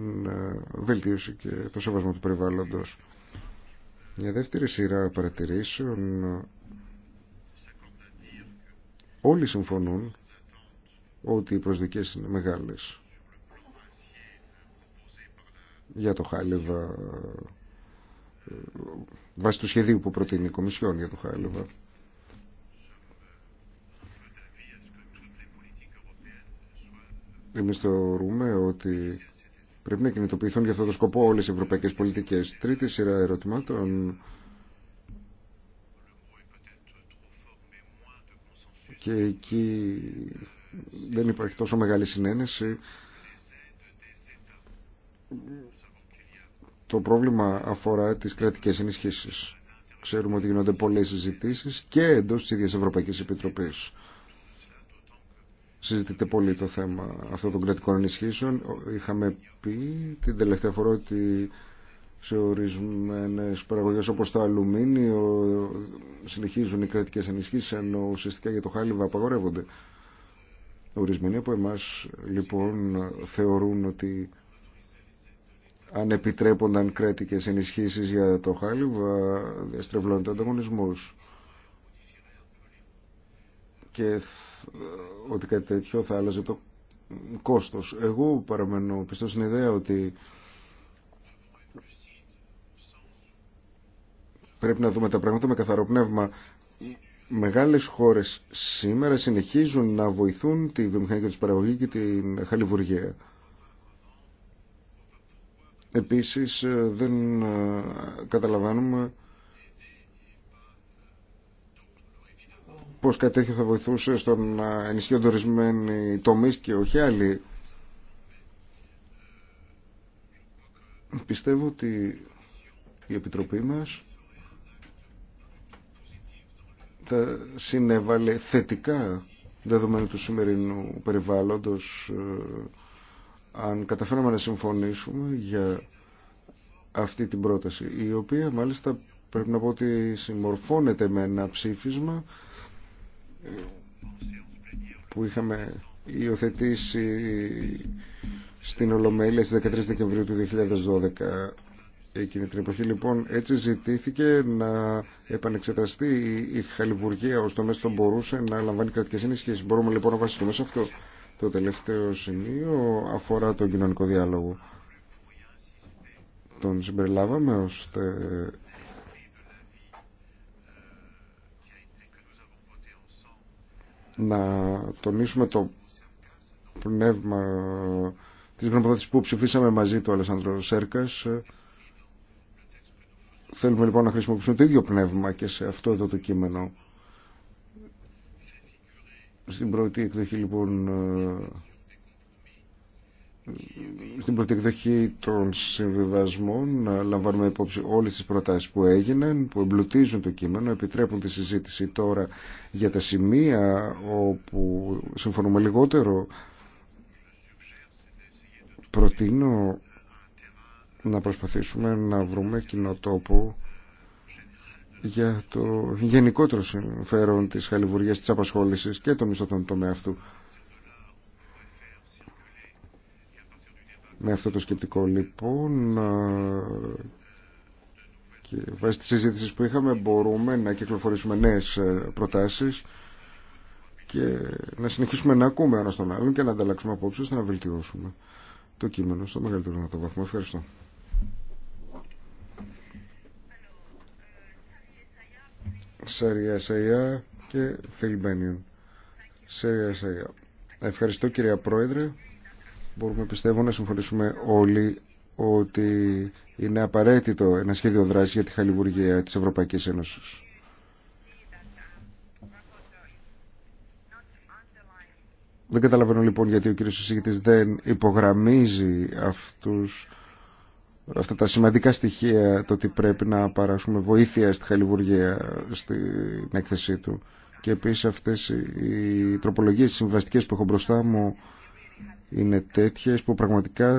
βελτίωση και το σεβασμό του περιβάλλοντος. Μια δεύτερη σειρά παρατηρήσεων όλοι συμφωνούν ότι οι προσδοκίες είναι μεγάλες για το Χάλεβα ε, βάσει του σχεδίου που προτείνει η Κομισιόν για το Χάλεβα. Εμείς θεωρούμε ότι πρέπει να κινητοποιηθούν για αυτό το σκοπό όλες οι ευρωπαϊκές πολιτικές. Τρίτη σειρά ερωτημάτων και εκεί δεν υπάρχει τόσο μεγάλη συνένεση. Το πρόβλημα αφορά τις κρατικές ενισχύσεις. Ξέρουμε ότι γίνονται πολλές συζητήσεις και εντός της ίδιας Ευρωπαϊκής Επιτροπής. Συζητείται πολύ το θέμα αυτών των κρατικών ενισχύσεων. Είχαμε πει την τελευταία φορά ότι σε ορισμένε παραγωγές όπως το αλουμίνιο συνεχίζουν οι κρατικές ενισχύσεις ενώ ουσιαστικά για το χάλιβα απαγορεύονται. Ορισμένοι από εμάς λοιπόν θεωρούν ότι αν επιτρέπονταν κρέτικες ενισχύσεις για το Χάλιβ διαστρεβλώνεται ο ανταγωνισμός και ότι κάτι τέτοιο θα άλλαζε το κόστος. Εγώ παραμένω πιστό στην ιδέα ότι πρέπει να δούμε τα πράγματα με καθαρό πνεύμα μεγάλες χώρες σήμερα συνεχίζουν να βοηθούν τη βιομηχανία της παραγωγή και την χαλιβουργία. Επίσης ε, δεν ε, καταλαβαίνουμε πως κατέχει θα βοηθούσε στο να ενισχύονται ορισμένοι τομείς και όχι άλλοι. Πιστεύω ότι η Επιτροπή μας συνέβαλε θετικά δεδομένου του σημερινού περιβάλλοντος ε, αν καταφέραμε να συμφωνήσουμε για αυτή την πρόταση η οποία μάλιστα πρέπει να πω ότι συμμορφώνεται με ένα ψήφισμα ε, που είχαμε υιοθετήσει στην Ολομέλεια στις 13 Δεκεμβρίου του 2012 Εκείνη την εποχή λοιπόν έτσι ζητήθηκε να επανεξεταστεί η χαλιβουργία ώστε το μέσο μπορούσε να λαμβάνει κρατικές ενίσχυσεις. Μπορούμε λοιπόν να βασιστούμε σε αυτό. Το τελευταίο σημείο αφορά τον κοινωνικό διάλογο. Τον συμπεριλάβαμε ώστε να τονίσουμε το πνεύμα της γνωμοδότησης που ψηφίσαμε μαζί του Αλεσάνδρου Σέρκας Θέλουμε λοιπόν να χρησιμοποιήσουμε το ίδιο πνεύμα και σε αυτό εδώ το κείμενο. Στην πρώτη εκδοχή λοιπόν ε, στην πρώτη εκδοχή των συμβιβασμών λαμβάνουμε υπόψη όλες τις προτάσεις που έγιναν, που εμπλουτίζουν το κείμενο, επιτρέπουν τη συζήτηση τώρα για τα σημεία όπου συμφωνούμε λιγότερο. Προτείνω να προσπαθήσουμε να βρούμε κοινό τόπο για το γενικότερο συμφέρον της χαλιβουργίας της απασχόλησης και των μισθωτών τομέα αυτού. Με αυτό το σκεπτικό λοιπόν και βάσει τη συζήτηση που είχαμε μπορούμε να κυκλοφορήσουμε νέες ε, προτάσεις και να συνεχίσουμε να ακούμε ένα τον άλλον και να ανταλλάξουμε απόψεις ώστε να βελτιώσουμε το κείμενο στο μεγαλύτερο δυνατό βαθμό. Ευχαριστώ. Σαρία Σαϊά και Φιλμπένιον. Σαρία Σαϊά. Ευχαριστώ κυρία Πρόεδρε. Μπορούμε πιστεύω να συμφωνήσουμε όλοι ότι είναι απαραίτητο ένα σχέδιο δράση για τη χαλιβουργία της Ευρωπαϊκής Ένωσης. Δεν καταλαβαίνω λοιπόν γιατί ο κύριος συζήτητης δεν υπογραμμίζει αυτούς αυτά τα σημαντικά στοιχεία το ότι πρέπει να παράσουμε βοήθεια στη Χαλιβουργία στην έκθεσή του και επίσης αυτές οι τροπολογίες συμβαστικές που έχω μπροστά μου είναι τέτοιες που πραγματικά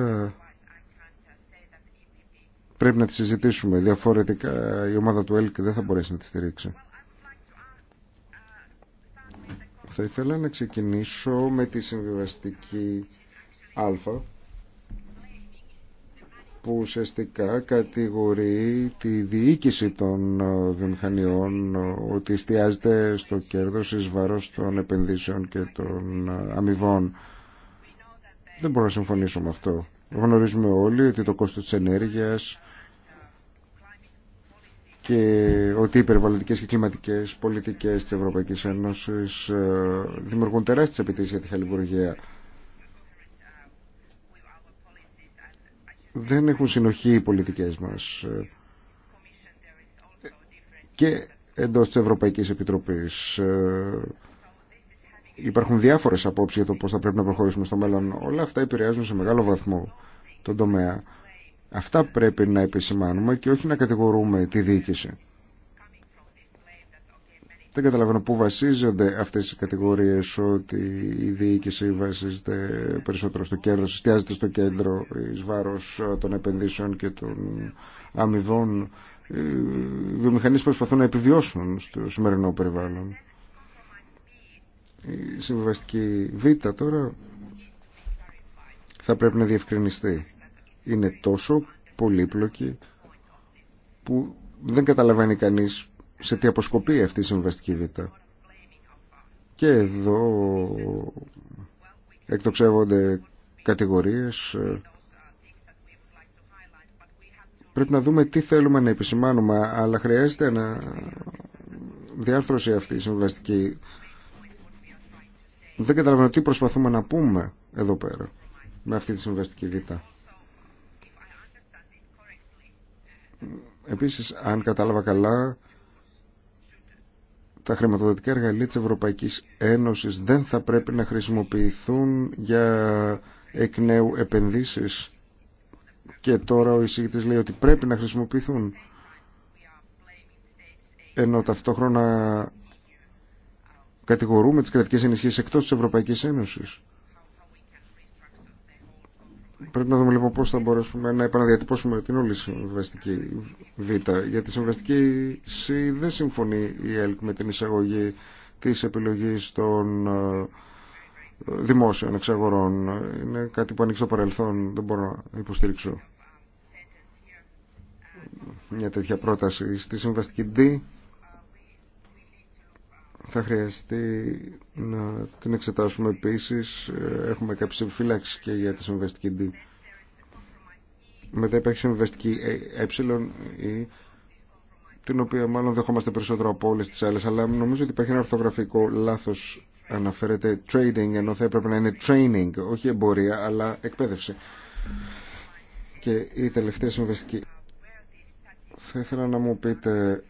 πρέπει να τις συζητήσουμε διαφορετικά η ομάδα του ΕΛΚ δεν θα μπορέσει να τις στηρίξει θα ήθελα να ξεκινήσω με τη συμβιβαστική Α που ουσιαστικά κατηγορεί τη διοίκηση των ε, βιομηχανιών ε, ότι εστιάζεται στο κέρδος εις βάρος των επενδύσεων και των ε, αμοιβών. Δεν μπορώ να συμφωνήσω με αυτό. Γνωρίζουμε όλοι ότι το κόστος της ενέργειας και ότι οι περιβαλλοντικές και κλιματικές πολιτικές της Ευρωπαϊκής Ένωσης δημιουργούν τεράστιες επιτήσεις για τη χαλιβουργία. δεν έχουν συνοχή οι πολιτικές μας και εντός της Ευρωπαϊκής Επιτροπής υπάρχουν διάφορες απόψεις για το πώς θα πρέπει να προχωρήσουμε στο μέλλον όλα αυτά επηρεάζουν σε μεγάλο βαθμό τον τομέα αυτά πρέπει να επισημάνουμε και όχι να κατηγορούμε τη διοίκηση δεν καταλαβαίνω πού βασίζονται αυτές οι κατηγορίες ότι η διοίκηση βασίζεται περισσότερο στο κέρδο, εστιάζεται στο κέντρο ει βάρο των επενδύσεων και των αμοιβών. Οι που προσπαθούν να επιβιώσουν στο σημερινό περιβάλλον. Η συμβιβαστική Β τώρα θα πρέπει να διευκρινιστεί. Είναι τόσο πολύπλοκη που δεν καταλαβαίνει κανείς σε τι αποσκοπεί αυτή η συμβαστική βήτα. Και εδώ εκτοξεύονται κατηγορίες. Πρέπει να δούμε τι θέλουμε να επισημάνουμε, αλλά χρειάζεται να διάρθρωση αυτή η συμβαστική. Δεν καταλαβαίνω τι προσπαθούμε να πούμε εδώ πέρα με αυτή τη συμβαστική βήτα. Επίσης, αν κατάλαβα καλά, τα χρηματοδοτικά εργαλεία της Ευρωπαϊκής Ένωσης δεν θα πρέπει να χρησιμοποιηθούν για εκ νέου επενδύσεις και τώρα ο εισηγητής λέει ότι πρέπει να χρησιμοποιηθούν ενώ ταυτόχρονα κατηγορούμε τις κρατικές ενισχύσεις εκτός της Ευρωπαϊκής Ένωσης. Πρέπει να δούμε λοιπόν πώς θα μπορέσουμε να επαναδιατυπώσουμε την όλη συμβαστική Β. Γιατί η συμβαστική Σ δεν συμφωνεί η ΕΛΚ με την εισαγωγή της επιλογής των ε, δημόσιων εξαγορών. Είναι κάτι που ανοίξει το παρελθόν, δεν μπορώ να υποστηρίξω μια τέτοια πρόταση. Στη συμβαστική D θα χρειαστεί να την εξετάσουμε επίσης. Έχουμε κάποιες επιφυλάξεις και για τη συμβαστική D. Μετά υπάρχει συμβαστική ε, ε την οποία μάλλον δεχόμαστε περισσότερο από όλες τις άλλες, αλλά νομίζω ότι υπάρχει ένα ορθογραφικό λάθος αναφέρεται trading, ενώ θα έπρεπε να είναι training, όχι εμπορία, αλλά εκπαίδευση. Και η τελευταία συμβαστική. Θα ήθελα να μου πείτε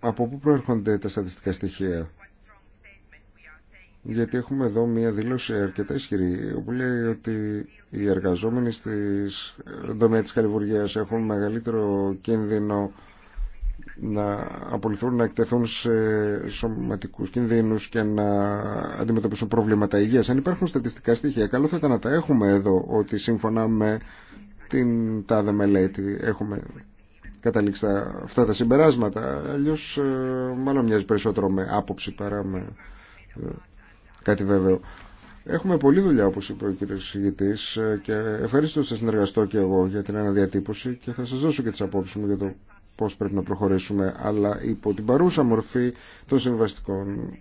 από πού προέρχονται τα στατιστικά στοιχεία γιατί έχουμε εδώ μία δήλωση αρκετά ισχυρή όπου λέει ότι οι εργαζόμενοι στις τομέα της Καλλιβουργίας έχουν μεγαλύτερο κίνδυνο να απολυθούν, να εκτεθούν σε σωματικούς κινδύνους και να αντιμετωπίσουν προβλήματα υγείας. Αν υπάρχουν στατιστικά στοιχεία, καλό θα ήταν να τα έχουμε εδώ, ότι σύμφωνα με την τάδε μελέτη έχουμε καταλήξει αυτά τα συμπεράσματα. Αλλιώς ε, μάλλον μοιάζει περισσότερο με άποψη παρά με ε, κάτι βέβαιο. Έχουμε πολλή δουλειά όπως είπε ο κύριος συγητής ε, και ευχαριστώ σας συνεργαστώ και εγώ για την αναδιατύπωση και θα σας δώσω και τις απόψεις μου για το πώς πρέπει να προχωρήσουμε αλλά υπό την παρούσα μορφή των συμβαστικών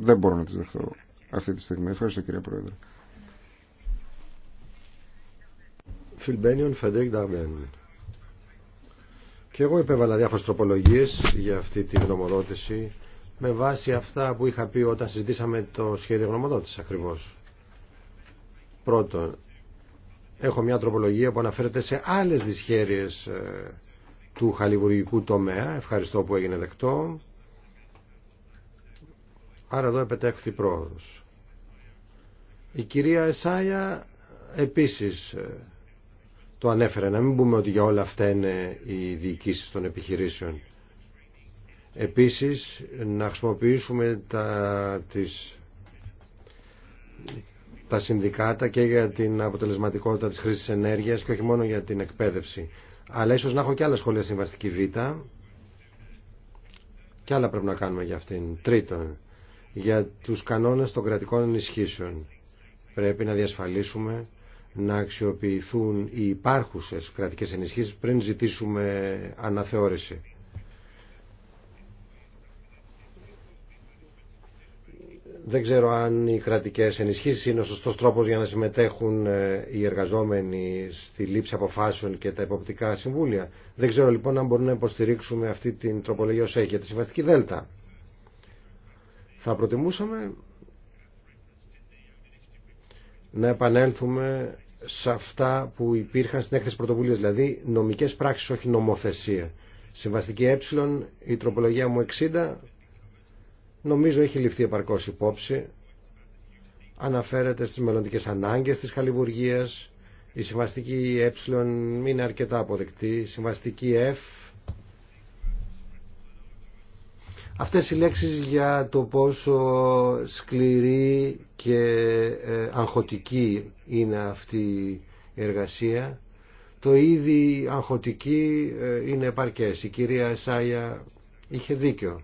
δεν μπορώ να τις δεχτώ αυτή τη στιγμή. Ευχαριστώ κύριε Πρόεδρε. Φιλμπένιον Φεντρίκ Και εγώ επέβαλα διάφορες τροπολογίες για αυτή τη γνωμοδότηση με βάση αυτά που είχα πει όταν συζητήσαμε το σχέδιο γνωμοδότησης ακριβώ. Πρώτον, έχω μια τροπολογία που αναφέρεται σε άλλες δυσχέρειες ε, του χαλιβουργικού τομέα. Ευχαριστώ που έγινε δεκτό. Άρα εδώ επετέχθη πρόοδος. Η κυρία Εσάια επίσης ε, το ανέφερε. Να μην πούμε ότι για όλα αυτά είναι οι διοικήσεις των επιχειρήσεων. Επίσης να χρησιμοποιήσουμε τα, τις, τα συνδικάτα και για την αποτελεσματικότητα της χρήσης ενέργειας και όχι μόνο για την εκπαίδευση. Αλλά ίσως να έχω και άλλα σχόλια βαστική Β. Και άλλα πρέπει να κάνουμε για αυτήν. Τρίτον, για τους κανόνες των κρατικών ενισχύσεων. Πρέπει να διασφαλίσουμε να αξιοποιηθούν οι υπάρχουσες κρατικές ενισχύσεις πριν ζητήσουμε αναθεώρηση. Δεν ξέρω αν οι κρατικές ενισχύσεις είναι ο σωστός τρόπος για να συμμετέχουν ε, οι εργαζόμενοι στη λήψη αποφάσεων και τα υποπτικά συμβούλια. Δεν ξέρω λοιπόν αν μπορούμε να υποστηρίξουμε αυτή την τροπολογία ως έχει για τη συμβαστική δέλτα. Θα προτιμούσαμε να επανέλθουμε σε αυτά που υπήρχαν στην έκθεση πρωτοβουλίας, δηλαδή νομικές πράξεις, όχι νομοθεσία. Συμβαστική ε, η τροπολογία μου 60 νομίζω έχει ληφθεί επαρκώς υπόψη. Αναφέρεται στις μελλοντικές ανάγκες της χαλιβουργίας. Η συμβαστική ε είναι αρκετά αποδεκτή. Η συμβαστική F. Αυτές οι λέξεις για το πόσο σκληρή και ε, αγχωτική είναι αυτή η εργασία. Το ήδη αγχωτική ε, είναι επαρκές. Η κυρία Εσάια είχε δίκιο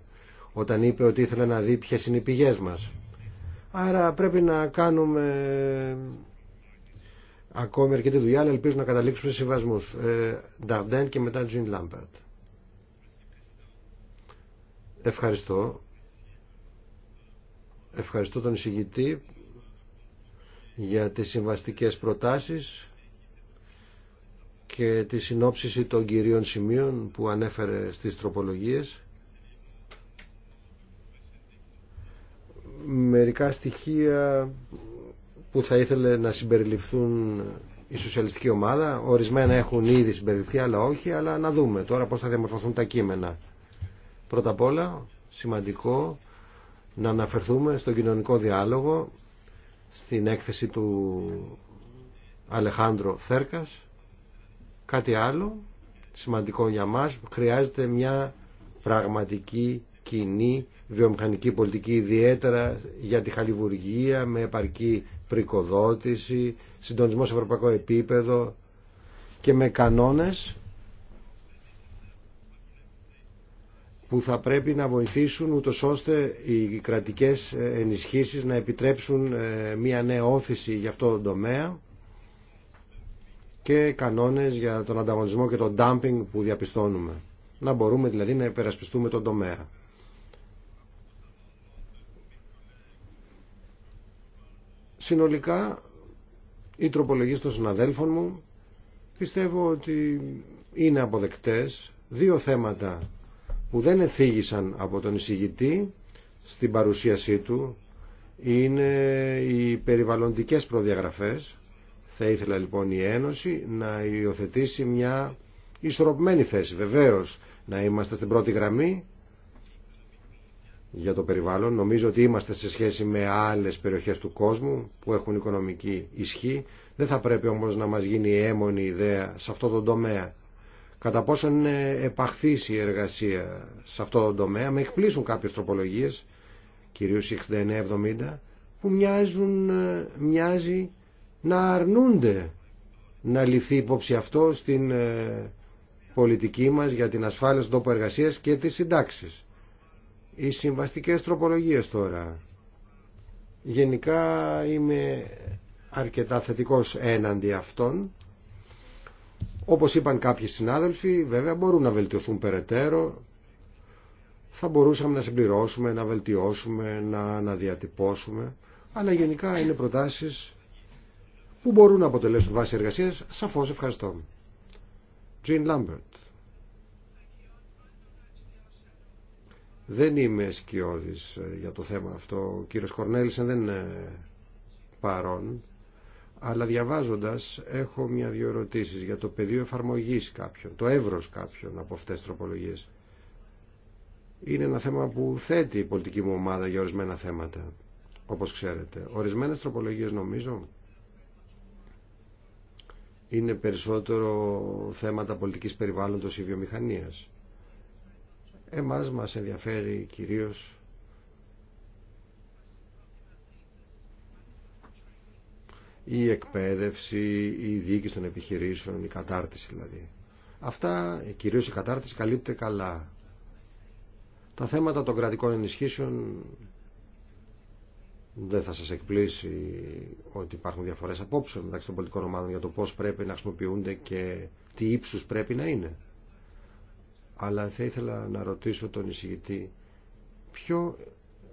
όταν είπε ότι ήθελε να δει ποιες είναι οι πηγές μας. Άρα πρέπει να κάνουμε ακόμη αρκετή δουλειά, αλλά ελπίζω να καταλήξουμε σε συμβασμούς. Ε, Νταρντέν και μετά Τζιν Λάμπερτ. Ευχαριστώ. Ευχαριστώ τον εισηγητή για τις συμβαστικές προτάσεις και τη συνόψιση των κυρίων σημείων που ανέφερε στις τροπολογίες. μερικά στοιχεία που θα ήθελε να συμπεριληφθούν η σοσιαλιστική ομάδα. Ορισμένα έχουν ήδη συμπεριληφθεί, αλλά όχι. Αλλά να δούμε τώρα πώς θα διαμορφωθούν τα κείμενα. Πρώτα απ' όλα, σημαντικό να αναφερθούμε στον κοινωνικό διάλογο, στην έκθεση του Αλεχάνδρο Θέρκας. Κάτι άλλο, σημαντικό για μας, χρειάζεται μια πραγματική κοινή βιομηχανική πολιτική, ιδιαίτερα για τη χαλιβουργία με επαρκή πρικοδότηση, συντονισμό σε ευρωπαϊκό επίπεδο και με κανόνες που θα πρέπει να βοηθήσουν ούτως ώστε οι κρατικές ενισχύσεις να επιτρέψουν ε, μια νέα όθηση για αυτό το τομέα και κανόνες για τον ανταγωνισμό και τον dumping που διαπιστώνουμε. Να μπορούμε δηλαδή να υπερασπιστούμε τον τομέα. Συνολικά, οι τροπολογίες των συναδέλφων μου πιστεύω ότι είναι αποδεκτές δύο θέματα που δεν εθίγησαν από τον εισηγητή στην παρουσίασή του είναι οι περιβαλλοντικές προδιαγραφές. Θα ήθελα λοιπόν η Ένωση να υιοθετήσει μια ισορροπημένη θέση. Βεβαίως να είμαστε στην πρώτη γραμμή για το περιβάλλον. Νομίζω ότι είμαστε σε σχέση με άλλες περιοχές του κόσμου που έχουν οικονομική ισχύ. Δεν θα πρέπει όμως να μας γίνει έμονη ιδέα σε αυτό το τομέα. Κατά πόσο είναι επαχθής η εργασία σε αυτό το τομέα, με εκπλήσουν κάποιες τροπολογίες, κυρίως 69-70, που μοιάζουν, ε, μοιάζει να αρνούνται να ληφθεί υπόψη αυτό στην ε, πολιτική μας για την ασφάλεια στον τόπο εργασίας και τις συντάξεις. Οι συμβαστικές τροπολογίες τώρα. Γενικά είμαι αρκετά θετικός έναντι αυτών. Όπως είπαν κάποιοι συνάδελφοι, βέβαια μπορούν να βελτιωθούν περαιτέρω. Θα μπορούσαμε να συμπληρώσουμε, να βελτιώσουμε, να διατυπώσουμε. Αλλά γενικά είναι προτάσεις που μπορούν να αποτελέσουν βάση εργασίας. Σαφώς ευχαριστώ. Jean Lambert. Δεν είμαι σκιώδης ε, για το θέμα αυτό. Ο κύριος Κορνέλησεν δεν είναι παρόν. Αλλά διαβάζοντας έχω μια-δυο ερωτήσει για το πεδίο εφαρμογής κάποιων, το εύρος κάποιων από αυτές τις τροπολογίες. Είναι ένα θέμα που θέτει η πολιτική μου ομάδα για ορισμένα θέματα, όπως ξέρετε. Ορισμένες τροπολογίες νομίζω είναι περισσότερο θέματα πολιτικής περιβάλλοντος ή βιομηχανίας. Εμάς μας ενδιαφέρει κυρίως η εκπαίδευση, η διοίκηση των επιχειρήσεων, η κατάρτιση δηλαδή. Αυτά, κυρίως η κατάρτιση, καλύπτεται καλά. Τα θέματα των κρατικών ενισχύσεων δεν θα σας εκπλήσει ότι υπάρχουν διαφορές απόψεων μεταξύ των πολιτικών ομάδων για το πώς πρέπει να χρησιμοποιούνται και τι ύψους πρέπει να είναι αλλά θα ήθελα να ρωτήσω τον εισηγητή ποιο,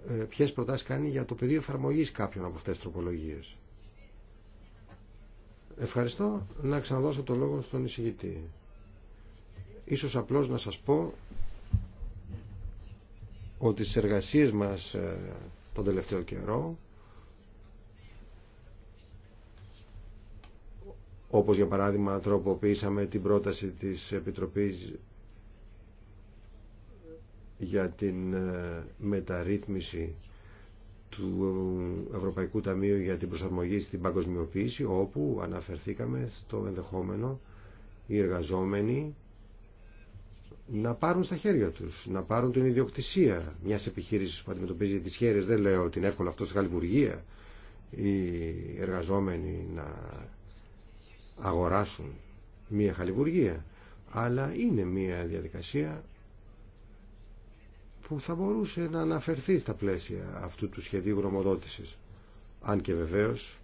ε, ποιες προτάσεις κάνει για το πεδίο εφαρμογή κάποιων από αυτές τις τροπολογίες. Ευχαριστώ να ξαναδώσω το λόγο στον εισηγητή. Ίσως απλώς να σας πω ότι στις εργασίες μας ε, τον τελευταίο καιρό όπως για παράδειγμα τροποποιήσαμε την πρόταση της Επιτροπής για την ε, μεταρρύθμιση του Ευρωπαϊκού Ταμείου για την προσαρμογή στην παγκοσμιοποίηση όπου αναφερθήκαμε στο ενδεχόμενο οι εργαζόμενοι να πάρουν στα χέρια τους, να πάρουν την ιδιοκτησία μιας επιχείρησης που αντιμετωπίζει τις χέρες, δεν λέω την εύκολο αυτό σε χαλιβουργία, οι εργαζόμενοι να αγοράσουν μια χαλιβουργία, αλλά είναι μια διαδικασία που θα μπορούσε να αναφερθεί στα πλαίσια αυτού του σχεδίου γνωμοδότησης. Αν και βεβαίως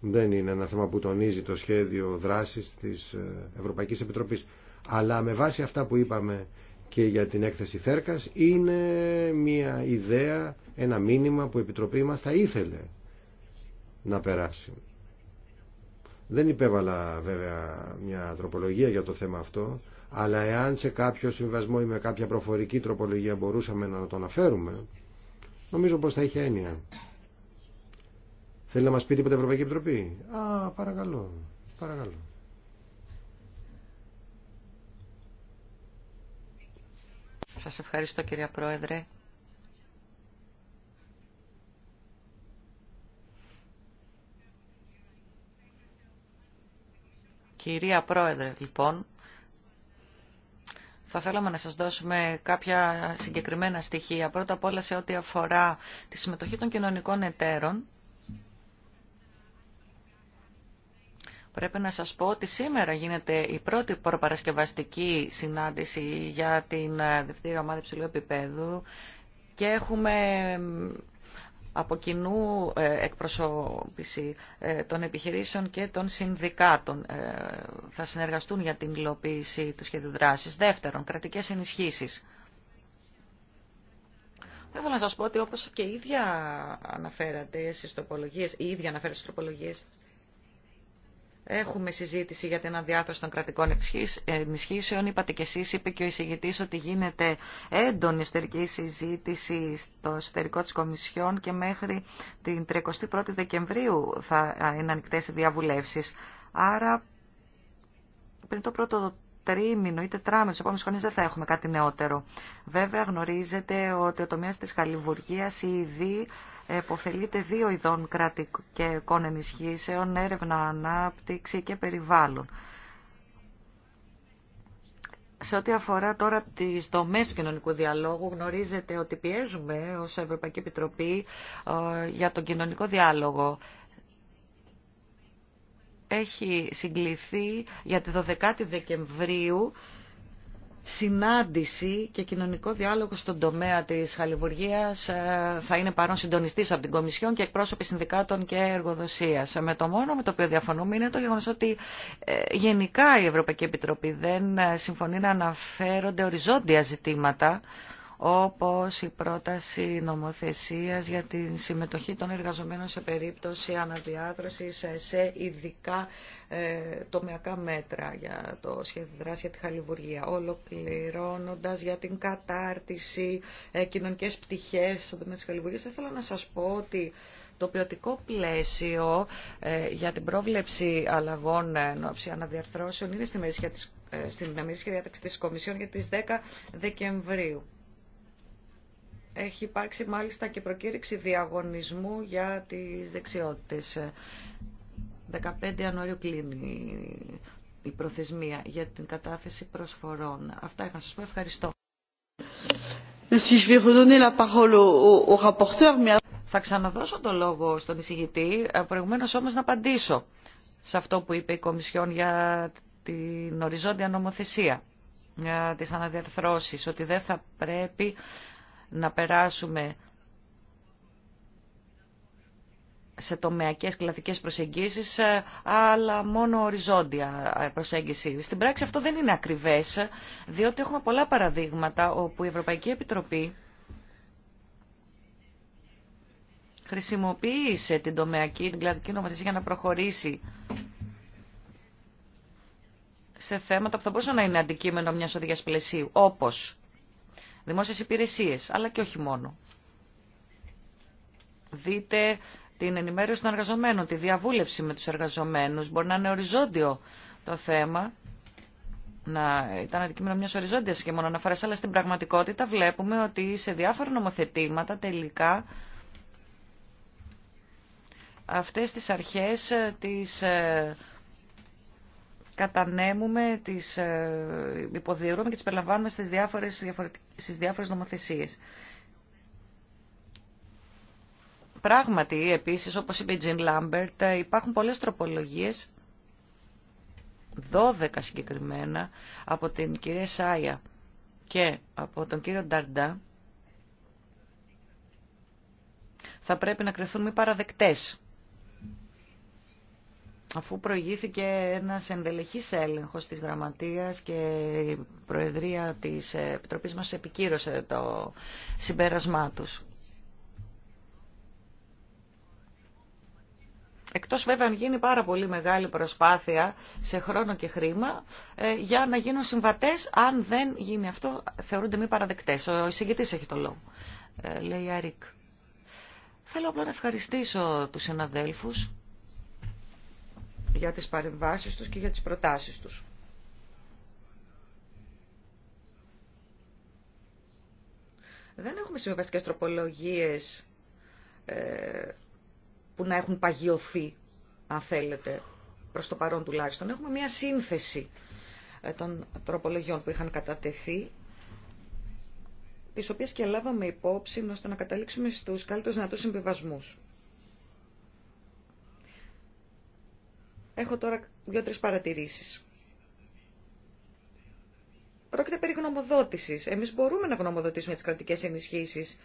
δεν είναι ένα θέμα που τονίζει το σχέδιο δράσης της ε, Ευρωπαϊκής Επιτροπής. Αλλά με βάση αυτά που είπαμε και για την έκθεση Θέρκας είναι μια ιδέα, ένα μήνυμα που η Επιτροπή μας θα ήθελε να περάσει. Δεν υπέβαλα βέβαια μια τροπολογία για το θέμα αυτό, αλλά εάν σε κάποιο συμβασμό ή με κάποια προφορική τροπολογία μπορούσαμε να το αναφέρουμε, νομίζω πως θα είχε έννοια. Θέλει να μας πει τίποτα η Ευρωπαϊκή Επιτροπή. Α, παρακαλώ, παρακαλώ. Σας ευχαριστώ κυρία Πρόεδρε. Κυρία Πρόεδρε, λοιπόν, θα θέλαμε να σας δώσουμε κάποια συγκεκριμένα στοιχεία. Πρώτα απ' όλα σε ό,τι αφορά τη συμμετοχή των κοινωνικών εταίρων. Πρέπει να σας πω ότι σήμερα γίνεται η πρώτη προπαρασκευαστική συνάντηση για την δευτέρα ομάδα υψηλού επίπεδου και έχουμε από κοινού ε, εκπροσώπηση ε, των επιχειρήσεων και των συνδικάτων ε, θα συνεργαστούν για την υλοποίηση του σχέδιου δράσης. Δεύτερον, κρατικές ενισχύσεις. Θα ήθελα να σας πω ότι όπως και η ίδια αναφέρατε στις τροπολογίες, η ίδια αναφέρατε στις Έχουμε συζήτηση για την αδιάθρωση των κρατικών ενισχύσεων. Είπατε και εσείς, είπε και ο εισηγητής, ότι γίνεται έντονη εσωτερική συζήτηση στο εσωτερικό της Κομισιόν και μέχρι την 31η Δεκεμβρίου θα είναι ανοιχτές οι διαβουλεύσεις. Άρα, πριν το πρώτο τρίμηνο ή τετράμινο, στου επόμενου δεν θα έχουμε κάτι νεότερο. Βέβαια, γνωρίζετε ότι ο τομέα τη Καλλιβουργία ήδη εποφελείται δύο ειδών κρατικών ενισχύσεων, έρευνα, ανάπτυξη και περιβάλλον. Σε ό,τι αφορά τώρα τις δομές του κοινωνικού διαλόγου, γνωρίζετε ότι πιέζουμε ως Ευρωπαϊκή Επιτροπή ε, για τον κοινωνικό διάλογο έχει συγκληθεί για τη 12η Δεκεμβρίου συνάντηση και κοινωνικό διάλογο στον τομέα της χαλιβουργίας ε, θα είναι παρόν συντονιστής από την Κομισιόν και εκπρόσωποι συνδικάτων και εργοδοσίας. Ε, με το μόνο με το οποίο διαφωνούμε είναι το γεγονός ότι ε, γενικά η Ευρωπαϊκή Επιτροπή δεν συμφωνεί να αναφέρονται οριζόντια ζητήματα όπως η πρόταση νομοθεσίας για τη συμμετοχή των εργαζομένων σε περίπτωση αναδιάδρασης σε ειδικά ε, τομεακά μέτρα για το σχέδιο δράση για τη χαλιβουργία, ολοκληρώνοντας για την κατάρτιση, ε, κοινωνικές πτυχές στον τομέα της χαλιβουργίας. Θα ήθελα να σας πω ότι το ποιοτικό πλαίσιο ε, για την πρόβλεψη αλλαγών ενόψη αναδιαρθρώσεων είναι στη μερίσια της, στην διάταξη της Κομισιόν για τις 10 Δεκεμβρίου. Έχει υπάρξει μάλιστα και προκήρυξη διαγωνισμού για τις δεξιότητες. 15 Ιανουαρίου κλείνει η προθεσμία για την κατάθεση προσφορών. Αυτά είχα να σας πω. Ευχαριστώ. Θα ξαναδώσω το λόγο στον εισηγητή, ε, προηγουμένως όμως να απαντήσω σε αυτό που είπε η Κομισιόν για την οριζόντια νομοθεσία, για τις αναδιαρθρώσεις, ότι δεν θα πρέπει να περάσουμε σε τομεακές κλαδικές προσεγγίσεις, ε, αλλά μόνο οριζόντια ε, προσέγγιση. Στην πράξη αυτό δεν είναι ακριβές, διότι έχουμε πολλά παραδείγματα όπου η Ευρωπαϊκή Επιτροπή χρησιμοποίησε την τομεακή, την κλαδική νομοθεσία για να προχωρήσει σε θέματα που θα μπορούσαν να είναι αντικείμενο μιας οδηγίας πλαισίου, όπως δημόσιες υπηρεσίες, αλλά και όχι μόνο. Δείτε την ενημέρωση των εργαζομένων, τη διαβούλευση με τους εργαζομένους. Μπορεί να είναι οριζόντιο το θέμα, να ήταν αντικείμενο μιας οριζόντιας και μόνο αναφέρας, αλλά στην πραγματικότητα βλέπουμε ότι σε διάφορα νομοθετήματα τελικά αυτές τις αρχές ε, τις ε, κατανέμουμε, τις ε, υποδιαιρούμε και τις περιλαμβάνουμε στις διάφορες, στις διάφορες νομοθεσίες. Πράγματι, επίσης, όπως είπε η Τζιν Λάμπερτ, ε, υπάρχουν πολλές τροπολογίες, 12 συγκεκριμένα, από την κυρία Σάια και από τον κύριο Νταρντά, θα πρέπει να κρυθούν μη παραδεκτές αφού προηγήθηκε ένας ενδελεχής έλεγχος της γραμματείας και η Προεδρία της Επιτροπής μας επικύρωσε το συμπέρασμά τους. Εκτός βέβαια αν γίνει πάρα πολύ μεγάλη προσπάθεια σε χρόνο και χρήμα ε, για να γίνουν συμβατές, αν δεν γίνει αυτό θεωρούνται μη παραδεκτές. Ο εισηγητής έχει το λόγο, ε, λέει η Αρίκ. Θέλω απλά να ευχαριστήσω τους συναδέλφους για τις παρεμβάσεις τους και για τις προτάσεις τους. Δεν έχουμε συμβαστικές τροπολογίες ε, που να έχουν παγιωθεί, αν θέλετε, προς το παρόν τουλάχιστον. Έχουμε μια σύνθεση ε, των τροπολογιών που είχαν κατατεθεί, τις οποίες και λάβαμε υπόψη ώστε να καταλήξουμε στους καλύτερους δυνατούς συμβιβασμούς. Έχω τώρα δύο-τρεις παρατηρήσεις. Πρόκειται περί γνωμοδότησης. Εμείς μπορούμε να γνωμοδοτήσουμε τις κρατικές ενισχύσεις.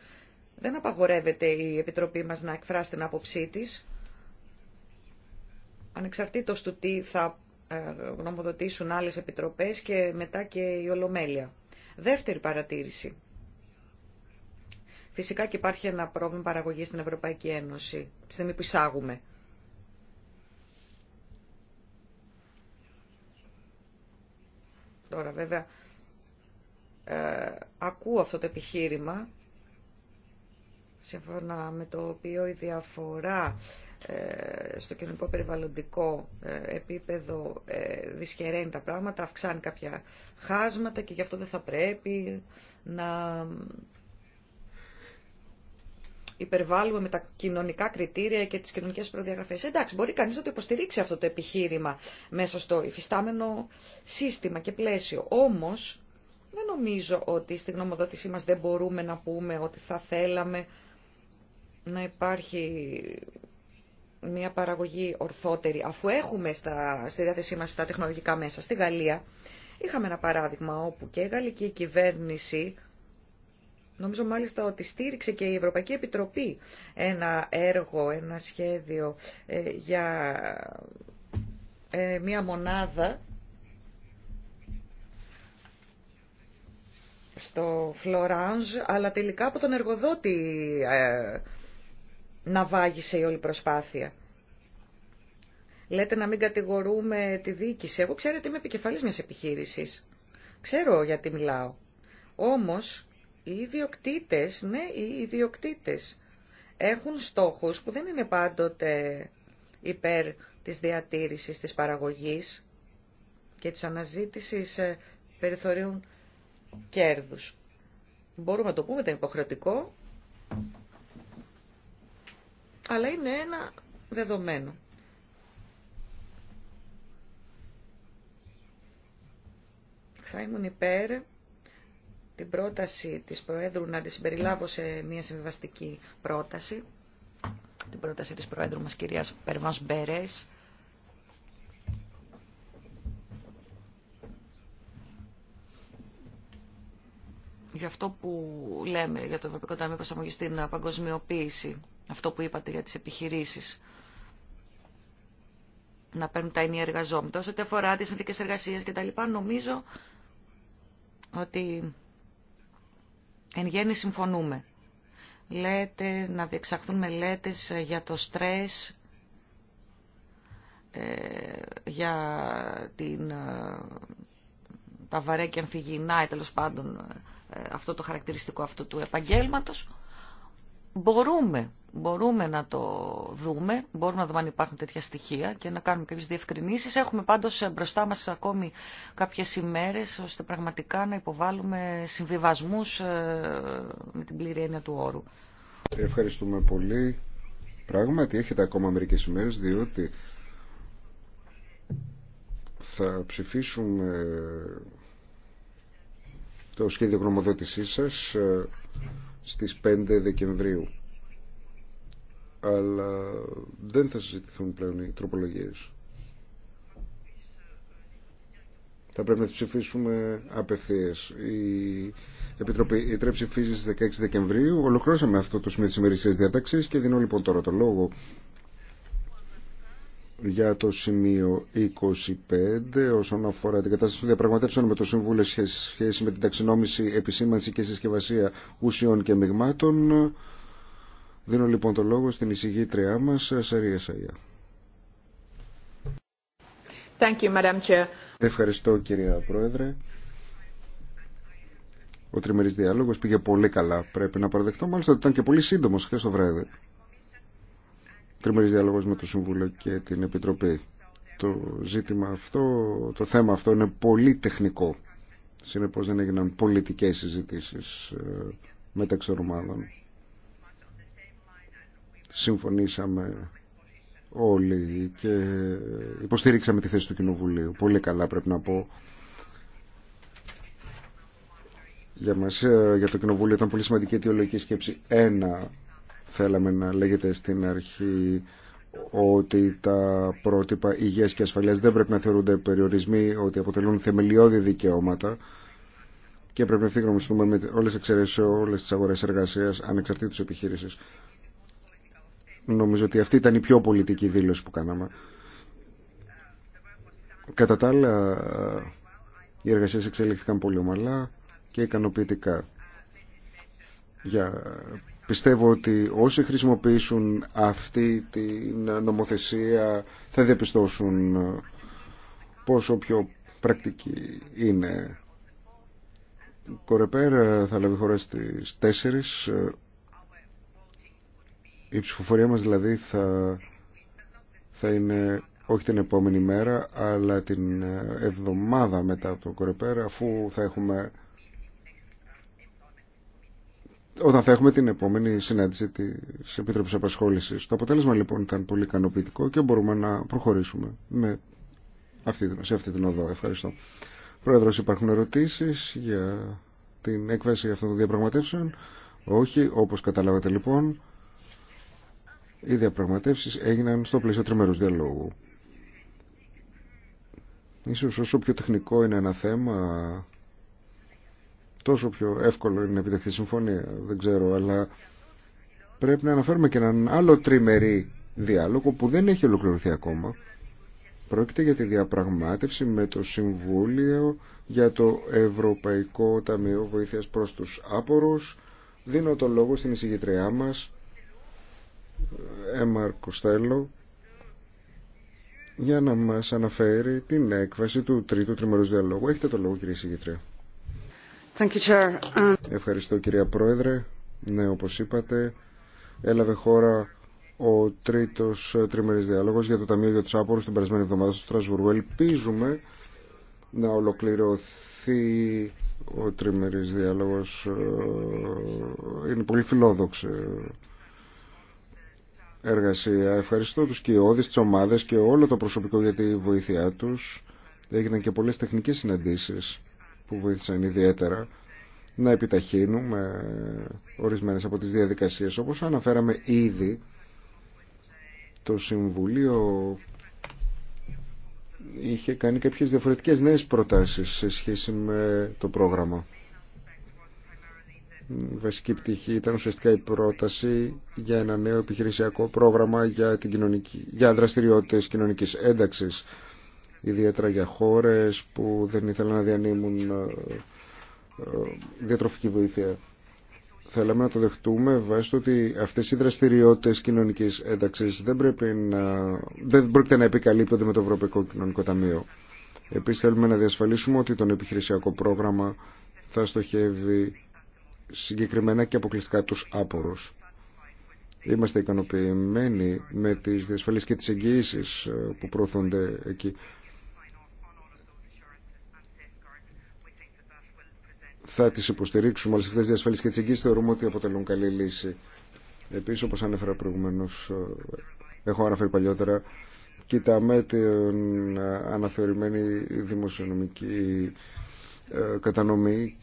Δεν απαγορεύεται η Επιτροπή μας να εκφράσει την άποψή της. Ανεξαρτήτως του τι θα ε, γνωμοδοτήσουν άλλες επιτροπές και μετά και η Ολομέλεια. Δεύτερη παρατήρηση. Φυσικά και υπάρχει ένα πρόβλημα παραγωγής στην Ευρωπαϊκή Ένωση, τη στιγμή που εισάγουμε. τώρα βέβαια ε, ακούω αυτό το επιχείρημα σύμφωνα με το οποίο η διαφορά ε, στο κοινωνικό περιβαλλοντικό ε, επίπεδο δυσχεραίνει τα πράγματα, αυξάνει κάποια χάσματα και γι' αυτό δεν θα πρέπει να υπερβάλλουμε με τα κοινωνικά κριτήρια και τις κοινωνικέ προδιαγραφέ. Εντάξει, μπορεί κανείς να το υποστηρίξει αυτό το επιχείρημα μέσα στο υφιστάμενο σύστημα και πλαίσιο. Όμως, δεν νομίζω ότι στη γνωμοδότησή μας δεν μπορούμε να πούμε ότι θα θέλαμε να υπάρχει μια παραγωγή ορθότερη, αφού έχουμε στα, στη διάθεσή μας τα τεχνολογικά μέσα. Στη Γαλλία είχαμε ένα παράδειγμα όπου και η γαλλική κυβέρνηση Νομίζω μάλιστα ότι στήριξε και η Ευρωπαϊκή Επιτροπή ένα έργο, ένα σχέδιο ε, για ε, μία μονάδα στο Φλωράνζ, αλλά τελικά από τον εργοδότη ε, να βάγισε η όλη προσπάθεια. Λέτε να μην κατηγορούμε τη διοίκηση. Εγώ ξέρετε είμαι επικεφαλής μιας επιχείρησης. Ξέρω γιατί μιλάω. Όμως, οι ιδιοκτήτες, ναι, οι ιδιοκτήτες έχουν στόχους που δεν είναι πάντοτε υπέρ της διατήρησης της παραγωγής και της αναζήτησης ε, περιθωρίων κέρδους. Μπορούμε να το πούμε, δεν υποχρεωτικό, αλλά είναι ένα δεδομένο. Θα ήμουν υπέρ την πρόταση της Προέδρου να τη συμπεριλάβω σε μια συμβιβαστική πρόταση, την πρόταση της Προέδρου μας κυρίας Περβάς Μπερές, για αυτό που λέμε για το Ευρωπαϊκό Ταμείο Προσαρμογή στην παγκοσμιοποίηση, αυτό που είπατε για τις επιχειρήσεις, να παίρνουν τα ενία εργαζόμενα. Όσο αφορά τις συνθήκες εργασίας και τα λοιπά, νομίζω ότι Εν γέννη συμφωνούμε. Λέτε να διεξαχθούν μελέτες ε, για το στρες, ε, για την, ε, τα βαρέκια ανθιγυνά ή τέλος πάντων αυτό το χαρακτηριστικό αυτού του επαγγέλματος. Μπορούμε, μπορούμε να το δούμε, μπορούμε να δούμε αν υπάρχουν τέτοια στοιχεία και να κάνουμε κάποιες διευκρινήσεις. Έχουμε πάντως μπροστά μας ακόμη κάποιες ημέρες ώστε πραγματικά να υποβάλουμε συμβιβασμούς ε, με την πλήρη έννοια του όρου. Ευχαριστούμε πολύ. Πράγματι έχετε ακόμα μερικές ημέρες διότι θα ψηφίσουμε ε, το σχέδιο γνωμοδότησής σας ε, στις 5 Δεκεμβρίου. Αλλά δεν θα συζητηθούν πλέον οι τροπολογίες. Θα πρέπει να ψηφίσουμε απευθείας. Η Επιτροπή η ψηφίζει 16 Δεκεμβρίου. Ολοκλώσαμε αυτό το σημείο της ημερησίας διάταξης και δίνω λοιπόν τώρα το λόγο για το σημείο 25 όσον αφορά την κατάσταση των διαπραγματεύσεων με το Συμβούλιο σε σχέση με την ταξινόμηση, επισήμανση και συσκευασία ουσιών και μειγμάτων. Δίνω λοιπόν το λόγο στην εισηγήτριά μας, Σαρία Σαγιά. Ευχαριστώ κυρία Πρόεδρε. Ο τριμερής διάλογος πήγε πολύ καλά, πρέπει να παραδεχτώ. Μάλιστα ήταν και πολύ σύντομος χθες το βράδυ τριμερής διάλογος με το Συμβούλιο και την Επιτροπή. Το ζήτημα αυτό, το θέμα αυτό είναι πολύ τεχνικό. Συνεπώς δεν έγιναν πολιτικές συζητήσεις ε, μεταξύ ομάδων. Συμφωνήσαμε όλοι και υποστήριξαμε τη θέση του Κοινοβουλίου. Πολύ καλά πρέπει να πω. Για μας, ε, για το Κοινοβούλιο ήταν πολύ σημαντική η αιτιολογική σκέψη ένα θέλαμε να λέγεται στην αρχή ότι τα πρότυπα υγείας και ασφαλείας δεν πρέπει να θεωρούνται περιορισμοί, ότι αποτελούν θεμελιώδη δικαιώματα και πρέπει να φτύγουμε με όλες τις εξαιρέσεις σε όλες τις αγορές εργασίας ανεξαρτήτως επιχείρησης. Νομίζω ότι αυτή ήταν η πιο πολιτική δήλωση που κάναμε. Κατά τα άλλα, οι εργασίες εξελίχθηκαν πολύ ομαλά και ικανοποιητικά για Πιστεύω ότι όσοι χρησιμοποιήσουν αυτή την νομοθεσία θα διαπιστώσουν ε, πόσο πιο πρακτική είναι. Κορεπέρ ε, θα λάβει χώρα στις 4. Ε, η ψηφοφορία μας δηλαδή θα, θα είναι όχι την επόμενη μέρα αλλά την εβδομάδα μετά το κορεπέρα, αφού θα έχουμε όταν θα έχουμε την επόμενη συνάντηση τη Επίτροπη Απασχόλησης. Το αποτέλεσμα λοιπόν ήταν πολύ ικανοποιητικό και μπορούμε να προχωρήσουμε με αυτή, σε αυτή την οδό. Ευχαριστώ. Πρόεδρος, υπάρχουν ερωτήσεις για την έκβαση αυτών των διαπραγματεύσεων. Όχι, όπως καταλάβατε λοιπόν, οι διαπραγματεύσει έγιναν στο πλαίσιο τριμερού διαλόγου. Ίσως όσο πιο τεχνικό είναι ένα θέμα, τόσο πιο εύκολο είναι να επιτευχθεί συμφωνία. Δεν ξέρω, αλλά πρέπει να αναφέρουμε και έναν άλλο τριμερή διάλογο που δεν έχει ολοκληρωθεί ακόμα. Πρόκειται για τη διαπραγμάτευση με το Συμβούλιο για το Ευρωπαϊκό Ταμείο Βοήθειας προς τους Άπορους. Δίνω το λόγο στην εισηγητριά μας, Έμαρ Κοστέλο, για να μας αναφέρει την έκβαση του τρίτου τριμερούς διαλόγου. Έχετε το λόγο κύριε εισηγητριά. Um, Ευχαριστώ κυρία Πρόεδρε. Ναι, όπως είπατε, έλαβε χώρα ο τρίτος τριμερής διάλογος για το Ταμείο για τους Άπορους την περασμένη εβδομάδα στο Στρασβουργού. Ελπίζουμε να ολοκληρωθεί ο τριμερής διάλογος. Ε, είναι πολύ φιλόδοξη εργασία. Ευχαριστώ τους κοιόδης, τις ομάδες και όλο το προσωπικό για τη βοήθειά τους. Έγιναν και πολλές τεχνικές συναντήσεις που βοήθησαν ιδιαίτερα να επιταχύνουμε ορισμένες από τις διαδικασίες. Όπως αναφέραμε ήδη, το Συμβουλίο είχε κάνει κάποιες διαφορετικές νέες προτάσεις σε σχέση με το πρόγραμμα. Η βασική πτυχή ήταν ουσιαστικά η πρόταση για ένα νέο επιχειρησιακό πρόγραμμα για, την κοινωνική, για δραστηριότητες κοινωνικής ένταξης ιδιαίτερα για χώρες που δεν ήθελαν να διανύμουν ε, ε, διατροφική βοήθεια. Θέλαμε να το δεχτούμε βάσει ότι αυτές οι δραστηριότητες κοινωνικής ένταξης δεν, πρέπει να, δεν πρόκειται να επικαλύπτονται με το Ευρωπαϊκό Κοινωνικό Ταμείο. Επίσης θέλουμε να διασφαλίσουμε ότι το επιχειρησιακό πρόγραμμα θα στοχεύει συγκεκριμένα και αποκλειστικά τους άπορους. Είμαστε ικανοποιημένοι με τις διασφαλίσεις και τις εγγυήσεις ε, που προωθούνται εκεί. θα τις υποστηρίξουμε όλες αυτέ τι διασφαλίσεις και τις θεωρούμε ότι αποτελούν καλή λύση. Επίσης, όπως ανέφερα προηγουμένως, ε, έχω αναφέρει παλιότερα, κοιτάμε την ε, αναθεωρημένη δημοσιονομική ε, κατανομή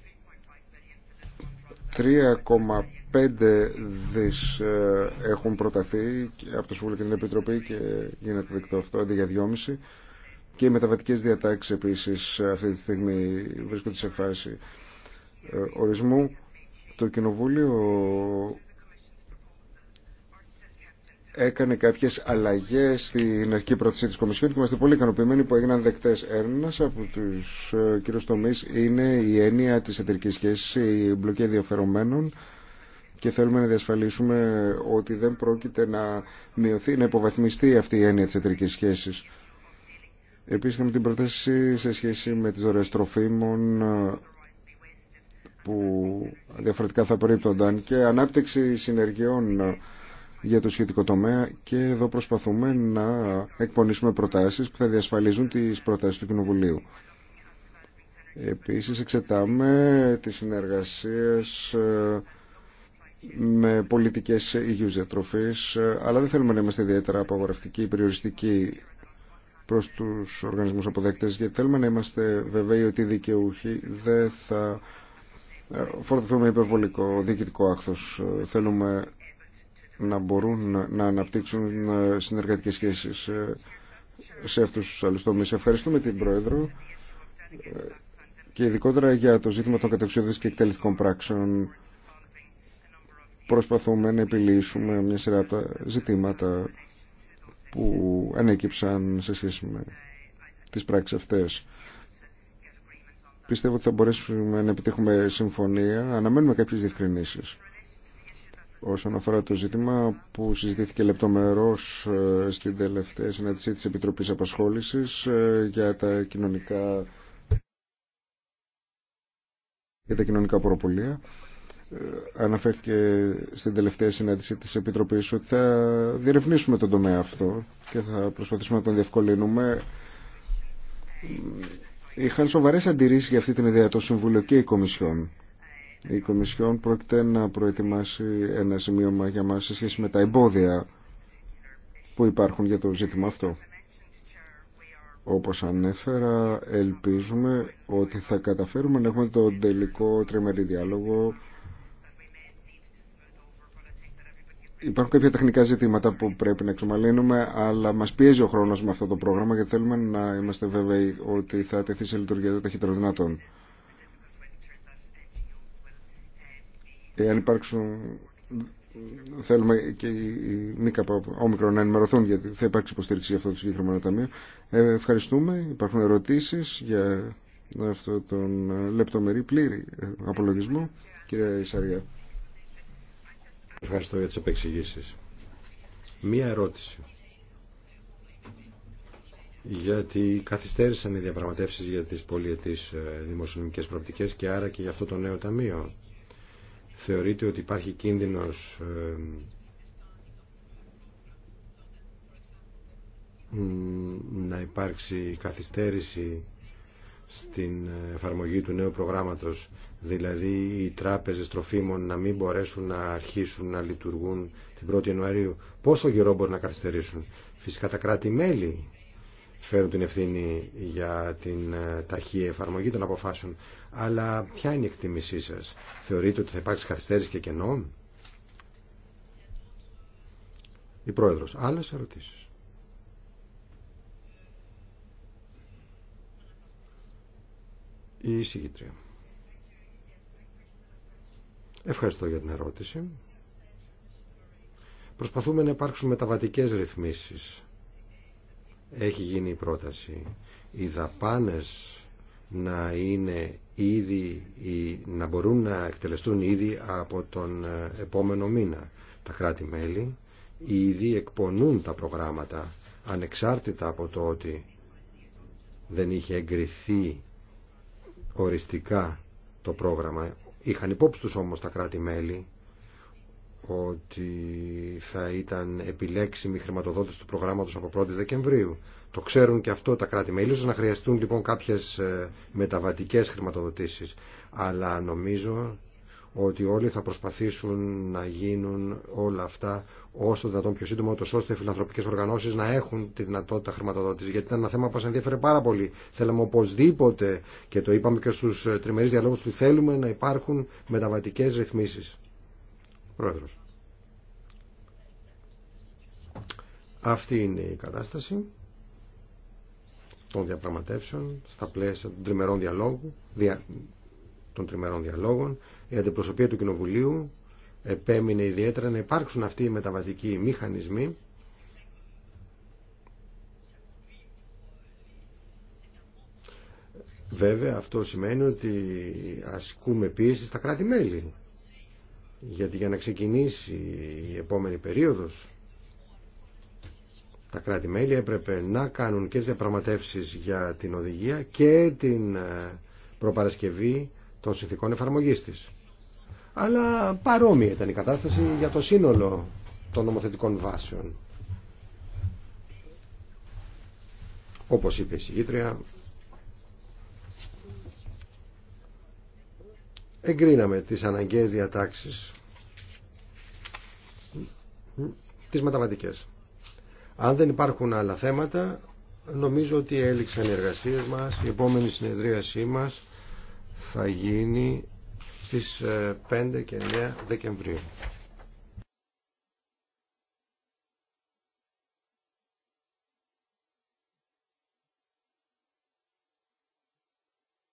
3,5 δις έχουν προταθεί από το Σύμβουλο και την Επιτροπή και γίνεται δεκτό αυτό, αντί για 2,5. Και οι μεταβατικές διατάξεις επίσης αυτή τη στιγμή βρίσκονται σε φάση ε, ορισμού το Κοινοβούλιο έκανε κάποιες αλλαγές στην αρχική πρόθεση της Κομισιόν και είμαστε πολύ ικανοποιημένοι που έγιναν δεκτές. Ένας από τους ε, κύριους τομείς είναι η έννοια της εταιρικής σχέσης, η μπλοκή ενδιαφερομένων και θέλουμε να διασφαλίσουμε ότι δεν πρόκειται να μειωθεί, να υποβαθμιστεί αυτή η έννοια της εταιρικής σχέσης. Επίσης είχαμε την πρόταση σε σχέση με τις δωρεές τροφίμων που διαφορετικά θα περίπτονταν και ανάπτυξη συνεργειών για το σχετικό τομέα και εδώ προσπαθούμε να εκπονήσουμε προτάσεις που θα διασφαλίζουν τις προτάσεις του Κοινοβουλίου. Επίσης εξετάμε τις συνεργασίες ε, με πολιτικές υγιούς διατροφής, ε, αλλά δεν θέλουμε να είμαστε ιδιαίτερα απαγορευτικοί ή περιοριστικοί προς τους οργανισμούς αποδέκτες, γιατί θέλουμε να είμαστε βεβαίοι ότι οι δικαιούχοι δεν θα φορτωθούμε υπερβολικό διοικητικό άκθος. Θέλουμε να μπορούν να αναπτύξουν συνεργατικές σχέσεις σε αυτούς τους άλλους τομείς. Ευχαριστούμε την Πρόεδρο και ειδικότερα για το ζήτημα των κατεξιώδης και εκτελεστικών πράξεων προσπαθούμε να επιλύσουμε μια σειρά από τα ζητήματα που ανέκυψαν σε σχέση με τις πράξεις αυτές πιστεύω ότι θα μπορέσουμε να επιτύχουμε συμφωνία. Αναμένουμε κάποιε διευκρινήσει όσον αφορά το ζήτημα που συζητήθηκε λεπτομερώς ε, στην τελευταία συνάντησή τη Επιτροπής Απασχόλησης ε, για τα κοινωνικά για τα κοινωνικά προπολία. Ε, αναφέρθηκε στην τελευταία συνάντηση της Επιτροπής ότι θα διερευνήσουμε τον τομέα αυτό και θα προσπαθήσουμε να τον διευκολύνουμε είχαν σοβαρέ αντιρρήσεις για αυτή την ιδέα το Συμβούλιο και η Κομισιόν. Η Κομισιόν πρόκειται να προετοιμάσει ένα σημείωμα για μα σε σχέση με τα εμπόδια που υπάρχουν για το ζήτημα αυτό. Όπως ανέφερα, ελπίζουμε ότι θα καταφέρουμε να έχουμε τον τελικό τριμερή διάλογο Υπάρχουν κάποια τεχνικά ζητήματα που πρέπει να εξομαλύνουμε, αλλά μα πιέζει ο χρόνο με αυτό το πρόγραμμα γιατί θέλουμε να είμαστε βέβαιοι ότι θα τεθεί σε λειτουργία το ταχύτερο δυνατόν. Εάν υπάρξουν. Θέλουμε και οι ΜΚΑ όμικρο να ενημερωθούν γιατί θα υπάρξει υποστήριξη για αυτό το συγκεκριμένο ταμείο. Ε, ευχαριστούμε. Υπάρχουν ερωτήσει για αυτόν τον λεπτομερή πλήρη ε, απολογισμό. Κυρία Ισαριά. Ευχαριστώ για τις επεξηγήσεις. Μία ερώτηση. Γιατί καθυστέρησαν οι διαπραγματεύσεις για τις πολιετής ε, δημοσιονομικές προοπτικές και άρα και για αυτό το νέο ταμείο. Θεωρείτε ότι υπάρχει κίνδυνος ε, να υπάρξει καθυστέρηση στην εφαρμογή του νέου προγράμματος, δηλαδή οι τράπεζες τροφίμων να μην μπορέσουν να αρχίσουν να λειτουργούν την 1η Ιανουαρίου, πόσο καιρό μπορεί να καθυστερήσουν. Φυσικά τα κράτη-μέλη φέρουν την ευθύνη για την ε, ταχεία εφαρμογή των αποφάσεων. Αλλά ποια είναι η εκτίμησή σας. Θεωρείτε ότι θα υπάρξει καθυστέρηση και κενό. Η Πρόεδρος. Άλλες ερωτήσεις. η εισηγήτρια. Ευχαριστώ για την ερώτηση. Προσπαθούμε να υπάρξουν μεταβατικές ρυθμίσεις. Έχει γίνει η πρόταση. Οι δαπάνες να είναι ήδη, να μπορούν να εκτελεστούν ήδη από τον ε, επόμενο μήνα. Τα κράτη-μέλη ήδη εκπονούν τα προγράμματα ανεξάρτητα από το ότι δεν είχε εγκριθεί οριστικά το πρόγραμμα. Είχαν υπόψη τους όμως τα κράτη-μέλη ότι θα ήταν επιλέξιμη χρηματοδότηση του προγράμματος από 1η Δεκεμβρίου. Το ξέρουν και αυτό τα κράτη-μέλη, ίσως να χρειαστούν λοιπόν κάποιες ε, μεταβατικές χρηματοδοτήσεις. Αλλά νομίζω ότι όλοι θα προσπαθήσουν να γίνουν όλα αυτά όσο δυνατόν πιο σύντομα, ώστε οι φιλανθρωπικέ οργανώσει να έχουν τη δυνατότητα χρηματοδότηση. Γιατί ήταν ένα θέμα που μα ενδιαφέρε πάρα πολύ. Θέλαμε οπωσδήποτε, και το είπαμε και στου ε, τριμερεί διαλόγου, ότι θέλουμε να υπάρχουν μεταβατικέ ρυθμίσει. Πρόεδρο. Αυτή είναι η κατάσταση των διαπραγματεύσεων στα πλαίσια των τριμερών διαλόγου, δια, των τριμερών διαλόγων. Η αντιπροσωπεία του Κοινοβουλίου επέμεινε ιδιαίτερα να υπάρξουν αυτοί οι μεταβατικοί μηχανισμοί Βέβαια αυτό σημαίνει ότι ασκούμε πίεση στα κράτη-μέλη. Γιατί για να ξεκινήσει η επόμενη περίοδος τα κράτη-μέλη έπρεπε να κάνουν και τις διαπραγματεύσεις για την οδηγία και την ε, προπαρασκευή των συνθηκών εφαρμογής της. Αλλά παρόμοια ήταν η κατάσταση για το σύνολο των νομοθετικών βάσεων. Όπως είπε η συγγήτρια, εγκρίναμε τις αναγκαίες διατάξεις τις μεταβατικές. Αν δεν υπάρχουν άλλα θέματα, νομίζω ότι έληξαν οι εργασίες μας, η επόμενη συνεδρίασή μας θα γίνει στις 5 ε, και 9 Δεκεμβρίου.